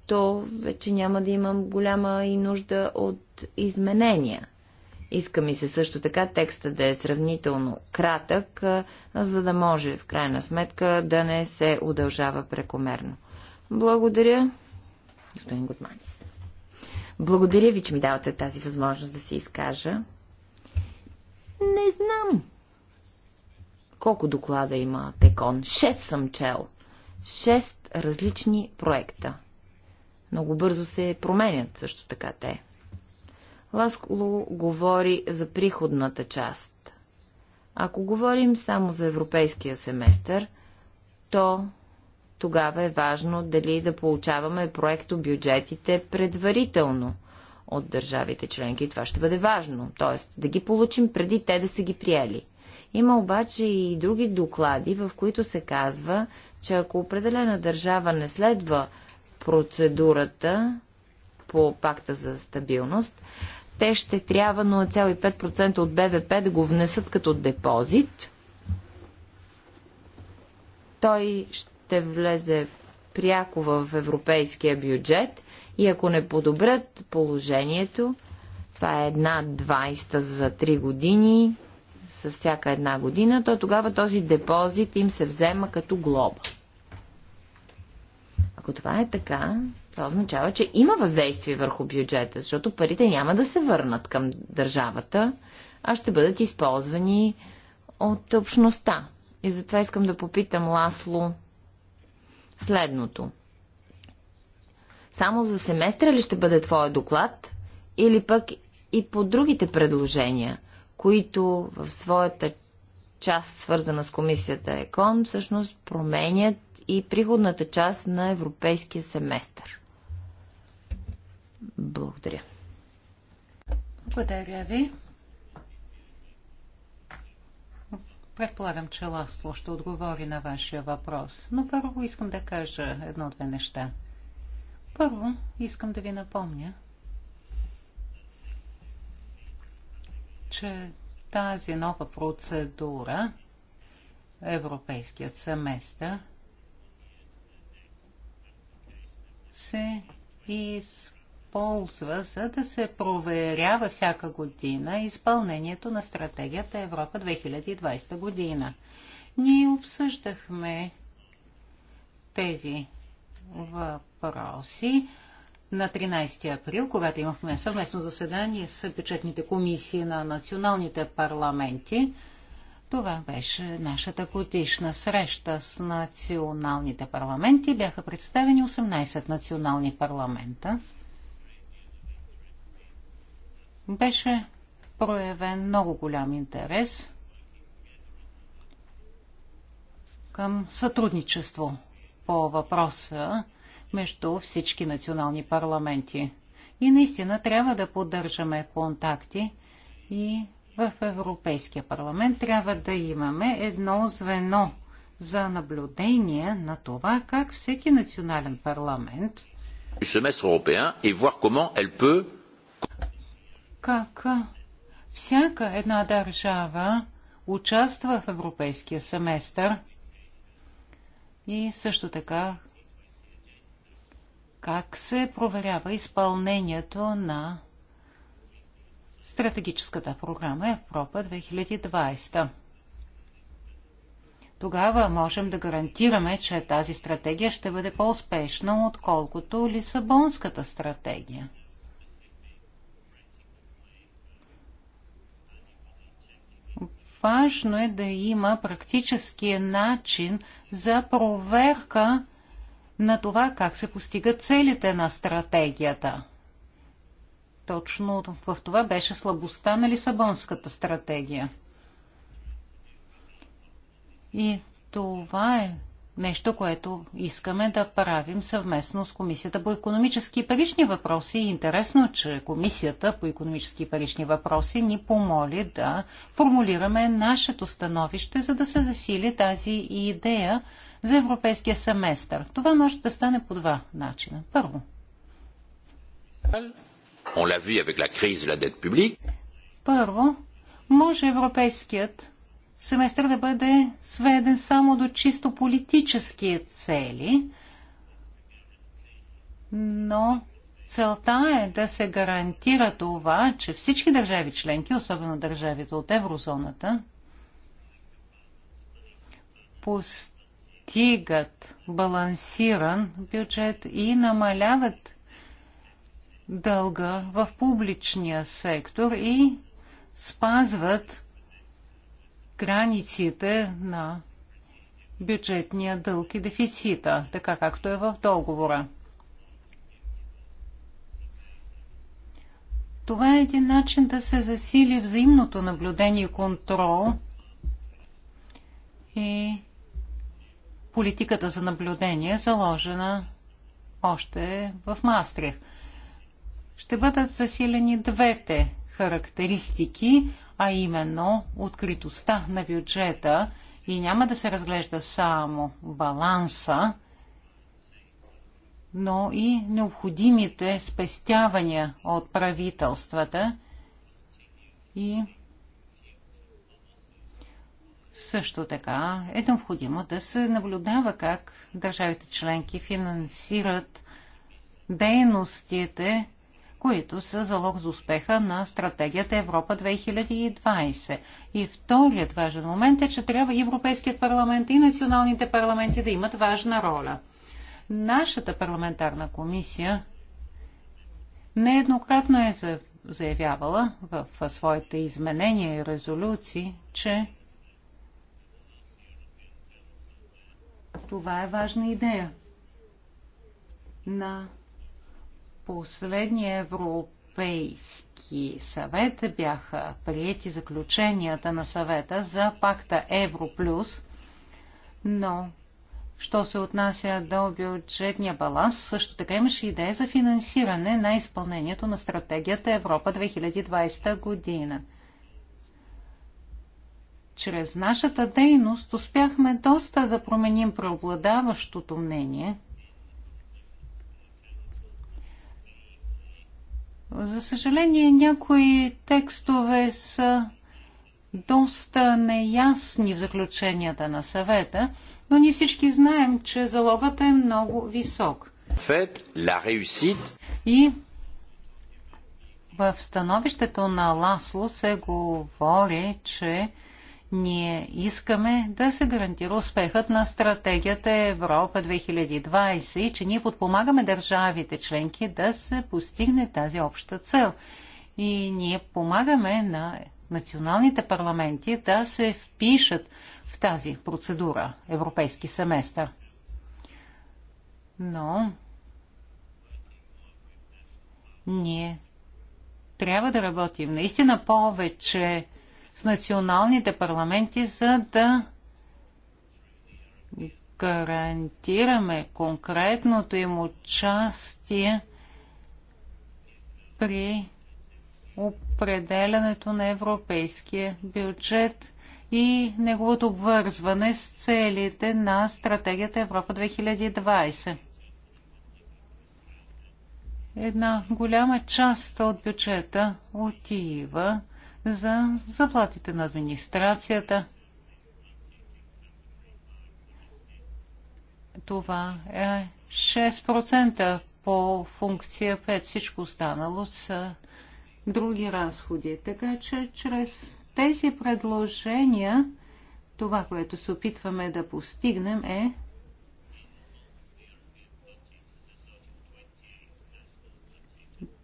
то вече няма да имам голяма и нужда от изменения. Иска ми се също така текста да е сравнително кратък, за да може в крайна сметка да не се удължава прекомерно. Благодаря, господин Гудманис. Благодаря ви, че ми давате тази възможност да се изкажа. Не знам. Колко доклада има Текон? Шест съм чел. Шест различни проекта. Много бързо се променят също така те. Ласколо говори за приходната част. Ако говорим само за европейския семестър, то тогава е важно дали да получаваме проекто бюджетите предварително от държавите членки. Това ще бъде важно, т.е. да ги получим преди те да са ги приели. Има обаче и други доклади, в които се казва, че ако определена държава не следва процедурата по пакта за стабилност, те ще трябва 0,5% от БВП да го внесат като депозит. Той ще ще влезе пряко в европейския бюджет и ако не подобрят положението, това е една 20 за 3 години, с всяка една година, то тогава този депозит им се взема като глоба. Ако това е така, това означава, че има въздействие върху бюджета, защото парите няма да се върнат към държавата, а ще бъдат използвани от общността. И затова искам да попитам Ласло следното. Само за семестра ли ще бъде твоя доклад или пък и по другите предложения, които в своята част, свързана с комисията ЕКОН, всъщност променят и приходната част на европейския семестър? Благодаря. Благодаря ви. Предполагам, че Ласло ще отговори на вашия въпрос, но първо искам да кажа едно-две неща. Първо искам да ви напомня, че тази нова процедура, Европейският семестър, се изпълнява използва, за да се проверява всяка година изпълнението на стратегията Европа 2020 година. Ние обсъждахме тези въпроси на 13 април, когато имахме съвместно заседание с бюджетните комисии на националните парламенти. Това беше нашата годишна среща с националните парламенти. Бяха представени 18 национални парламента. Беше проявен много голям интерес към сътрудничество по въпроса между всички национални парламенти. И наистина трябва да поддържаме контакти и в Европейския парламент трябва да имаме едно звено за наблюдение на това как всеки национален парламент semestre européen et voir comment elle peut как всяка една държава участва в европейския семестър и също така как се проверява изпълнението на стратегическата програма Европа 2020. Тогава можем да гарантираме, че тази стратегия ще бъде по-успешна, отколкото Лисабонската стратегия – Важно е да има практически начин за проверка на това как се постигат целите на стратегията. Точно в това беше слабостта на Лисабонската стратегия. И това е нещо, което искаме да правим съвместно с Комисията по економически и парични въпроси. Интересно, че Комисията по економически и парични въпроси ни помоли да формулираме нашето становище, за да се засили тази идея за европейския семестър. Това може да стане по два начина. Първо. Първо, може европейският семестър да бъде сведен само до чисто политически цели, но целта е да се гарантира това, че всички държави членки, особено държавите от еврозоната, постигат балансиран бюджет и намаляват дълга в публичния сектор и спазват границите на бюджетния дълг и дефицита, така както е в договора. Това е един начин да се засили взаимното наблюдение и контрол и политиката за наблюдение, заложена още в Мастрих. Ще бъдат засилени двете характеристики, а именно откритостта на бюджета и няма да се разглежда само баланса, но и необходимите спестявания от правителствата и също така е необходимо да се наблюдава как държавите членки финансират дейностите които са залог за успеха на стратегията Европа 2020. И вторият важен момент е, че трябва Европейският парламент и националните парламенти да имат важна роля. Нашата парламентарна комисия нееднократно е заявявала в своите изменения и резолюции, че това е важна идея на последния Европейски съвет бяха приети заключенията на съвета за пакта Евро плюс, но що се отнася до бюджетния баланс, също така имаше идея за финансиране на изпълнението на стратегията Европа 2020 година чрез нашата дейност успяхме доста да променим преобладаващото мнение – За съжаление, някои текстове са доста неясни в заключенията на съвета, но ние всички знаем, че залогът е много висок. И в становището на Ласло се говори, че ние искаме да се гарантира успехът на стратегията Европа 2020 и че ние подпомагаме държавите членки да се постигне тази обща цел. И ние помагаме на националните парламенти да се впишат в тази процедура, европейски семестър. Но ние трябва да работим наистина повече с националните парламенти, за да гарантираме конкретното им участие при определянето на европейския бюджет и неговото обвързване с целите на стратегията Европа 2020. Една голяма част от бюджета отива за заплатите на администрацията. Това е 6% по функция 5. Всичко останало са други разходи. Така че чрез тези предложения това, което се опитваме да постигнем е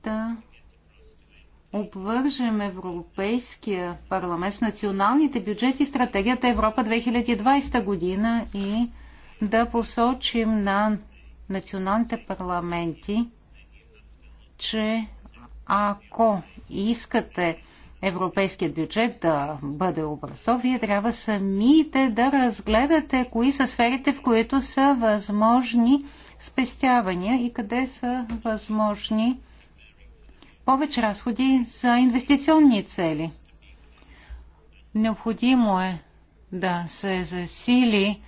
да обвържем Европейския парламент с националните бюджети, стратегията Европа 2020 година и да посочим на националните парламенти, че ако искате европейският бюджет да бъде образов, вие трябва самите да разгледате кои са сферите, в които са възможни спестявания и къде са възможни повече разходи за инвестиционни цели. Необходимо е да се засили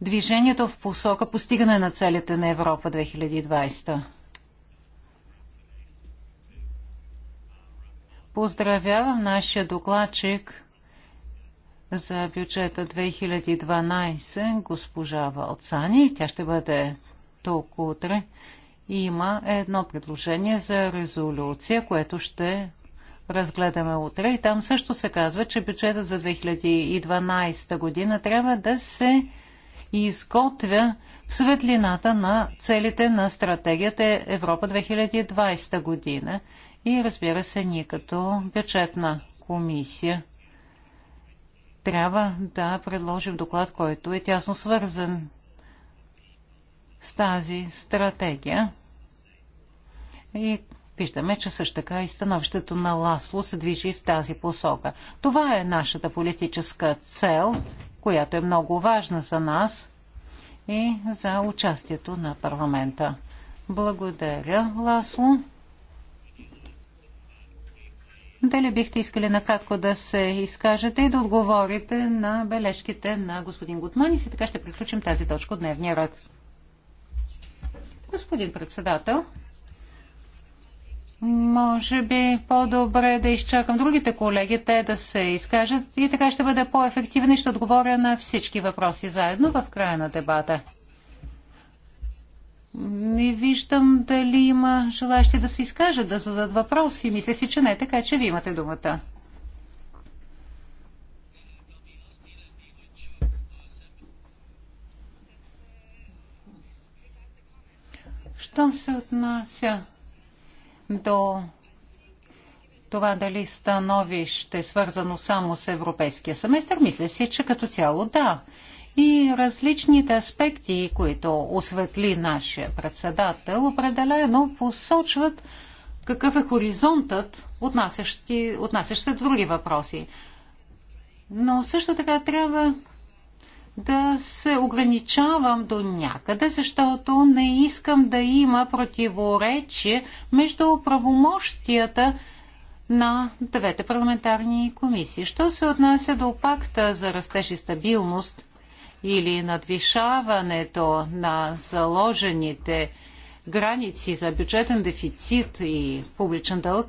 движението в посока постигане на целите на Европа 2020. Поздравявам нашия докладчик за бюджета 2012, госпожа Валцани. Тя ще бъде тук утре има едно предложение за резолюция, което ще разгледаме утре. И там също се казва, че бюджетът за 2012 година трябва да се изготвя в светлината на целите на стратегията Европа 2020 година. И разбира се, ние като бюджетна комисия трябва да предложим доклад, който е тясно свързан с тази стратегия. И виждаме, че също така и становището на Ласло се движи в тази посока. Това е нашата политическа цел, която е много важна за нас и за участието на парламента. Благодаря, Ласло. Дали бихте искали накратко да се изкажете и да отговорите на бележките на господин Гутман и си така ще приключим тази точка от дневния ред. Господин председател, може би по-добре да изчакам другите колеги, те да се изкажат и така ще бъде по ефективно и ще отговоря на всички въпроси заедно в края на дебата. Не виждам дали има желащи да се изкажат, да зададат въпроси. Мисля си, че не, така че ви имате думата. Що се отнася до това дали становище свързано само с европейския семестър, мисля си, че като цяло да. И различните аспекти, които осветли нашия председател, определено посочват какъв е хоризонтът, отнасящ се до други въпроси. Но също така трябва да се ограничавам до някъде, защото не искам да има противоречие между правомощията на двете парламентарни комисии. Що се отнася до пакта за растеж и стабилност или надвишаването на заложените граници за бюджетен дефицит и публичен дълг,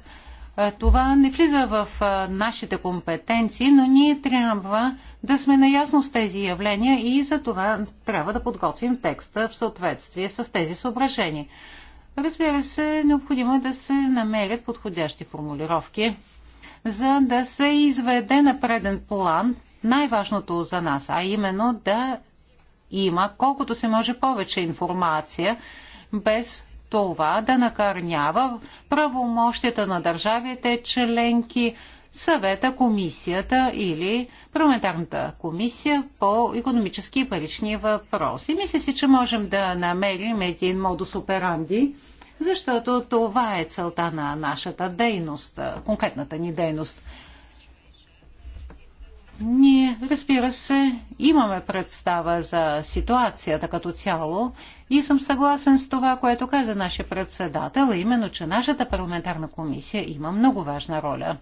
това не влиза в нашите компетенции, но ние трябва да сме наясно с тези явления и за това трябва да подготвим текста в съответствие с тези съображения. Разбира се, необходимо е да се намерят подходящи формулировки, за да се изведе на преден план най-важното за нас, а именно да има колкото се може повече информация, без това да накърнява правомощията на държавите членки, съвета, комисията или парламентарната комисия по економически и парични въпроси. Мисля си, че можем да намерим един модус операнди, защото това е целта на нашата дейност, конкретната ни дейност. Ние, разбира се, имаме представа за ситуацията като цяло и съм съгласен с това, което каза нашия председател, именно, че нашата парламентарна комисия има много важна роля.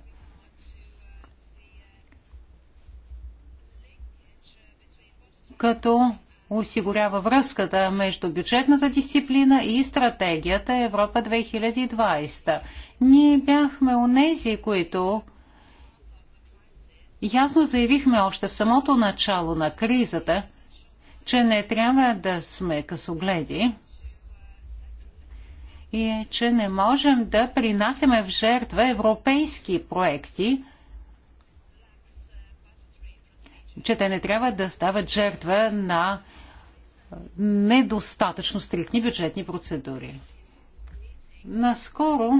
като осигурява връзката между бюджетната дисциплина и стратегията Европа 2020. Ние бяхме нези, които ясно заявихме още в самото начало на кризата, че не трябва да сме късогледи и че не можем да принасяме в жертва европейски проекти – че те не трябва да стават жертва на недостатъчно стрихни бюджетни процедури. Наскоро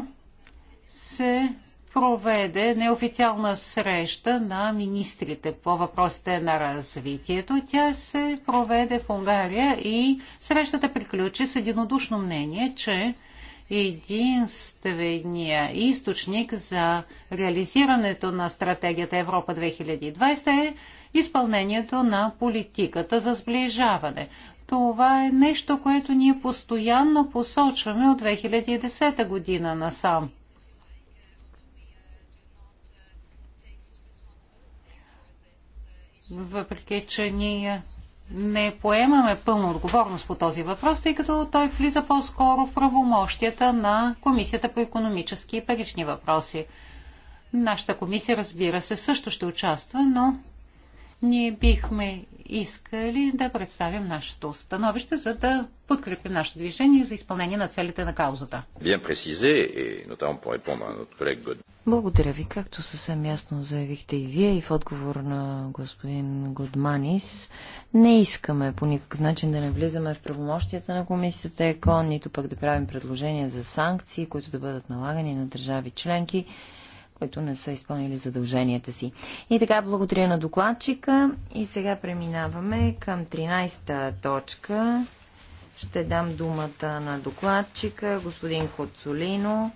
се проведе неофициална среща на министрите по въпросите на развитието. Тя се проведе в Унгария и срещата приключи с единодушно мнение, че единствения източник за реализирането на стратегията Европа 2020 е изпълнението на политиката за сближаване. Това е нещо, което ние постоянно посочваме от 2010 година насам. Въпреки, че ние не поемаме пълна отговорност по този въпрос, тъй като той влиза по-скоро в правомощията на Комисията по економически и парични въпроси. Нашата комисия, разбира се, също ще участва, но ние бихме искали да представим нашето становище, за да подкрепим нашето движение за изпълнение на целите на каузата. Благодаря ви. Както съвсем ясно заявихте и вие и в отговор на господин Годманис, не искаме по никакъв начин да не влизаме в правомощията на комисията ЕКО, нито пък да правим предложения за санкции, които да бъдат налагани на държави членки които не са изпълнили задълженията си. И така, благодаря на докладчика. И сега преминаваме към 13-та точка. Ще дам думата на докладчика, господин Коцолино.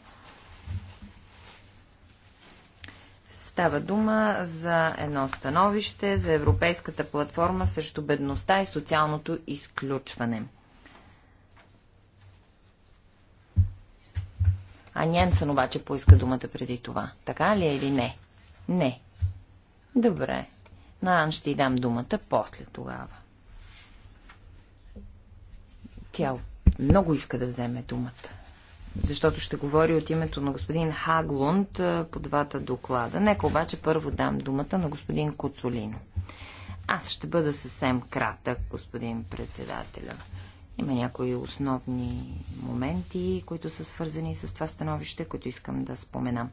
Става дума за едно становище за Европейската платформа срещу бедността и социалното изключване. А Нянсън обаче поиска думата преди това. Така ли е или не? Не. Добре. На Ан ще й дам думата после тогава. Тя много иска да вземе думата. Защото ще говори от името на господин Хаглунд по двата доклада. Нека обаче първо дам думата на господин Коцолино. Аз ще бъда съвсем кратък, господин председателя. Има някои основни моменти, които са свързани с това становище, които искам да спомена.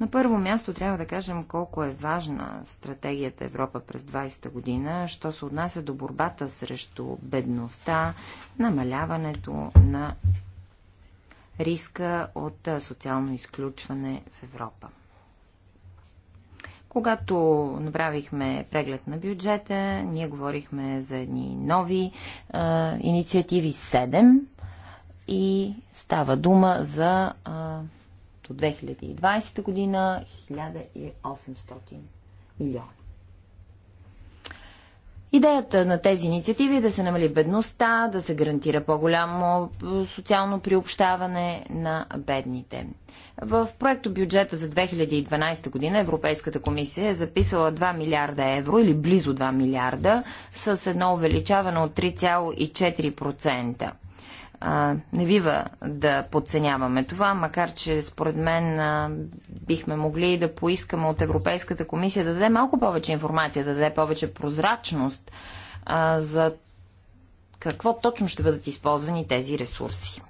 На първо място трябва да кажем колко е важна стратегията Европа през 20-та година, що се отнася до борбата срещу бедността, намаляването на риска от социално изключване в Европа. Когато направихме преглед на бюджета, ние говорихме за едни нови а, инициативи 7 и става дума за а, до 2020 година 1800 милиона. Идеята на тези инициативи е да се намали бедността, да се гарантира по-голямо социално приобщаване на бедните. В проекто бюджета за 2012 година Европейската комисия е записала 2 милиарда евро или близо 2 милиарда с едно увеличаване от 3,4% а, не бива да подценяваме това, макар че според мен а, бихме могли да поискаме от Европейската комисия да даде малко повече информация, да даде повече прозрачност а, за какво точно ще бъдат използвани тези ресурси.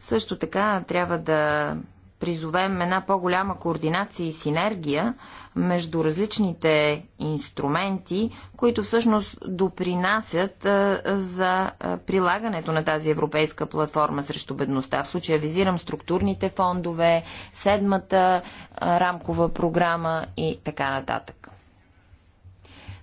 Също така трябва да призовем една по-голяма координация и синергия между различните инструменти, които всъщност допринасят за прилагането на тази европейска платформа срещу бедността. В случая визирам структурните фондове, седмата рамкова програма и така нататък.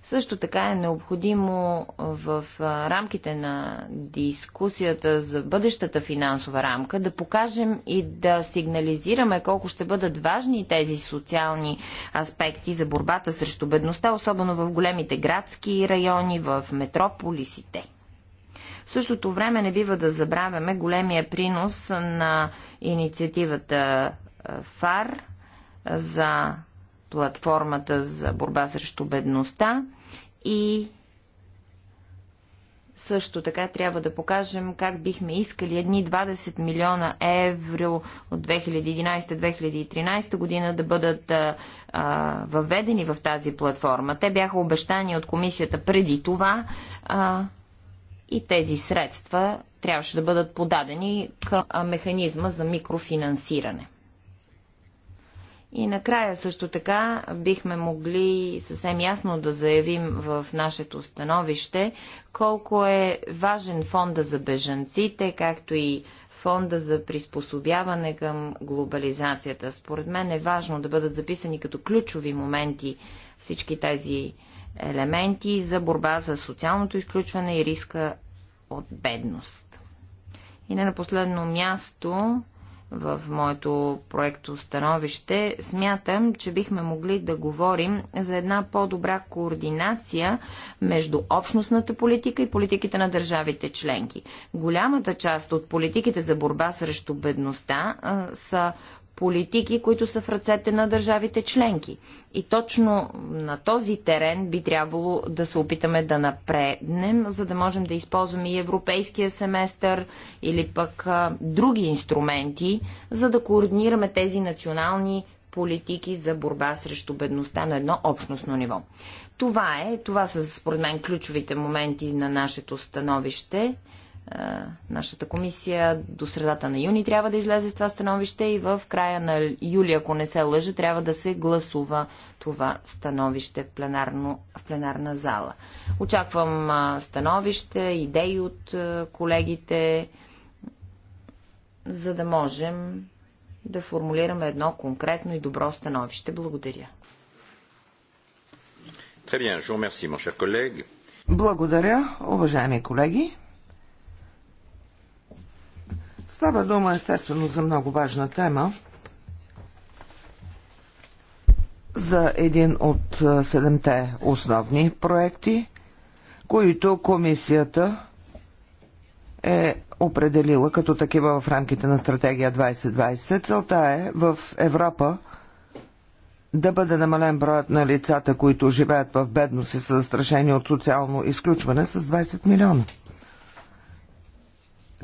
Също така е необходимо в рамките на дискусията за бъдещата финансова рамка да покажем и да сигнализираме колко ще бъдат важни тези социални аспекти за борбата срещу бедността, особено в големите градски райони, в метрополисите. В същото време не бива да забравяме големия принос на инициативата ФАР за платформата за борба срещу бедността и също така трябва да покажем как бихме искали едни 20 милиона евро от 2011-2013 година да бъдат а, въведени в тази платформа. Те бяха обещани от комисията преди това а, и тези средства трябваше да бъдат подадени към механизма за микрофинансиране. И накрая също така бихме могли съвсем ясно да заявим в нашето становище колко е важен фонда за бежанците, както и фонда за приспособяване към глобализацията. Според мен е важно да бъдат записани като ключови моменти всички тези елементи за борба за социалното изключване и риска от бедност. И не на последно място в моето проекто становище, смятам, че бихме могли да говорим за една по-добра координация между общностната политика и политиките на държавите членки. Голямата част от политиките за борба срещу бедността а, са политики, които са в ръцете на държавите членки. И точно на този терен би трябвало да се опитаме да напреднем, за да можем да използваме и европейския семестър или пък а, други инструменти, за да координираме тези национални политики за борба срещу бедността на едно общностно ниво. Това е, това са според мен ключовите моменти на нашето становище. Е, нашата комисия до средата на юни трябва да излезе с това становище и в края на юли, ако не се лъжа, трябва да се гласува това становище в, пленарно, в пленарна зала. Очаквам становище, идеи от колегите, за да можем да формулираме едно конкретно и добро становище. Благодаря. Благодаря, уважаеми колеги. Става дума естествено за много важна тема. За един от седемте основни проекти, които комисията е определила като такива в рамките на стратегия 2020. Целта е в Европа да бъде намален броят на лицата, които живеят в бедност и са застрашени от социално изключване с 20 милиона.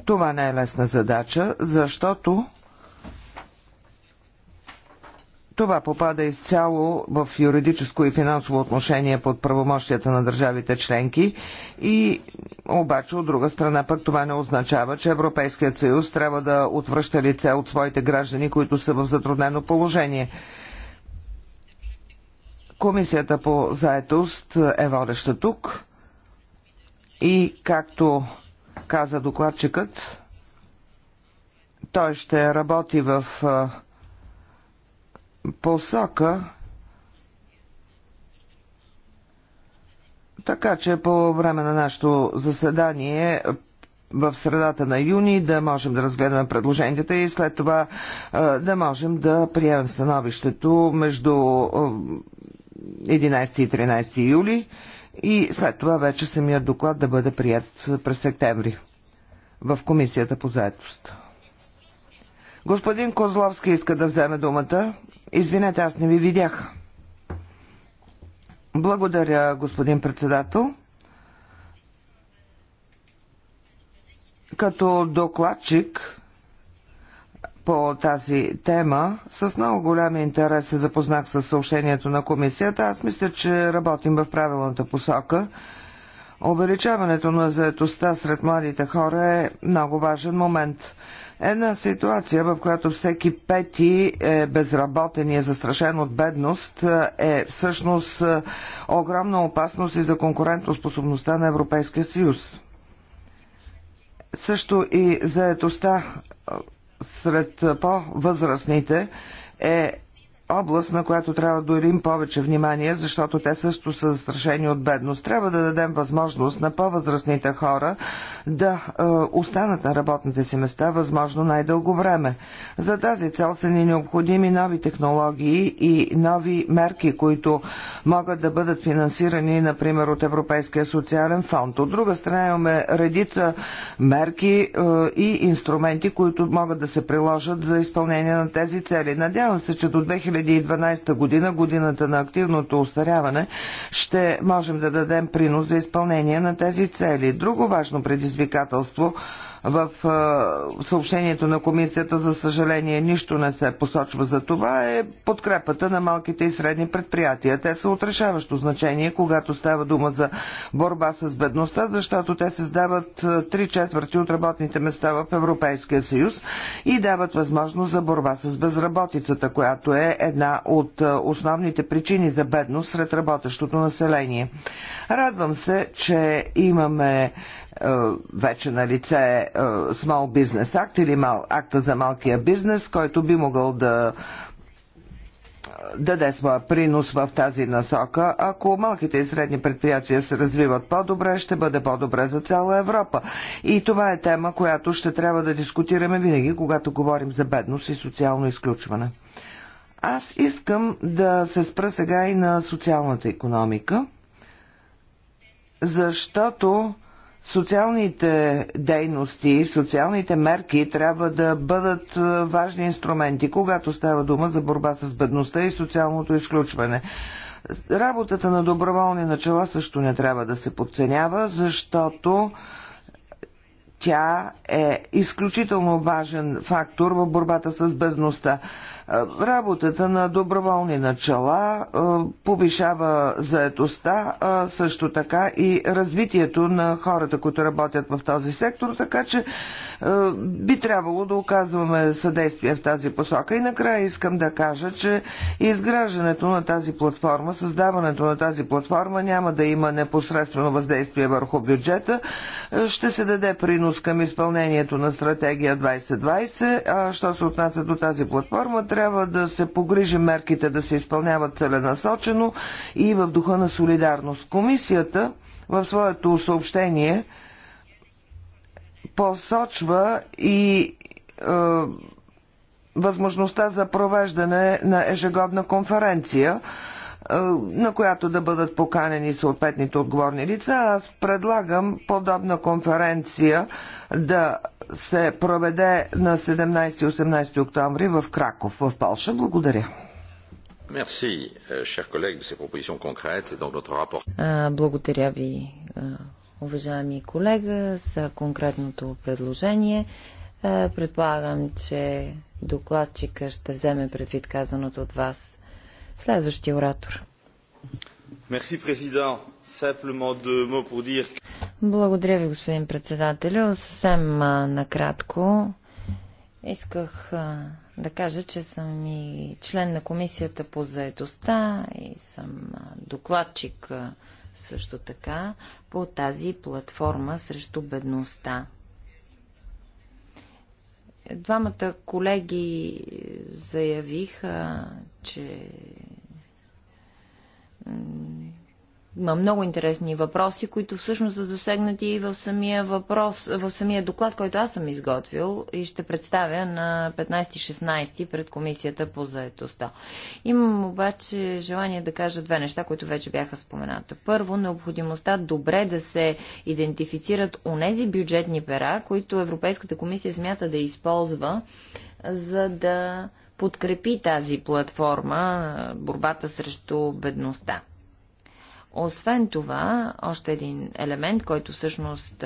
Това не е лесна задача, защото това попада изцяло в юридическо и финансово отношение под правомощията на държавите членки и обаче от друга страна пък това не означава, че Европейският съюз трябва да отвръща лице от своите граждани, които са в затруднено положение. Комисията по заетост е водеща тук и както каза докладчикът. Той ще работи в посока, така че по време на нашето заседание в средата на юни да можем да разгледаме предложенията и след това да можем да приемем становището между 11 и 13 юли и след това вече самия доклад да бъде прият през септември в Комисията по заедост. Господин Козловски иска да вземе думата. Извинете, аз не ви видях. Благодаря, господин председател. Като докладчик по тази тема. С много голям интерес се запознах с съобщението на комисията. Аз мисля, че работим в правилната посока. Обеличаването на заетостта сред младите хора е много важен момент. Една ситуация, в която всеки пети е безработен и е застрашен от бедност, е всъщност огромна опасност и за конкурентоспособността на Европейския съюз. Също и заетостта сред по-възрастните е област, на която трябва да дорим повече внимание, защото те също са застрашени от бедност. Трябва да дадем възможност на по-възрастните хора да е, останат на работните си места възможно най-дълго време. За тази цел са ни необходими нови технологии и нови мерки, които могат да бъдат финансирани, например, от Европейския социален фонд. От друга страна имаме редица мерки е, и инструменти, които могат да се приложат за изпълнение на тези цели. Надявам се, че до 2012 година, годината на активното устаряване, ще можем да дадем принос за изпълнение на тези цели. Друго важно предизвикателство – в съобщението на комисията, за съжаление, нищо не се посочва за това, е подкрепата на малките и средни предприятия. Те са отрешаващо значение, когато става дума за борба с бедността, защото те създават 3 четвърти от работните места в Европейския съюз и дават възможност за борба с безработицата, която е една от основните причини за бедност сред работещото население. Радвам се, че имаме е, вече на лице е, Small Business Act или мал, акта за малкия бизнес, който би могъл да е, даде своя принос в тази насока. Ако малките и средни предприятия се развиват по-добре, ще бъде по-добре за цяла Европа. И това е тема, която ще трябва да дискутираме винаги, когато говорим за бедност и социално изключване. Аз искам да се спра сега и на социалната економика, защото Социалните дейности, социалните мерки трябва да бъдат е, важни инструменти, когато става дума за борба с бедността и социалното изключване. Работата на доброволни начала също не трябва да се подценява, защото тя е изключително важен фактор в борбата с бедността. Е, работата на доброволни начала е, повишава заетостта, е, също така и развитието на хората, които работят в този сектор, така че би трябвало да оказваме съдействие в тази посока. И накрая искам да кажа, че изграждането на тази платформа, създаването на тази платформа няма да има непосредствено въздействие върху бюджета. Ще се даде принос към изпълнението на стратегия 2020. А що се отнася до тази платформа, трябва да се погрижи мерките да се изпълняват целенасочено и в духа на солидарност. Комисията в своето съобщение посочва и е, възможността за провеждане на ежегодна конференция, е, на която да бъдат поканени съответните отговорни лица. Аз предлагам подобна конференция да се проведе на 17 и 18 октомври в Краков, в Палша. Благодаря. Merci, е, chers collègues, de ces propositions concrètes et notre rapport. Е, благодаря ви, е, уважаеми колега, за конкретното предложение. Предполагам, че докладчика ще вземе предвид казаното от вас. Следващия оратор. Merci, президент. Благодаря ви, господин председателю. Съвсем накратко исках да кажа, че съм и член на комисията по заедостта и съм докладчик също така по тази платформа срещу бедността. Двамата колеги заявиха, че има много интересни въпроси, които всъщност са засегнати и в самия въпрос, в самия доклад, който аз съм изготвил и ще представя на 15-16 пред комисията по заетостта. Имам обаче желание да кажа две неща, които вече бяха спомената. Първо, необходимостта добре да се идентифицират онези бюджетни пера, които Европейската комисия смята да използва, за да подкрепи тази платформа борбата срещу бедността. Освен това, още един елемент, който всъщност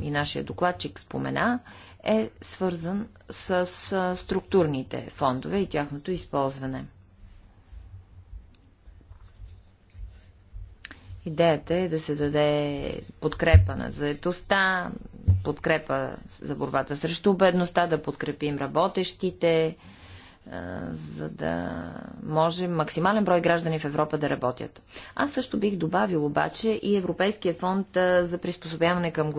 и нашия докладчик спомена, е свързан с структурните фондове и тяхното използване. Идеята е да се даде подкрепа на заетостта, подкрепа за борбата срещу бедността, да подкрепим работещите, за да може максимален брой граждани в Европа да работят. Аз също бих добавил обаче и Европейския фонд за приспособяване към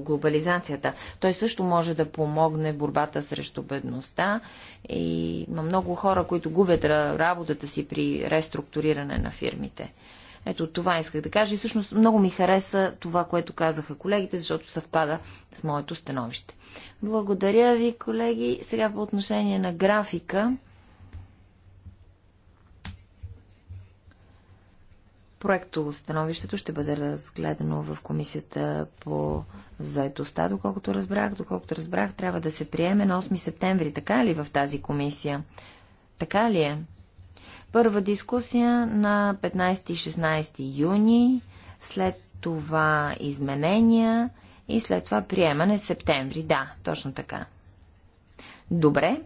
глобализацията. Той също може да помогне в борбата срещу бедността и има много хора, които губят работата си при реструктуриране на фирмите. Ето това исках да кажа и всъщност много ми хареса това, което казаха колегите, защото съвпада с моето становище. Благодаря ви, колеги. Сега по отношение на графика. Проекто становището ще бъде разгледано в комисията по заедостта, доколкото разбрах. Доколкото разбрах, трябва да се приеме на 8 септември. Така ли в тази комисия? Така ли е? Първа дискусия на 15 и 16 юни, след това изменения и след това приемане септември. Да, точно така. Добре.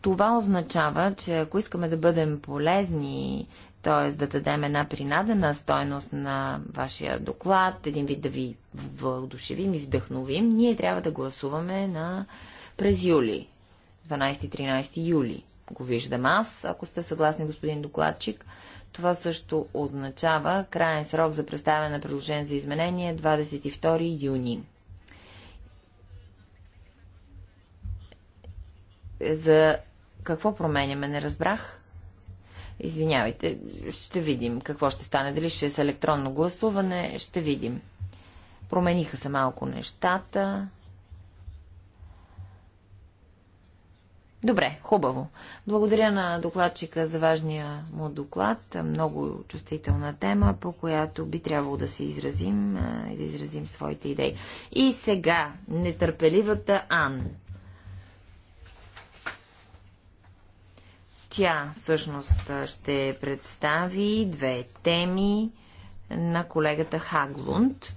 Това означава, че ако искаме да бъдем полезни, т.е. да дадем една принадена стойност на вашия доклад, един вид да ви вълдушевим и вдъхновим, ние трябва да гласуваме на през юли, 12-13 юли го виждам аз, ако сте съгласни, господин докладчик. Това също означава крайен срок за представяне на предложение за изменение 22 юни. За какво променяме, не разбрах. Извинявайте, ще видим какво ще стане. Дали ще е с електронно гласуване, ще видим. Промениха се малко нещата. Добре, хубаво. Благодаря на докладчика за важния му доклад. Много чувствителна тема, по която би трябвало да се изразим и да изразим своите идеи. И сега, нетърпеливата Ан. Тя всъщност ще представи две теми на колегата Хаглунд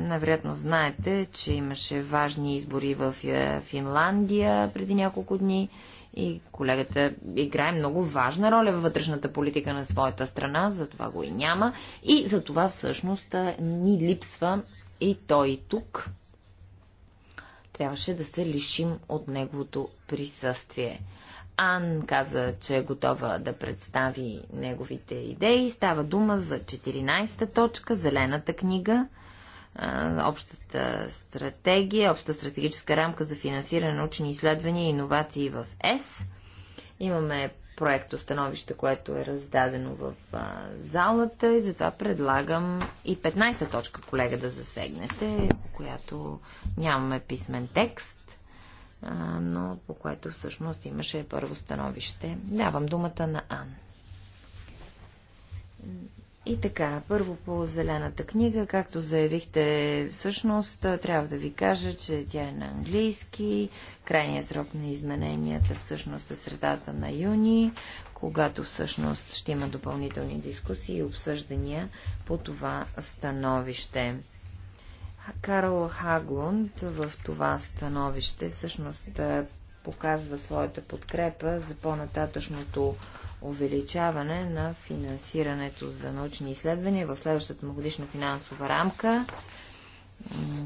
Навероятно знаете, че имаше важни избори в е, Финландия преди няколко дни и колегата играе много важна роля във вътрешната политика на своята страна, за това го и няма и за това всъщност ни липсва и той тук. Трябваше да се лишим от неговото присъствие. Ан каза, че е готова да представи неговите идеи. Става дума за 14-та точка, зелената книга – общата стратегия, общата стратегическа рамка за финансиране на научни изследвания и иновации в ЕС. Имаме проект становище, което е раздадено в залата и затова предлагам и 15-та точка, колега, да засегнете, по която нямаме писмен текст, но по което всъщност имаше първо становище. Давам думата на Ан. И така, първо по зелената книга, както заявихте, всъщност трябва да ви кажа, че тя е на английски. Крайният срок на измененията всъщност е средата на юни, когато всъщност ще има допълнителни дискусии и обсъждания по това становище. Карл Хаглунд в това становище всъщност показва своята подкрепа за по-нататъчното увеличаване на финансирането за научни изследвания в следващата многодишна финансова рамка,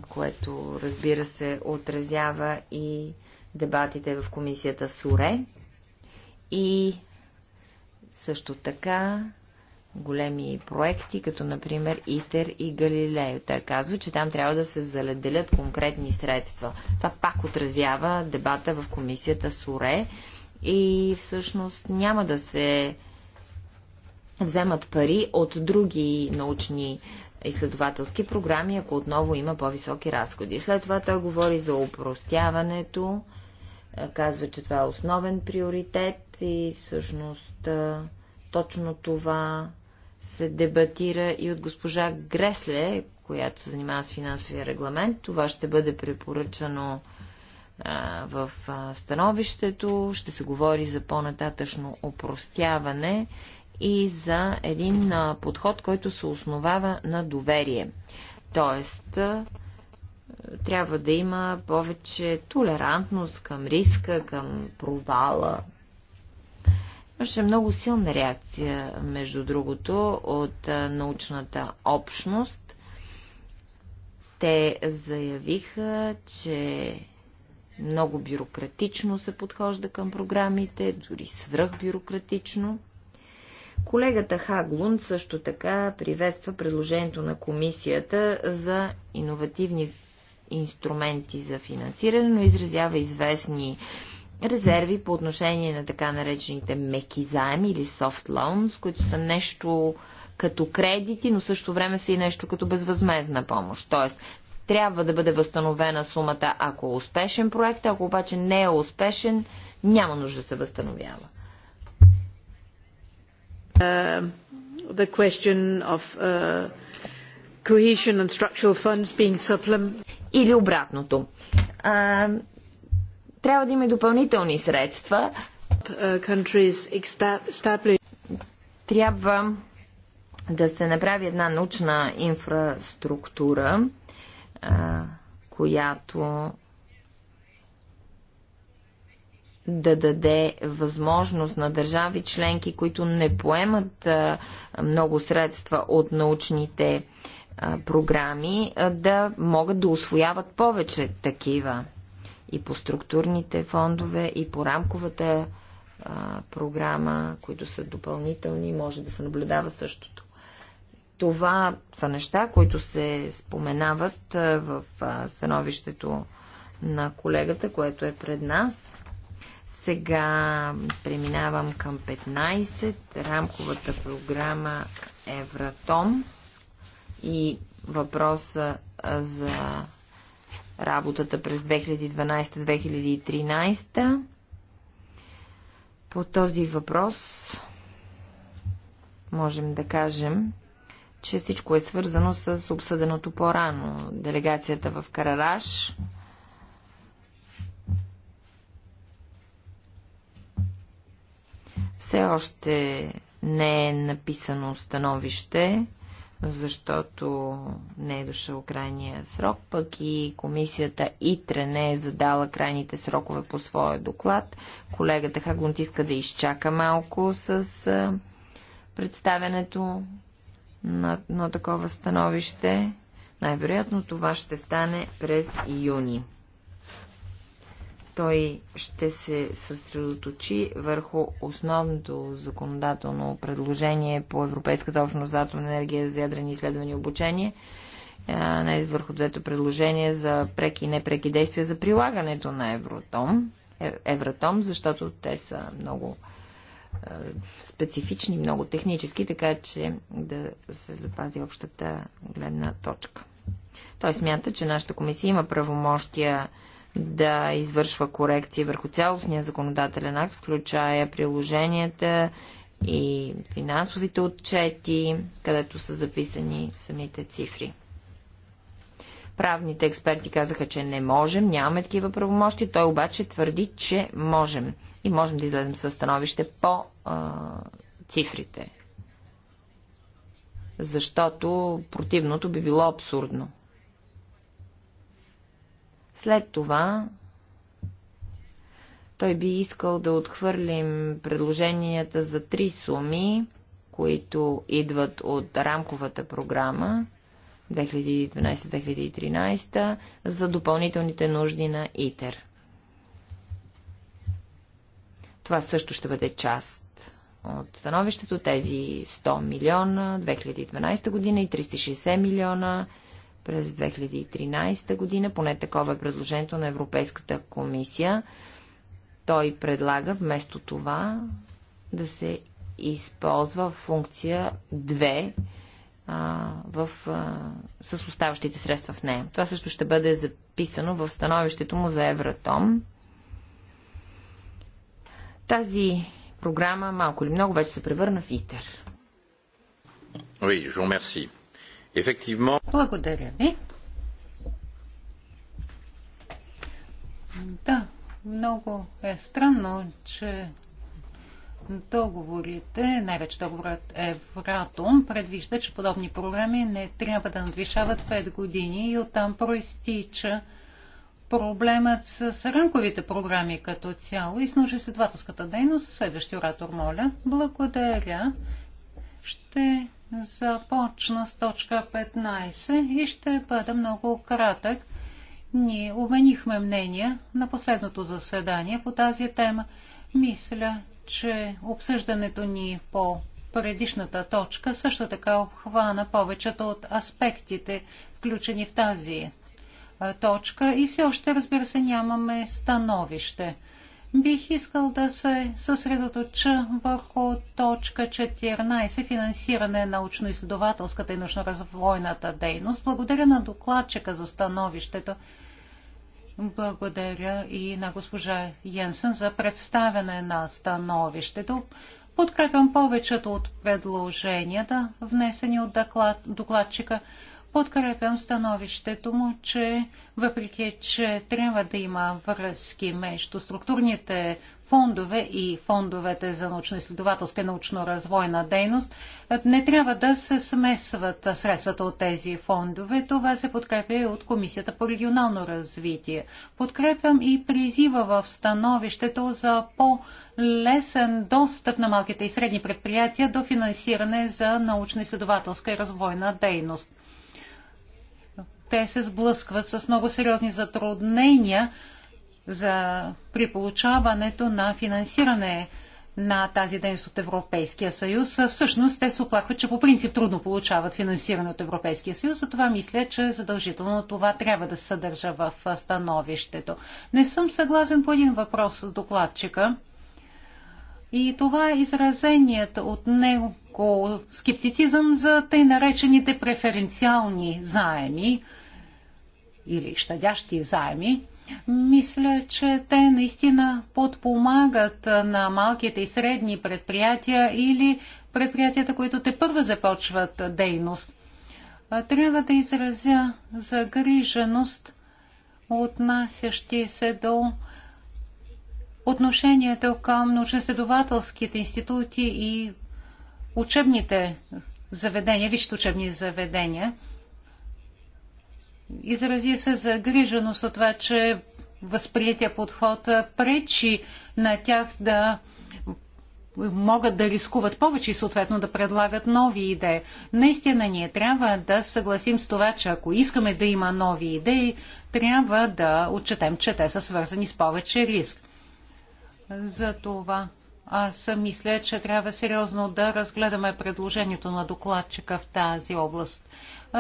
което разбира се отразява и дебатите в комисията СУРЕ и също така големи проекти, като например ИТЕР и Галилей. Той казва, че там трябва да се заледелят конкретни средства. Това пак отразява дебата в комисията СУРЕ и всъщност няма да се вземат пари от други научни изследователски програми, ако отново има по-високи разходи. След това той говори за упростяването, казва, че това е основен приоритет и всъщност точно това се дебатира и от госпожа Гресле, която се занимава с финансовия регламент. Това ще бъде препоръчано в становището. Ще се говори за по-нататъчно опростяване и за един подход, който се основава на доверие. Тоест, трябва да има повече толерантност към риска, към провала. Имаше много силна реакция, между другото, от научната общност. Те заявиха, че много бюрократично се подхожда към програмите, дори свръхбюрократично. Колегата Хаглун също така приветства предложението на комисията за иновативни инструменти за финансиране, но изразява известни резерви по отношение на така наречените меки заеми или soft loans, които са нещо като кредити, но също време са и нещо като безвъзмезна помощ. Тоест, трябва да бъде възстановена сумата, ако е успешен проект, ако обаче не е успешен, няма нужда да се възстановява. Uh, the question of uh, cohesion and structural funds being Или обратното. Uh, трябва да има и допълнителни средства. Uh, трябва да се направи една научна инфраструктура, която да даде възможност на държави членки, които не поемат много средства от научните програми, да могат да освояват повече такива и по структурните фондове, и по рамковата програма, които са допълнителни, може да се наблюдава също това са неща, които се споменават в становището на колегата, което е пред нас. Сега преминавам към 15. Рамковата програма Евратом и въпроса за работата през 2012-2013. По този въпрос можем да кажем, че всичко е свързано с обсъденото по-рано. Делегацията в Карараш. Все още не е написано становище, защото не е дошъл крайния срок, пък и комисията ИТРЕ не е задала крайните срокове по своя доклад. Колегата Хагунт иска да изчака малко с представянето на, на такова становище. Най-вероятно това ще стане през юни. Той ще се съсредоточи върху основното законодателно предложение по Европейската общност за атомна енергия за ядрени изследвания и обучение, не върху двето предложение за преки и непреки действия за прилагането на Евротом, е, Евротом, защото те са много специфични, много технически, така че да се запази общата гледна точка. Той смята, че нашата комисия има правомощия да извършва корекции върху цялостния законодателен акт, включая приложенията и финансовите отчети, където са записани самите цифри. Правните експерти казаха, че не можем, нямаме такива правомощи. Той обаче твърди, че можем и можем да излезем със становище по а, цифрите. Защото противното би било абсурдно. След това той би искал да отхвърлим предложенията за три суми, които идват от рамковата програма 2012-2013 за допълнителните нужди на ИТЕР. Това също ще бъде част от становището. Тези 100 милиона 2012 година и 360 милиона през 2013 година. Поне такова е предложението на Европейската комисия. Той предлага вместо това да се използва функция 2 а, в, а, с оставащите средства в нея. Това също ще бъде записано в становището му за Евротом. Тази програма малко или много вече се превърна в ИТЕР. Oui, je vous remercie. Effectivement... Благодаря ви. Да, много е странно, че договорите, най-вече договорът Евратом, предвижда, че подобни програми не трябва да надвишават 5 години и оттам проистича проблемът с рамковите програми като цяло и с научно-изследователската дейност. Следващия оратор, моля. Благодаря. Ще започна с точка 15 и ще бъда много кратък. Ние обменихме мнение на последното заседание по тази тема. Мисля, че обсъждането ни по предишната точка също така обхвана повечето от аспектите, включени в тази точка и все още, разбира се, нямаме становище. Бих искал да се съсредоточа върху точка 14 финансиране на научно-изследователската и научно-развойната дейност. Благодаря на докладчика за становището. Благодаря и на госпожа Йенсен за представяне на становището. Подкрепям повечето от предложенията, внесени от доклад, докладчика. Подкрепям становището му, че въпреки, че трябва да има връзки между структурните фондове и фондовете за научно-изследователска и научно-развойна дейност, не трябва да се смесват средствата от тези фондове. Това се подкрепя и от Комисията по регионално развитие. Подкрепям и призива в становището за по-лесен достъп на малките и средни предприятия до финансиране за научно-изследователска и развойна дейност те се сблъскват с много сериозни затруднения за при получаването на финансиране на тази дейност от Европейския съюз. Всъщност те се оплакват, че по принцип трудно получават финансиране от Европейския съюз, затова мисля, че задължително това трябва да се съдържа в становището. Не съм съгласен по един въпрос с докладчика. И това е изразеният от него скептицизъм за тъй наречените преференциални заеми – или щадящи заеми, мисля, че те наистина подпомагат на малките и средни предприятия или предприятията, които те първо започват дейност. Трябва да изразя загриженост, отнасящи се до отношението към научно-следователските институти и учебните заведения, висшите учебни заведения – изрази се загриженост от това, че възприятия подход пречи на тях да могат да рискуват повече и съответно да предлагат нови идеи. Наистина ние трябва да съгласим с това, че ако искаме да има нови идеи, трябва да отчетем, че те са свързани с повече риск. За това аз мисля, че трябва сериозно да разгледаме предложението на докладчика в тази област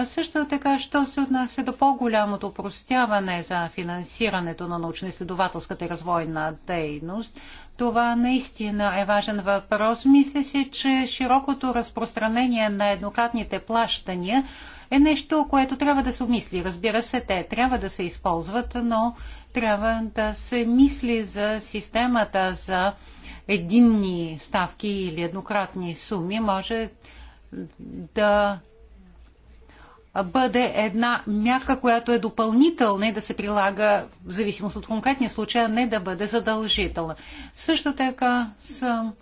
също така, що се отнася до по-голямото простяване за финансирането на научно-изследователската и развойна дейност, това наистина е важен въпрос. Мисля си, че широкото разпространение на еднократните плащания е нещо, което трябва да се обмисли. Разбира се, те трябва да се използват, но трябва да се мисли за системата за единни ставки или еднократни суми. Може да бъде една мярка, която е допълнителна и да се прилага в зависимост от конкретния случай, а не да бъде задължителна. Също така съм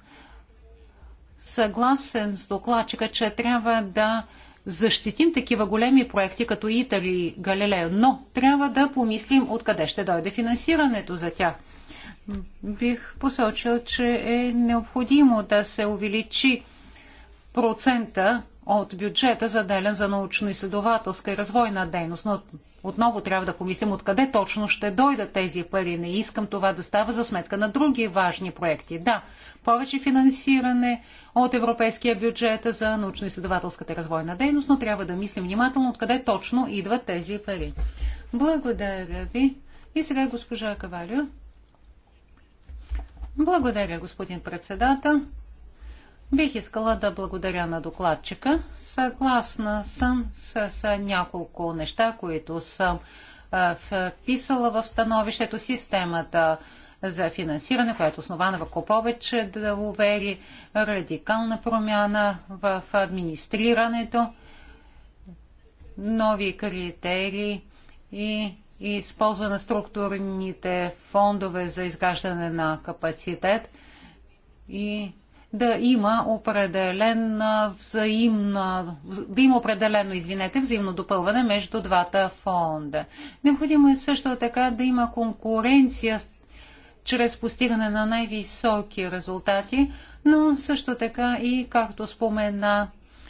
съгласен с докладчика, че трябва да защитим такива големи проекти като ИТАР и Галилео, но трябва да помислим откъде ще дойде финансирането за тях. Бих посочил, че е необходимо да се увеличи процента от бюджета заделен за научно-изследователска и развойна дейност. Но отново трябва да помислим откъде точно ще дойдат тези пари. Не искам това да става за сметка на други важни проекти. Да, повече финансиране от европейския бюджет за научно-изследователската и развойна дейност, но трябва да мислим внимателно откъде точно идват тези пари. Благодаря ви. И сега госпожа Кавалио. Благодаря, господин председател. Бих искала да благодаря на докладчика. Съгласна съм с, с няколко неща, които съм вписала в становището системата за финансиране, която е основана върху повече да увери радикална промяна в администрирането, нови критерии и използване на структурните фондове за изграждане на капацитет и да има определен взаимно, да има определено, извинете, взаимно допълване между двата фонда. Необходимо е също така да има конкуренция чрез постигане на най-високи резултати, но също така и, както спомена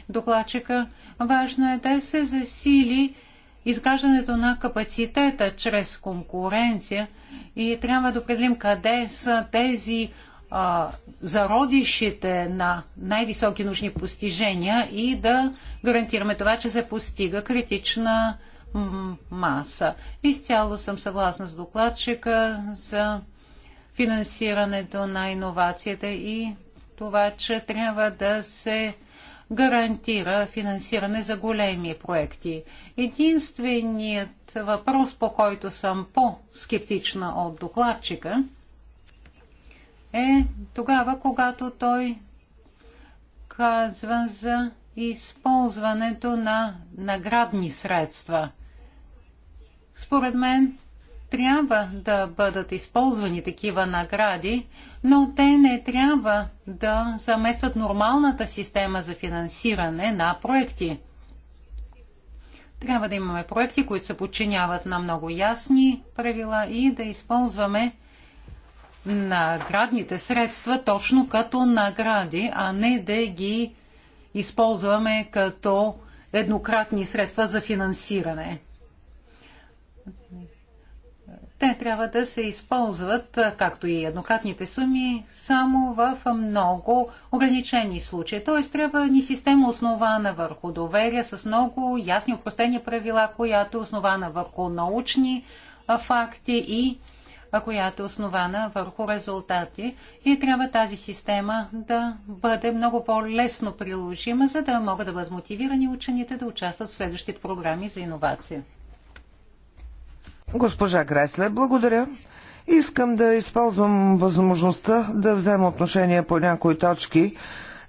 докладчика, важно е да се засили изграждането на капацитета чрез конкуренция и трябва да определим къде са тези а, зародишите на най-високи научни постижения и да гарантираме това, че се постига критична маса. Изцяло съм съгласна с докладчика за финансирането на иновацията и това, че трябва да се гарантира финансиране за големи проекти. Единственият въпрос, по който съм по-скептична от докладчика – е тогава, когато той казва за използването на наградни средства. Според мен трябва да бъдат използвани такива награди, но те не трябва да заместват нормалната система за финансиране на проекти. Трябва да имаме проекти, които се подчиняват на много ясни правила и да използваме наградните средства точно като награди, а не да ги използваме като еднократни средства за финансиране. Те трябва да се използват, както и еднократните суми, само в много ограничени случаи. Т.е. трябва ни система основана върху доверие, с много ясни упростени правила, която е основана върху научни факти и която е основана върху резултати и трябва тази система да бъде много по-лесно приложима, за да могат да бъдат мотивирани учените да участват в следващите програми за иновация. Госпожа Гресле, благодаря. Искам да използвам възможността да взема отношение по някои точки,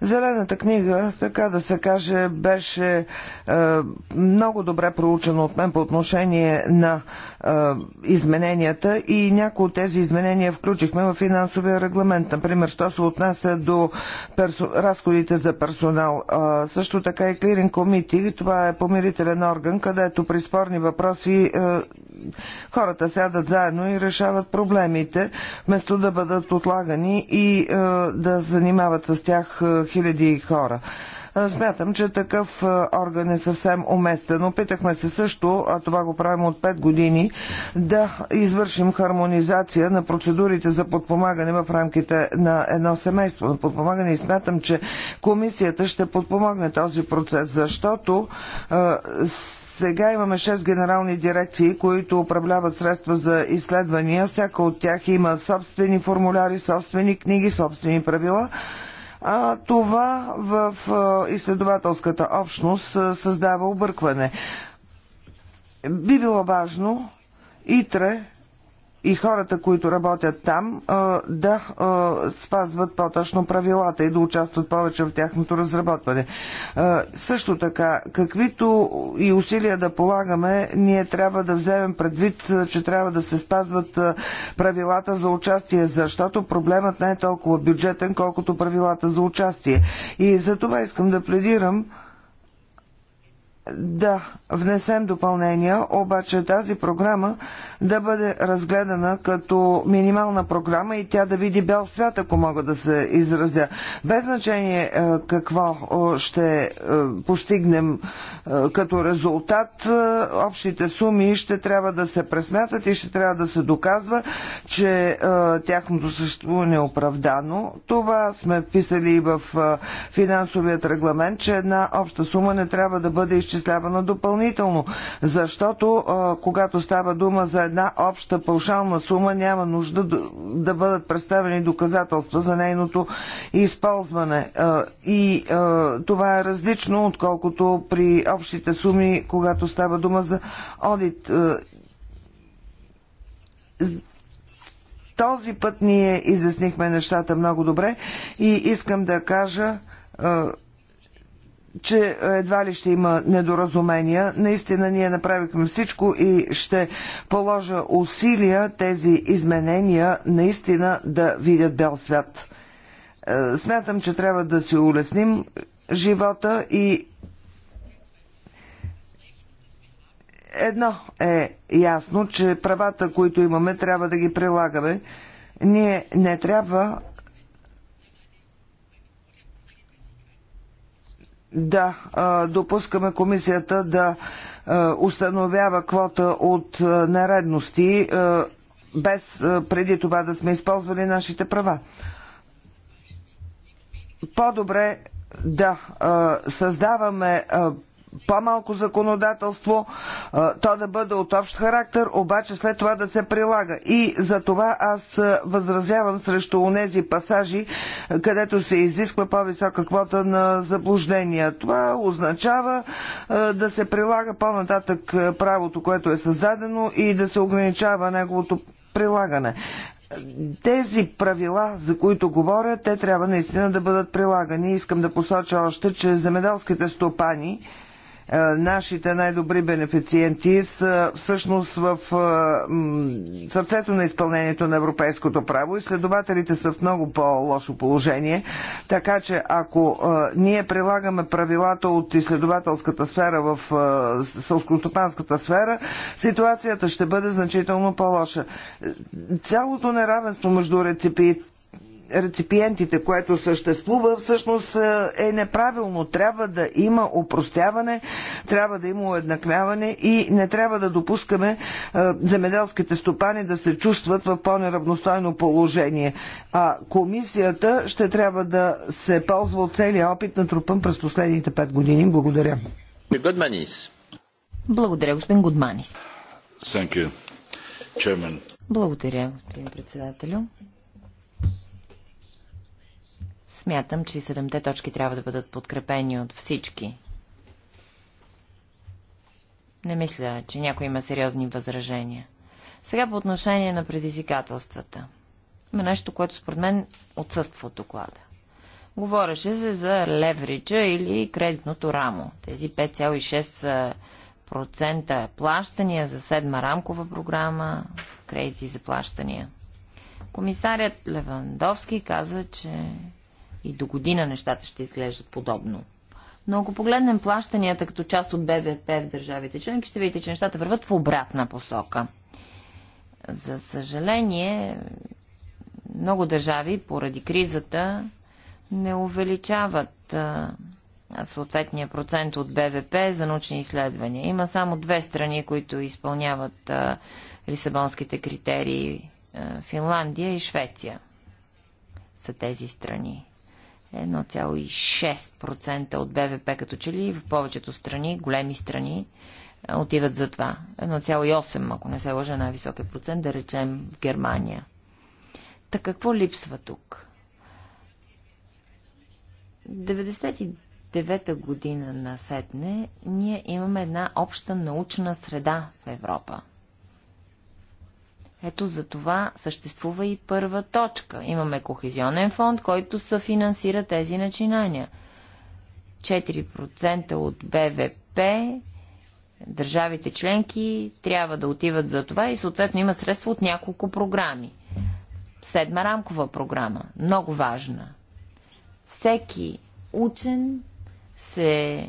Зелената книга, така да се каже, беше е, много добре проучена от мен по отношение на е, измененията и някои от тези изменения включихме в финансовия регламент. Например, що се отнася до персо... разходите за персонал. Е, също така и Клирин Комити, това е помирителен орган, където при спорни въпроси е, хората сядат заедно и решават проблемите, вместо да бъдат отлагани и е, да занимават с тях е, хиляди хора. Смятам, че такъв орган е съвсем уместен. Опитахме се също, а това го правим от 5 години, да извършим хармонизация на процедурите за подпомагане в рамките на едно семейство на подпомагане и смятам, че комисията ще подпомогне този процес, защото сега имаме 6 генерални дирекции, които управляват средства за изследвания. Всяка от тях има собствени формуляри, собствени книги, собствени правила а това в изследователската общност създава объркване. Би било важно ИТРЕ и хората, които работят там, да спазват по-точно правилата и да участват повече в тяхното разработване. Също така, каквито и усилия да полагаме, ние трябва да вземем предвид, че трябва да се спазват правилата за участие, защото проблемът не е толкова бюджетен, колкото правилата за участие. И за това искам да пледирам да внесем допълнения, обаче тази програма да бъде разгледана като минимална програма и тя да види бял свят, ако мога да се изразя. Без значение е, какво е, ще е, постигнем като резултат, общите суми ще трябва да се пресмятат и ще трябва да се доказва, че тяхното съществуване е оправдано. Това сме писали и в финансовият регламент, че една обща сума не трябва да бъде изчислена изчислявана допълнително, защото когато става дума за една обща паушална сума, няма нужда да бъдат представени доказателства за нейното използване. И това е различно, отколкото при общите суми, когато става дума за одит този път ние изяснихме нещата много добре и искам да кажа, че едва ли ще има недоразумения. Наистина ние направихме всичко и ще положа усилия тези изменения наистина да видят бял свят. Е, смятам, че трябва да си улесним живота и едно е ясно, че правата, които имаме, трябва да ги прилагаме. Ние не трябва да допускаме комисията да установява квота от нередности, без преди това да сме използвали нашите права. По-добре да създаваме по-малко законодателство, то да бъде от общ характер, обаче след това да се прилага. И за това аз възразявам срещу онези пасажи, където се изисква по-висока квота на заблуждения. Това означава да се прилага по-нататък правото, което е създадено и да се ограничава неговото прилагане тези правила, за които говоря, те трябва наистина да бъдат прилагани. Искам да посоча още, че земеделските стопани е, нашите най-добри бенефициенти са всъщност в е, сърцето на изпълнението на европейското право. Изследователите са в много по-лошо положение, така че ако е, ние прилагаме правилата от изследователската сфера в сълскостопанската сфера, ситуацията ще бъде значително по-лоша. Цялото неравенство между реципи реципиентите, което съществува, всъщност е, е неправилно. Трябва да има упростяване, трябва да има уеднакмяване и не трябва да допускаме е, земеделските стопани да се чувстват в по-неравностойно положение. А комисията ще трябва да се ползва от целия опит на трупан през последните пет години. Благодаря. Благодаря, господин Гудманис. Благодаря, господин председателю. Смятам, че и седемте точки трябва да бъдат подкрепени от всички. Не мисля, че някой има сериозни възражения. Сега по отношение на предизвикателствата. Има нещо, което според мен отсъства от доклада. Говореше се за левриджа или кредитното рамо. Тези 5,6% плащания за седма рамкова програма, кредити за плащания. Комисарят Левандовски каза, че и до година нещата ще изглеждат подобно. Но ако погледнем плащанията като част от БВП в държавите членки, ще видите, че нещата върват в обратна посока. За съжаление, много държави поради кризата не увеличават съответния процент от БВП за научни изследвания. Има само две страни, които изпълняват лисабонските критерии. Финландия и Швеция са тези страни. 1,6% от БВП, като че ли в повечето страни, големи страни, отиват за това. 1,8, ако не се лъжа, най високия е процент, да речем в Германия. Та какво липсва тук? 99-та година на Сетне ние имаме една обща научна среда в Европа. Ето за това съществува и първа точка. Имаме кохезионен фонд, който съфинансира тези начинания. 4% от БВП държавите членки трябва да отиват за това и съответно има средства от няколко програми. Седма рамкова програма, много важна. Всеки учен се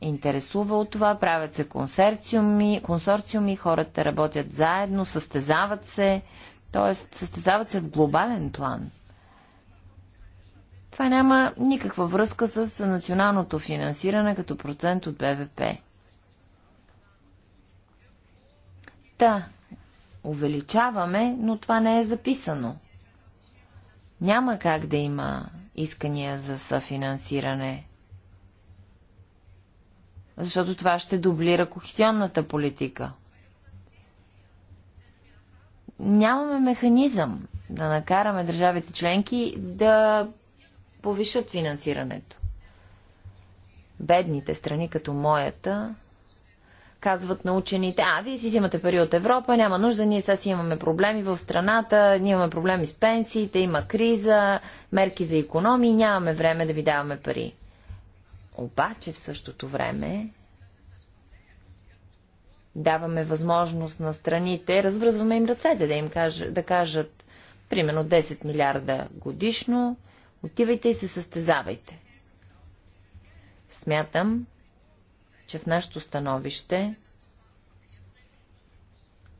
интересува от това, правят се консорциуми, консорциуми хората работят заедно, състезават се, т.е. състезават се в глобален план. Това няма никаква връзка с националното финансиране като процент от БВП. Та, увеличаваме, но това не е записано. Няма как да има искания за съфинансиране защото това ще дублира кохезионната политика. Нямаме механизъм да накараме държавите членки да повишат финансирането. Бедните страни, като моята, казват на учените, а, вие си взимате пари от Европа, няма нужда, ние сега си имаме проблеми в страната, ние имаме проблеми с пенсиите, има криза, мерки за економии, нямаме време да ви даваме пари. Обаче в същото време даваме възможност на страните, развръзваме им ръцете да им кажат, да кажат примерно 10 милиарда годишно, отивайте и се състезавайте. Смятам, че в нашето становище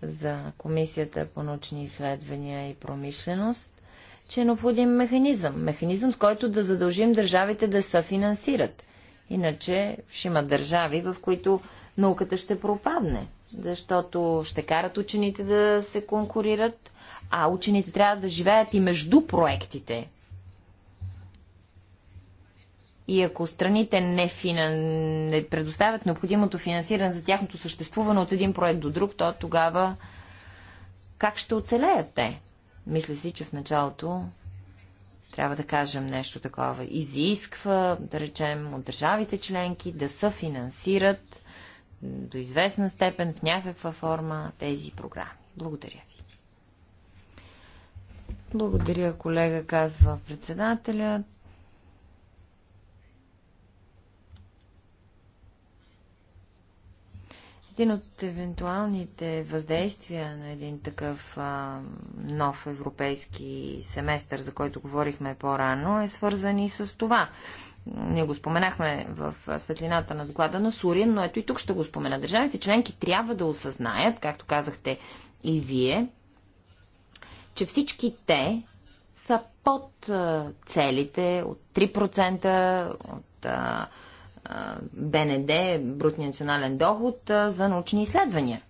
за Комисията по научни изследвания и промишленост, че е необходим механизъм. Механизъм, с който да задължим държавите да се финансират. Иначе ще има държави, в които науката ще пропадне, защото ще карат учените да се конкурират, а учените трябва да живеят и между проектите. И ако страните не, финан... не предоставят необходимото финансиране за тяхното съществуване от един проект до друг, то тогава как ще оцелеят те? Мисля си, че в началото трябва да кажем нещо такова. Изисква, да речем, от държавите членки да съфинансират до известна степен в някаква форма тези програми. Благодаря ви. Благодаря, колега, казва председателят. Един от евентуалните въздействия на един такъв а, нов европейски семестър, за който говорихме по-рано, е свързан и с това. Ние го споменахме в светлината на доклада на Сурин, но ето и тук ще го спомена. Държавите членки трябва да осъзнаят, както казахте и вие, че всички те са под целите от 3%, от БНД, брутния национален доход, за научни изследвания.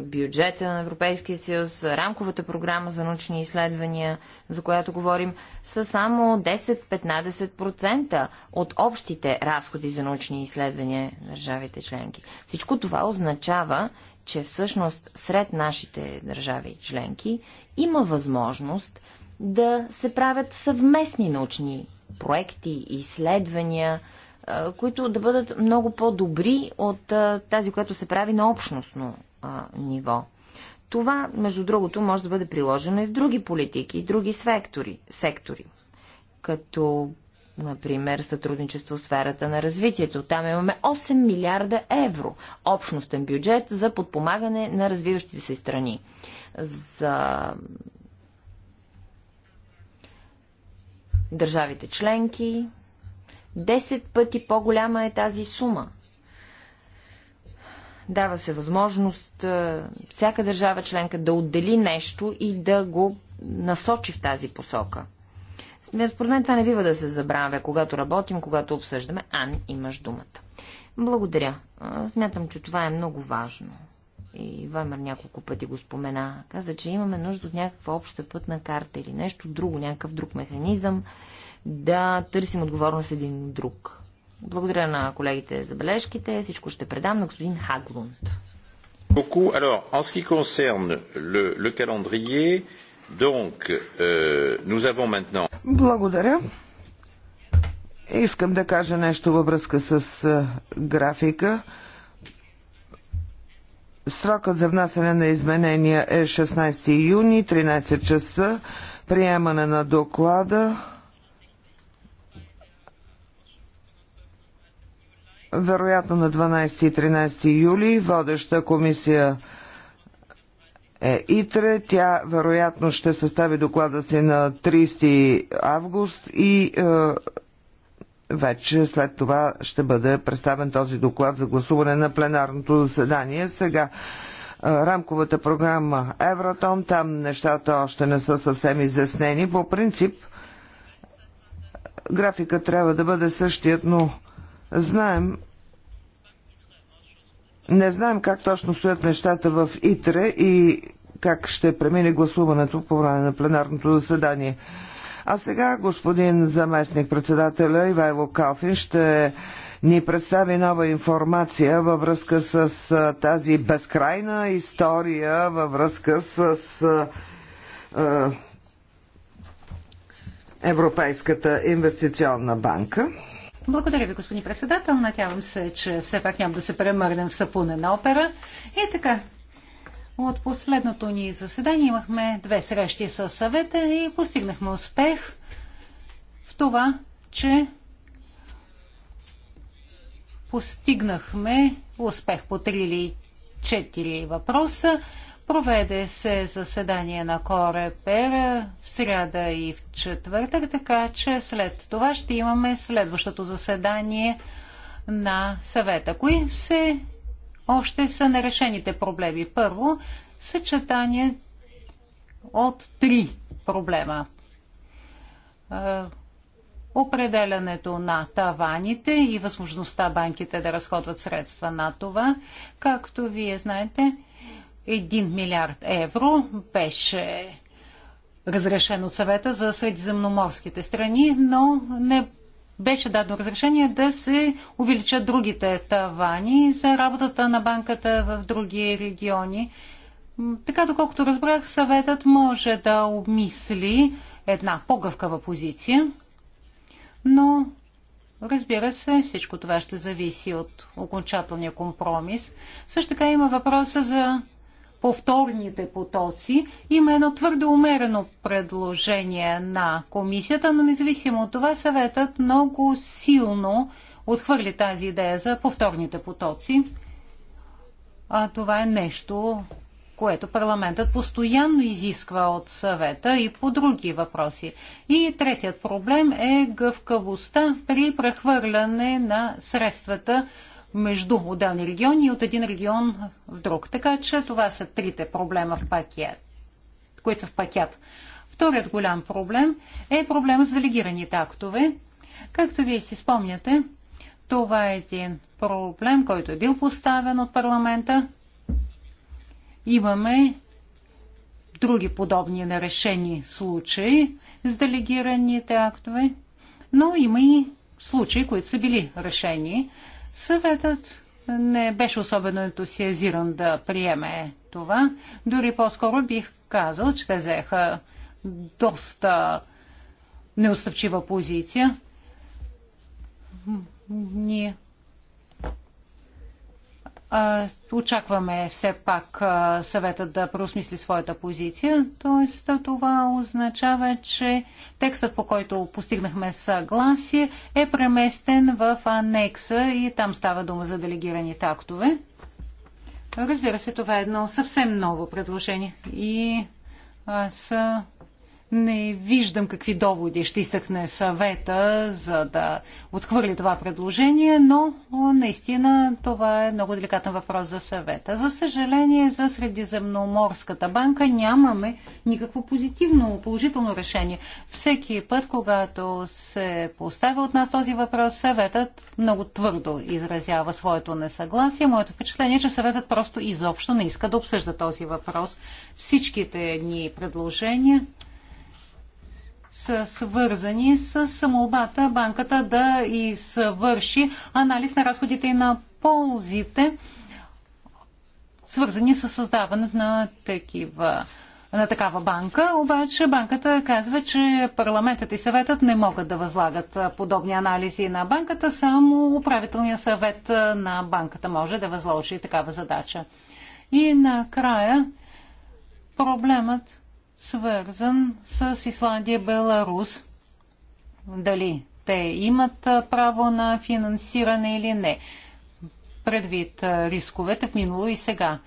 бюджета на Европейския съюз, рамковата програма за научни изследвания, за която говорим, са само 10-15% от общите разходи за научни изследвания на държавите членки. Всичко това означава, че всъщност сред нашите държави членки има възможност да се правят съвместни научни проекти, изследвания, които да бъдат много по-добри от тази, която се прави на общностно ниво. Това, между другото, може да бъде приложено и в други политики, и други сектори, сектори като, например, сътрудничество в сферата на развитието. Там имаме 8 милиарда евро общностен бюджет за подпомагане на развиващите се страни, за държавите членки. Десет пъти по-голяма е тази сума. Дава се възможност е, всяка държава членка да отдели нещо и да го насочи в тази посока. Според мен това не бива да се забравя, когато работим, когато обсъждаме. Ан, имаш думата. Благодаря. Е, смятам, че това е много важно и Ваймер няколко пъти го спомена, каза, че имаме нужда от някаква обща пътна карта или нещо друго, някакъв друг механизъм, да търсим отговорност един от друг. Благодаря на колегите за бележките. Всичко ще предам на господин Хаглунд. Beaucoup. Alors, en ce qui concerne le, le calendrier, donc, euh, nous avons maintenant... Благодаря. Искам да кажа нещо във връзка с графика. Срокът за внасяне на изменения е 16 юни, 13 часа. Приемане на доклада вероятно на 12 и 13 юли. Водеща комисия е ИТРЕ. Тя вероятно ще състави доклада си на 30 август и е, вече след това ще бъде представен този доклад за гласуване на пленарното заседание. Сега е, рамковата програма Евротон, там нещата още не са съвсем изяснени. По принцип графика трябва да бъде същият, но знаем, не знаем как точно стоят нещата в ИТРЕ и как ще премине гласуването по време на пленарното заседание. А сега господин заместник председателя Ивайло Калфин ще ни представи нова информация във връзка с тази безкрайна история, във връзка с е, Европейската инвестиционна банка. Благодаря ви, господин председател. Надявам се, че все пак няма да се премърнем в сапуна на опера. И така, от последното ни заседание имахме две срещи с съвета и постигнахме успех в това, че постигнахме успех по три или четири въпроса. Проведе се заседание на Корепер в среда и в четвъртък, така че след това ще имаме следващото заседание на съвета. Кои все още са нерешените проблеми. Първо, съчетание от три проблема. Определянето на таваните и възможността банките да разходват средства на това. Както вие знаете, 1 милиард евро беше разрешен от съвета за средиземноморските страни, но не беше дадено разрешение да се увеличат другите тавани за работата на банката в други региони. Така, доколкото разбрах, съветът може да обмисли една по-гъвкава позиция, но Разбира се, всичко това ще зависи от окончателния компромис. Също така има въпроса за повторните потоци. Има едно твърде умерено предложение на комисията, но независимо от това съветът много силно отхвърли тази идея за повторните потоци. А това е нещо, което парламентът постоянно изисква от съвета и по други въпроси. И третият проблем е гъвкавостта при прехвърляне на средствата между отделни региони и от един регион в друг. Така че това са трите проблема в пакет, които са в пакет. Вторият голям проблем е проблема с делегираните актове. Както вие си спомняте, това е един проблем, който е бил поставен от парламента. Имаме други подобни нарешени случаи с делегираните актове, но има и случаи, които са били решени. Съветът не беше особено ентусиазиран да приеме това. Дори по-скоро бих казал, че те взеха доста неустъпчива позиция. Ние очакваме все пак съвета да преосмисли своята позиция. Тоест, това означава, че текстът, по който постигнахме съгласие, е преместен в анекса и там става дума за делегираните актове. Разбира се, това е едно съвсем ново предложение. И аз не виждам какви доводи ще изтъкне съвета, за да отхвърли това предложение, но наистина това е много деликатен въпрос за съвета. За съжаление, за Средиземноморската банка нямаме никакво позитивно, положително решение. Всеки път, когато се поставя от нас този въпрос, съветът много твърдо изразява своето несъгласие. Моето впечатление е, че съветът просто изобщо не иска да обсъжда този въпрос. Всичките ни предложения са свързани с молбата банката да извърши анализ на разходите и на ползите, свързани с създаването на такива на такава банка, обаче банката казва, че парламентът и съветът не могат да възлагат подобни анализи на банката, само управителният съвет на банката може да възложи такава задача. И накрая проблемът свързан с Исландия и Беларус. Дали те имат право на финансиране или не, предвид рисковете в минало и сега.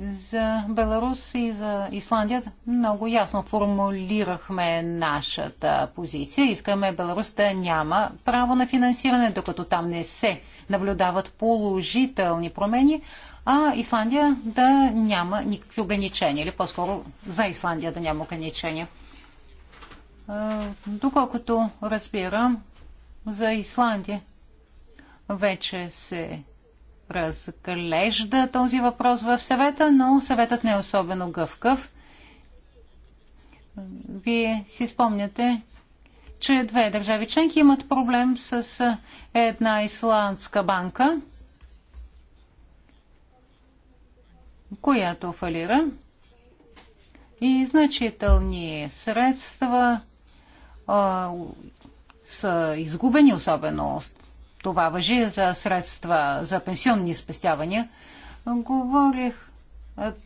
За Беларус и за Исландия много ясно формулирахме нашата позиция. Искаме Беларус да няма право на финансиране, докато там не се наблюдават положителни промени, а Исландия да няма никакви ограничения, или по-скоро за Исландия да няма ограничения. Доколкото разбирам, за Исландия вече се разглежда този въпрос в съвета, но съветът не е особено гъвкав. Вие си спомняте, че две държави членки имат проблем с една исландска банка – която фалира и значителни средства а, са изгубени, особено това въжи за средства за пенсионни спестявания. Говорих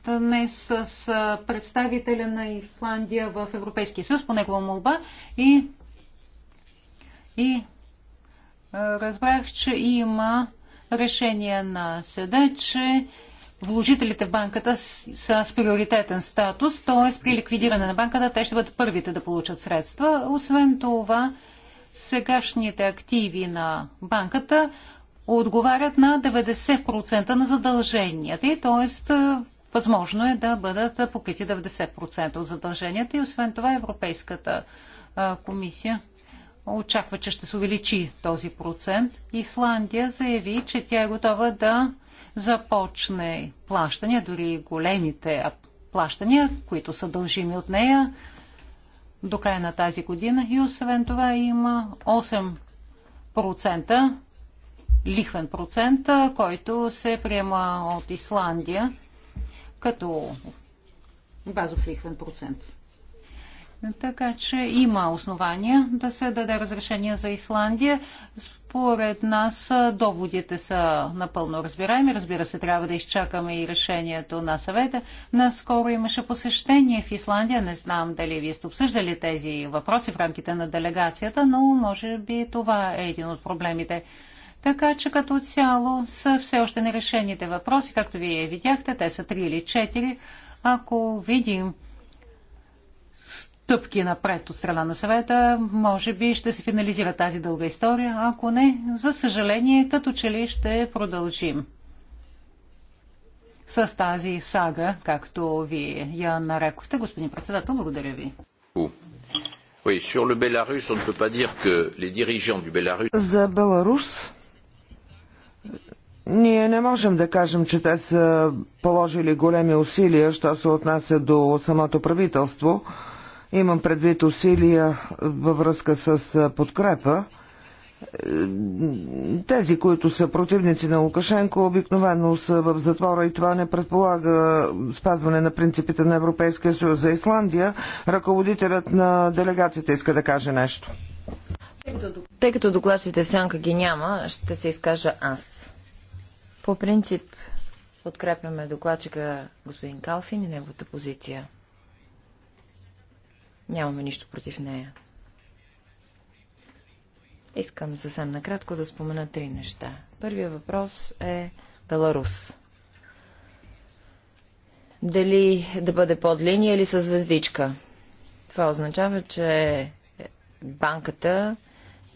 днес с представителя на Исландия в Европейския съюз по негова молба и, и разбрах, че има решение на съда, че вложителите в банката са с приоритетен статус, т.е. при ликвидиране на банката те ще бъдат първите да получат средства. Освен това, сегашните активи на банката отговарят на 90% на задълженията и т.е. възможно е да бъдат покрити 90% от задълженията и освен това Европейската комисия очаква, че ще се увеличи този процент. Исландия заяви, че тя е готова да започне плащания, дори големите плащания, които са дължими от нея до края на тази година. И освен това има 8% лихвен процент, който се приема от Исландия като базов лихвен процент. Така че има основания да се даде разрешение за Исландия. Според нас доводите са напълно разбираеми. Разбира се, трябва да изчакаме и решението на съвета. Наскоро имаше посещение в Исландия. Не знам дали вие сте обсъждали тези въпроси в рамките на делегацията, но може би това е един от проблемите. Така че като цяло са все още нерешените въпроси, както вие видяхте, те са три или четири. Ако видим стъпки напред от страна на съвета. Може би ще се финализира тази дълга история. Ако не, за съжаление, като че ли ще продължим с тази сага, както ви я нарекохте. Господин председател, благодаря ви. За Беларус ние не можем да кажем, че те са положили големи усилия, що се отнася до самото правителство. Имам предвид усилия във връзка с подкрепа. Тези, които са противници на Лукашенко, обикновено са в затвора и това не предполага спазване на принципите на Европейския съюз. За Исландия ръководителят на делегацията иска да каже нещо. Тъй като докладчите в сянка ги няма, ще се изкажа аз. По принцип подкрепяме докладчика господин Калфин и неговата позиция. Нямаме нищо против нея. Искам съвсем накратко да спомена три неща. Първият въпрос е Беларус. Дали да бъде под линия или с звездичка? Това означава, че банката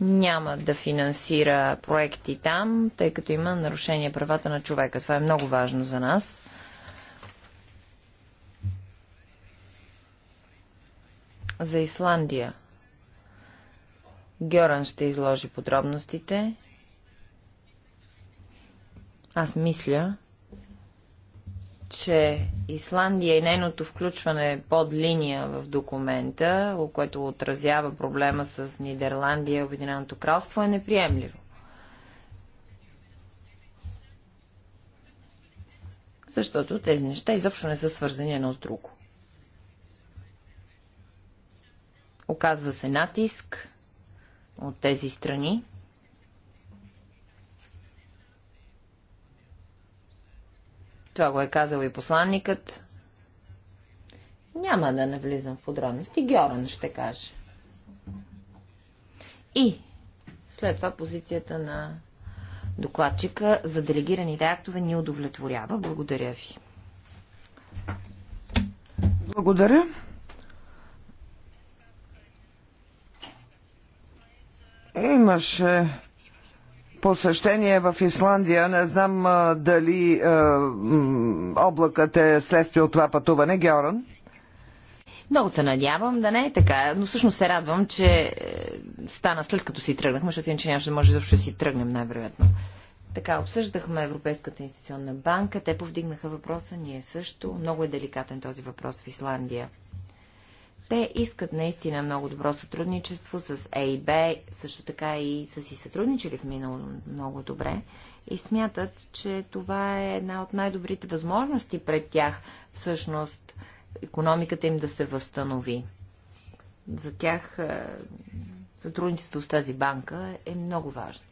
няма да финансира проекти там, тъй като има нарушение правата на човека. Това е много важно за нас. за Исландия. Гьоран ще изложи подробностите. Аз мисля, че Исландия и нейното включване е под линия в документа, което отразява проблема с Нидерландия и Обединеното кралство, е неприемливо. Защото тези неща изобщо не са свързани едно с друго. Оказва се натиск от тези страни. Това го е казал и посланникът. Няма да навлизам в подробности. Георан ще каже. И след това позицията на докладчика за делегираните актове ни удовлетворява. Благодаря ви. Благодаря. Имаше посещение в Исландия. Не знам а, дали а, облакът е следствие от това пътуване. Георан? Много се надявам да не е така, но всъщност се радвам, че е, стана след като си тръгнахме, защото иначе нямаше да може защо да си тръгнем най-вероятно. Така, обсъждахме Европейската инвестиционна банка, те повдигнаха въпроса, ние също. Много е деликатен този въпрос в Исландия. Те искат наистина много добро сътрудничество с AIB, също така и са си сътрудничали в минало много добре и смятат, че това е една от най-добрите възможности пред тях, всъщност, економиката им да се възстанови. За тях е, сътрудничество с тази банка е много важно.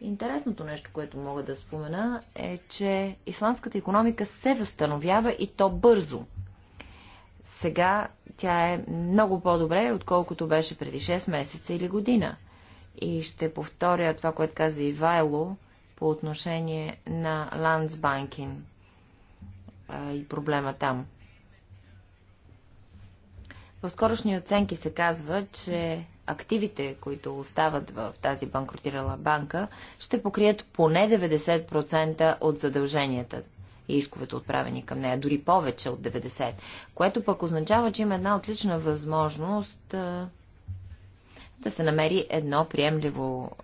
Интересното нещо, което мога да спомена е, че исландската економика се възстановява и то бързо – сега тя е много по-добре, отколкото беше преди 6 месеца или година. И ще повторя това, което каза Ивайло по отношение на Ландсбанкин и проблема там. В скорошни оценки се казва, че активите, които остават в тази банкротирала банка, ще покрият поне 90% от задълженията и исковете отправени към нея, дори повече от 90, което пък означава, че има една отлична възможност да се намери едно приемливо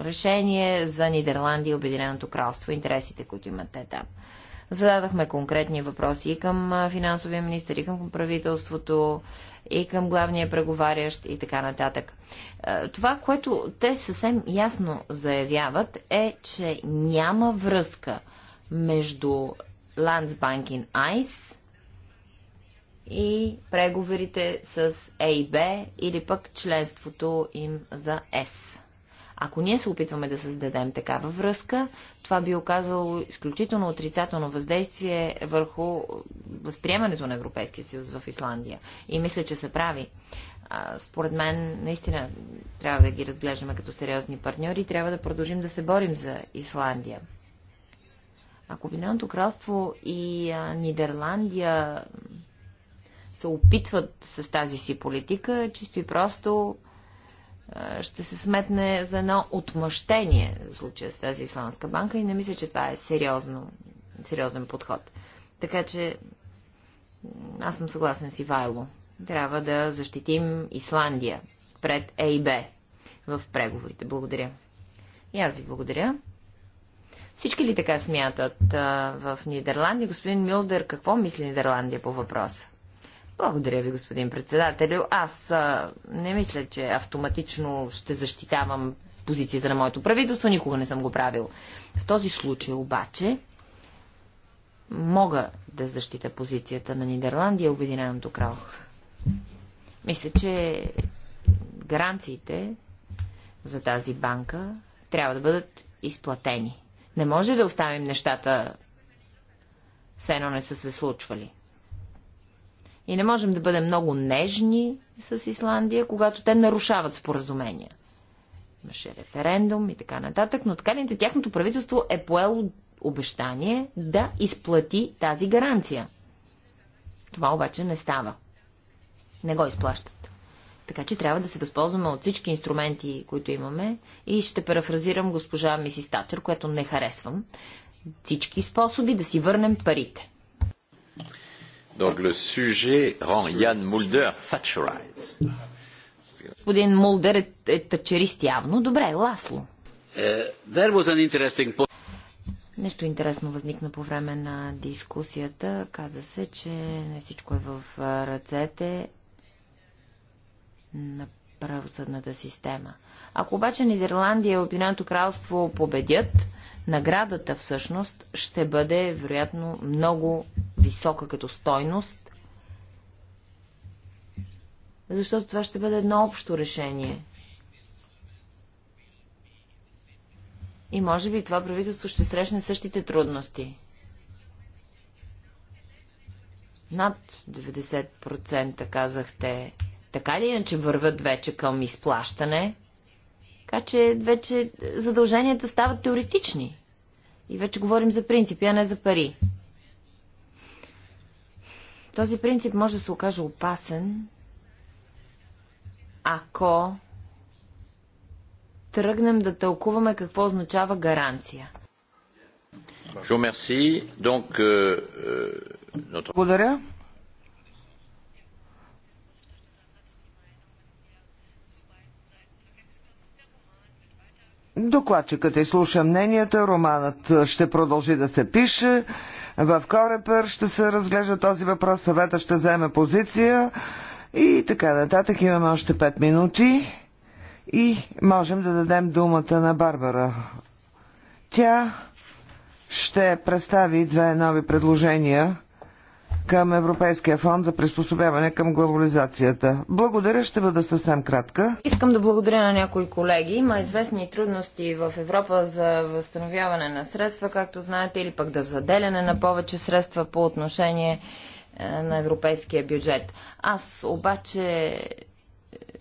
решение за Нидерландия и Обединеното кралство, интересите, които имат те там. Зададахме конкретни въпроси и към финансовия министр, и към правителството, и към главния преговарящ и така нататък. това, което те съвсем ясно заявяват е, че няма връзка между Landsbank in ICE и преговорите с ЕИБ или пък членството им за S. Ако ние се опитваме да създадем такава връзка, това би оказало изключително отрицателно въздействие върху възприемането на Европейския съюз в Исландия. И мисля, че се прави. Според мен, наистина, трябва да ги разглеждаме като сериозни партньори и трябва да продължим да се борим за Исландия. Ако Обединеното кралство и а, Нидерландия се опитват с тази си политика, чисто и просто а, ще се сметне за едно отмъщение в случая с тази исландска банка и не мисля, че това е сериозно, сериозен подход. Така че аз съм съгласен с Ивайло. Трябва да защитим Исландия пред ЕИБ в преговорите. Благодаря. И аз ви благодаря. Всички ли така смятат в Нидерландия? Господин Милдер, какво мисли Нидерландия по въпроса? Благодаря ви, господин председателю. Аз а, не мисля, че автоматично ще защитавам позицията на моето правителство. Никога не съм го правил. В този случай обаче мога да защита позицията на Нидерландия и Обединеното кралство. Мисля, че гаранциите за тази банка трябва да бъдат изплатени. Не може да оставим нещата все едно не са се случвали. И не можем да бъдем много нежни с Исландия, когато те нарушават споразумения. Имаше референдум и така нататък, но така ли тяхното правителство е поело обещание да изплати тази гаранция. Това обаче не става. Не го изплащат. Така че трябва да се възползваме от всички инструменти, които имаме и ще парафразирам госпожа Мисис Тачър, което не харесвам. Всички способи да си върнем парите. Donc le sujet rend Mulder Thatcherite. Господин Мулдер е, е тачерист явно. Добре, Ласло. Uh, Нещо интересно възникна по време на дискусията. Каза се, че не всичко е в ръцете на правосъдната система. Ако обаче Нидерландия и Обединеното кралство победят, наградата всъщност ще бъде вероятно много висока като стойност, защото това ще бъде едно общо решение. И може би това правителство ще срещне същите трудности. Над 90% казахте така ли иначе върват вече към изплащане, така че вече задълженията стават теоретични. И вече говорим за принципи, а не за пари. Този принцип може да се окаже опасен, ако тръгнем да тълкуваме какво означава гаранция. Euh, euh, Благодаря. Докладчикът изслуша е мненията, романът ще продължи да се пише, в Корепер ще се разглежда този въпрос, съвета ще вземе позиция и така нататък. Имаме още 5 минути и можем да дадем думата на Барбара. Тя ще представи две нови предложения към Европейския фонд за приспособяване към глобализацията. Благодаря, ще бъда съвсем кратка. Искам да благодаря на някои колеги. Има известни трудности в Европа за възстановяване на средства, както знаете, или пък да заделяне на повече средства по отношение е, на европейския бюджет. Аз обаче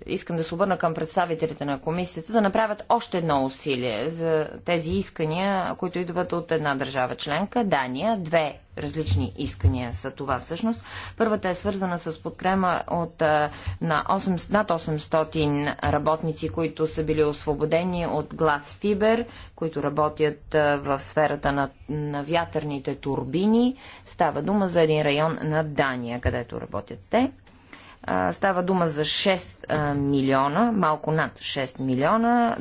искам да се обърна към представителите на комисията, да направят още едно усилие за тези искания, които идват от една държава членка, Дания. Две различни искания са това всъщност. Първата е свързана с подкрема от на 8, над 800 работници, които са били освободени от глас Фибер, които работят в сферата на, на вятърните турбини. Става дума за един район на Дания, където работят те. Става дума за 6 милиона, малко над 6 милиона.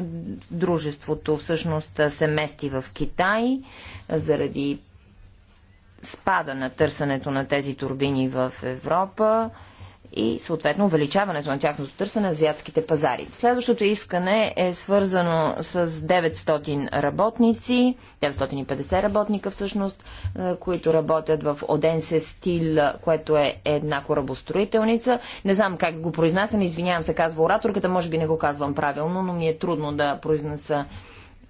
Дружеството всъщност се мести в Китай заради спада на търсенето на тези турбини в Европа и съответно увеличаването на тяхното търсене на азиатските пазари. Следващото искане е свързано с 900 работници, 950 работника всъщност, които работят в Оденсе Стил, което е една корабостроителница. Не знам как го произнасям, извинявам се, казва ораторката, може би не го казвам правилно, но ми е трудно да произнеса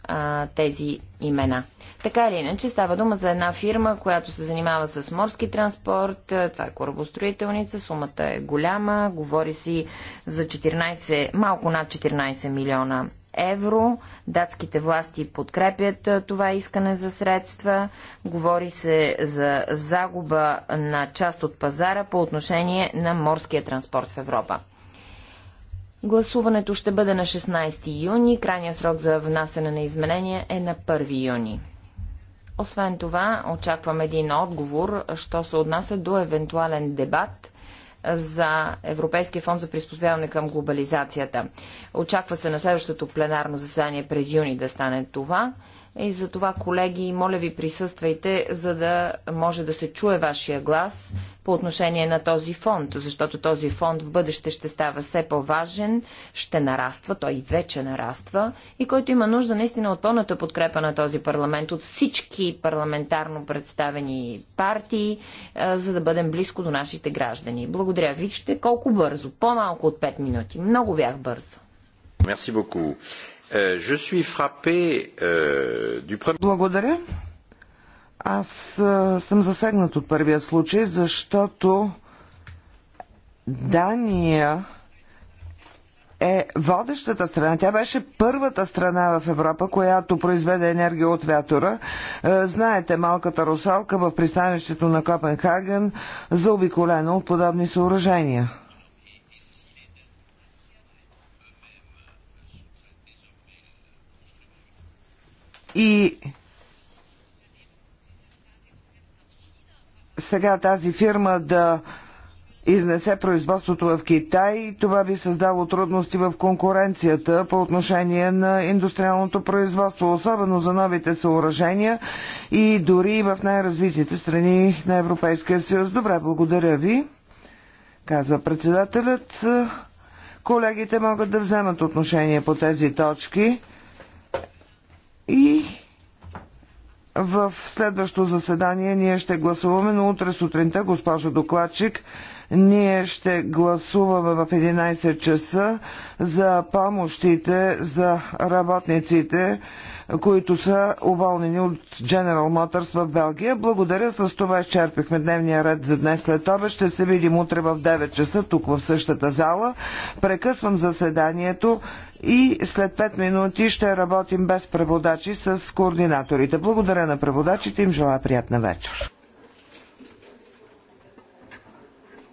а, тези имена. Така или иначе, става дума за една фирма, която се занимава с морски транспорт, това е корабостроителница, сумата е голяма, говори си за 14, малко над 14 милиона евро. Датските власти подкрепят това искане за средства. Говори се за загуба на част от пазара по отношение на морския транспорт в Европа. Гласуването ще бъде на 16 юни. Крайният срок за внасяне на изменения е на 1 юни. Освен това, очаквам един отговор, що се отнася до евентуален дебат за Европейския фонд за приспособяване към глобализацията. Очаква се на следващото пленарно заседание през юни да стане това. И за това, колеги, моля ви присъствайте, за да може да се чуе вашия глас по отношение на този фонд, защото този фонд в бъдеще ще става все по-важен, ще нараства, той вече нараства и който има нужда наистина от пълната подкрепа на този парламент, от всички парламентарно представени партии, за да бъдем близко до нашите граждани. Благодаря. Вижте колко бързо, по-малко от 5 минути. Много бях бързо. Merci beaucoup. Euh, je suis frappé euh, du premier... Благодаря. Аз съм засегнат от първия случай, защото Дания е водещата страна. Тя беше първата страна в Европа, която произведе енергия от вятъра. Е, знаете, малката русалка в пристанището на Копенхаген, заобиколена от подобни съоръжения. И сега тази фирма да изнесе производството в Китай, това би създало трудности в конкуренцията по отношение на индустриалното производство, особено за новите съоръжения и дори в най-развитите страни на Европейския съюз. Добре, благодаря ви, казва председателят. Колегите могат да вземат отношение по тези точки. И в следващото заседание ние ще гласуваме, но утре сутринта, госпожо докладчик, ние ще гласуваме в 11 часа за помощите за работниците, които са уволнени от General Motors в Белгия. Благодаря. С това изчерпихме дневния ред за днес след това. Ще се видим утре в 9 часа тук в същата зала. Прекъсвам заседанието и след 5 минути ще работим без преводачи с координаторите. Благодаря на преводачите. Им желая приятна вечер.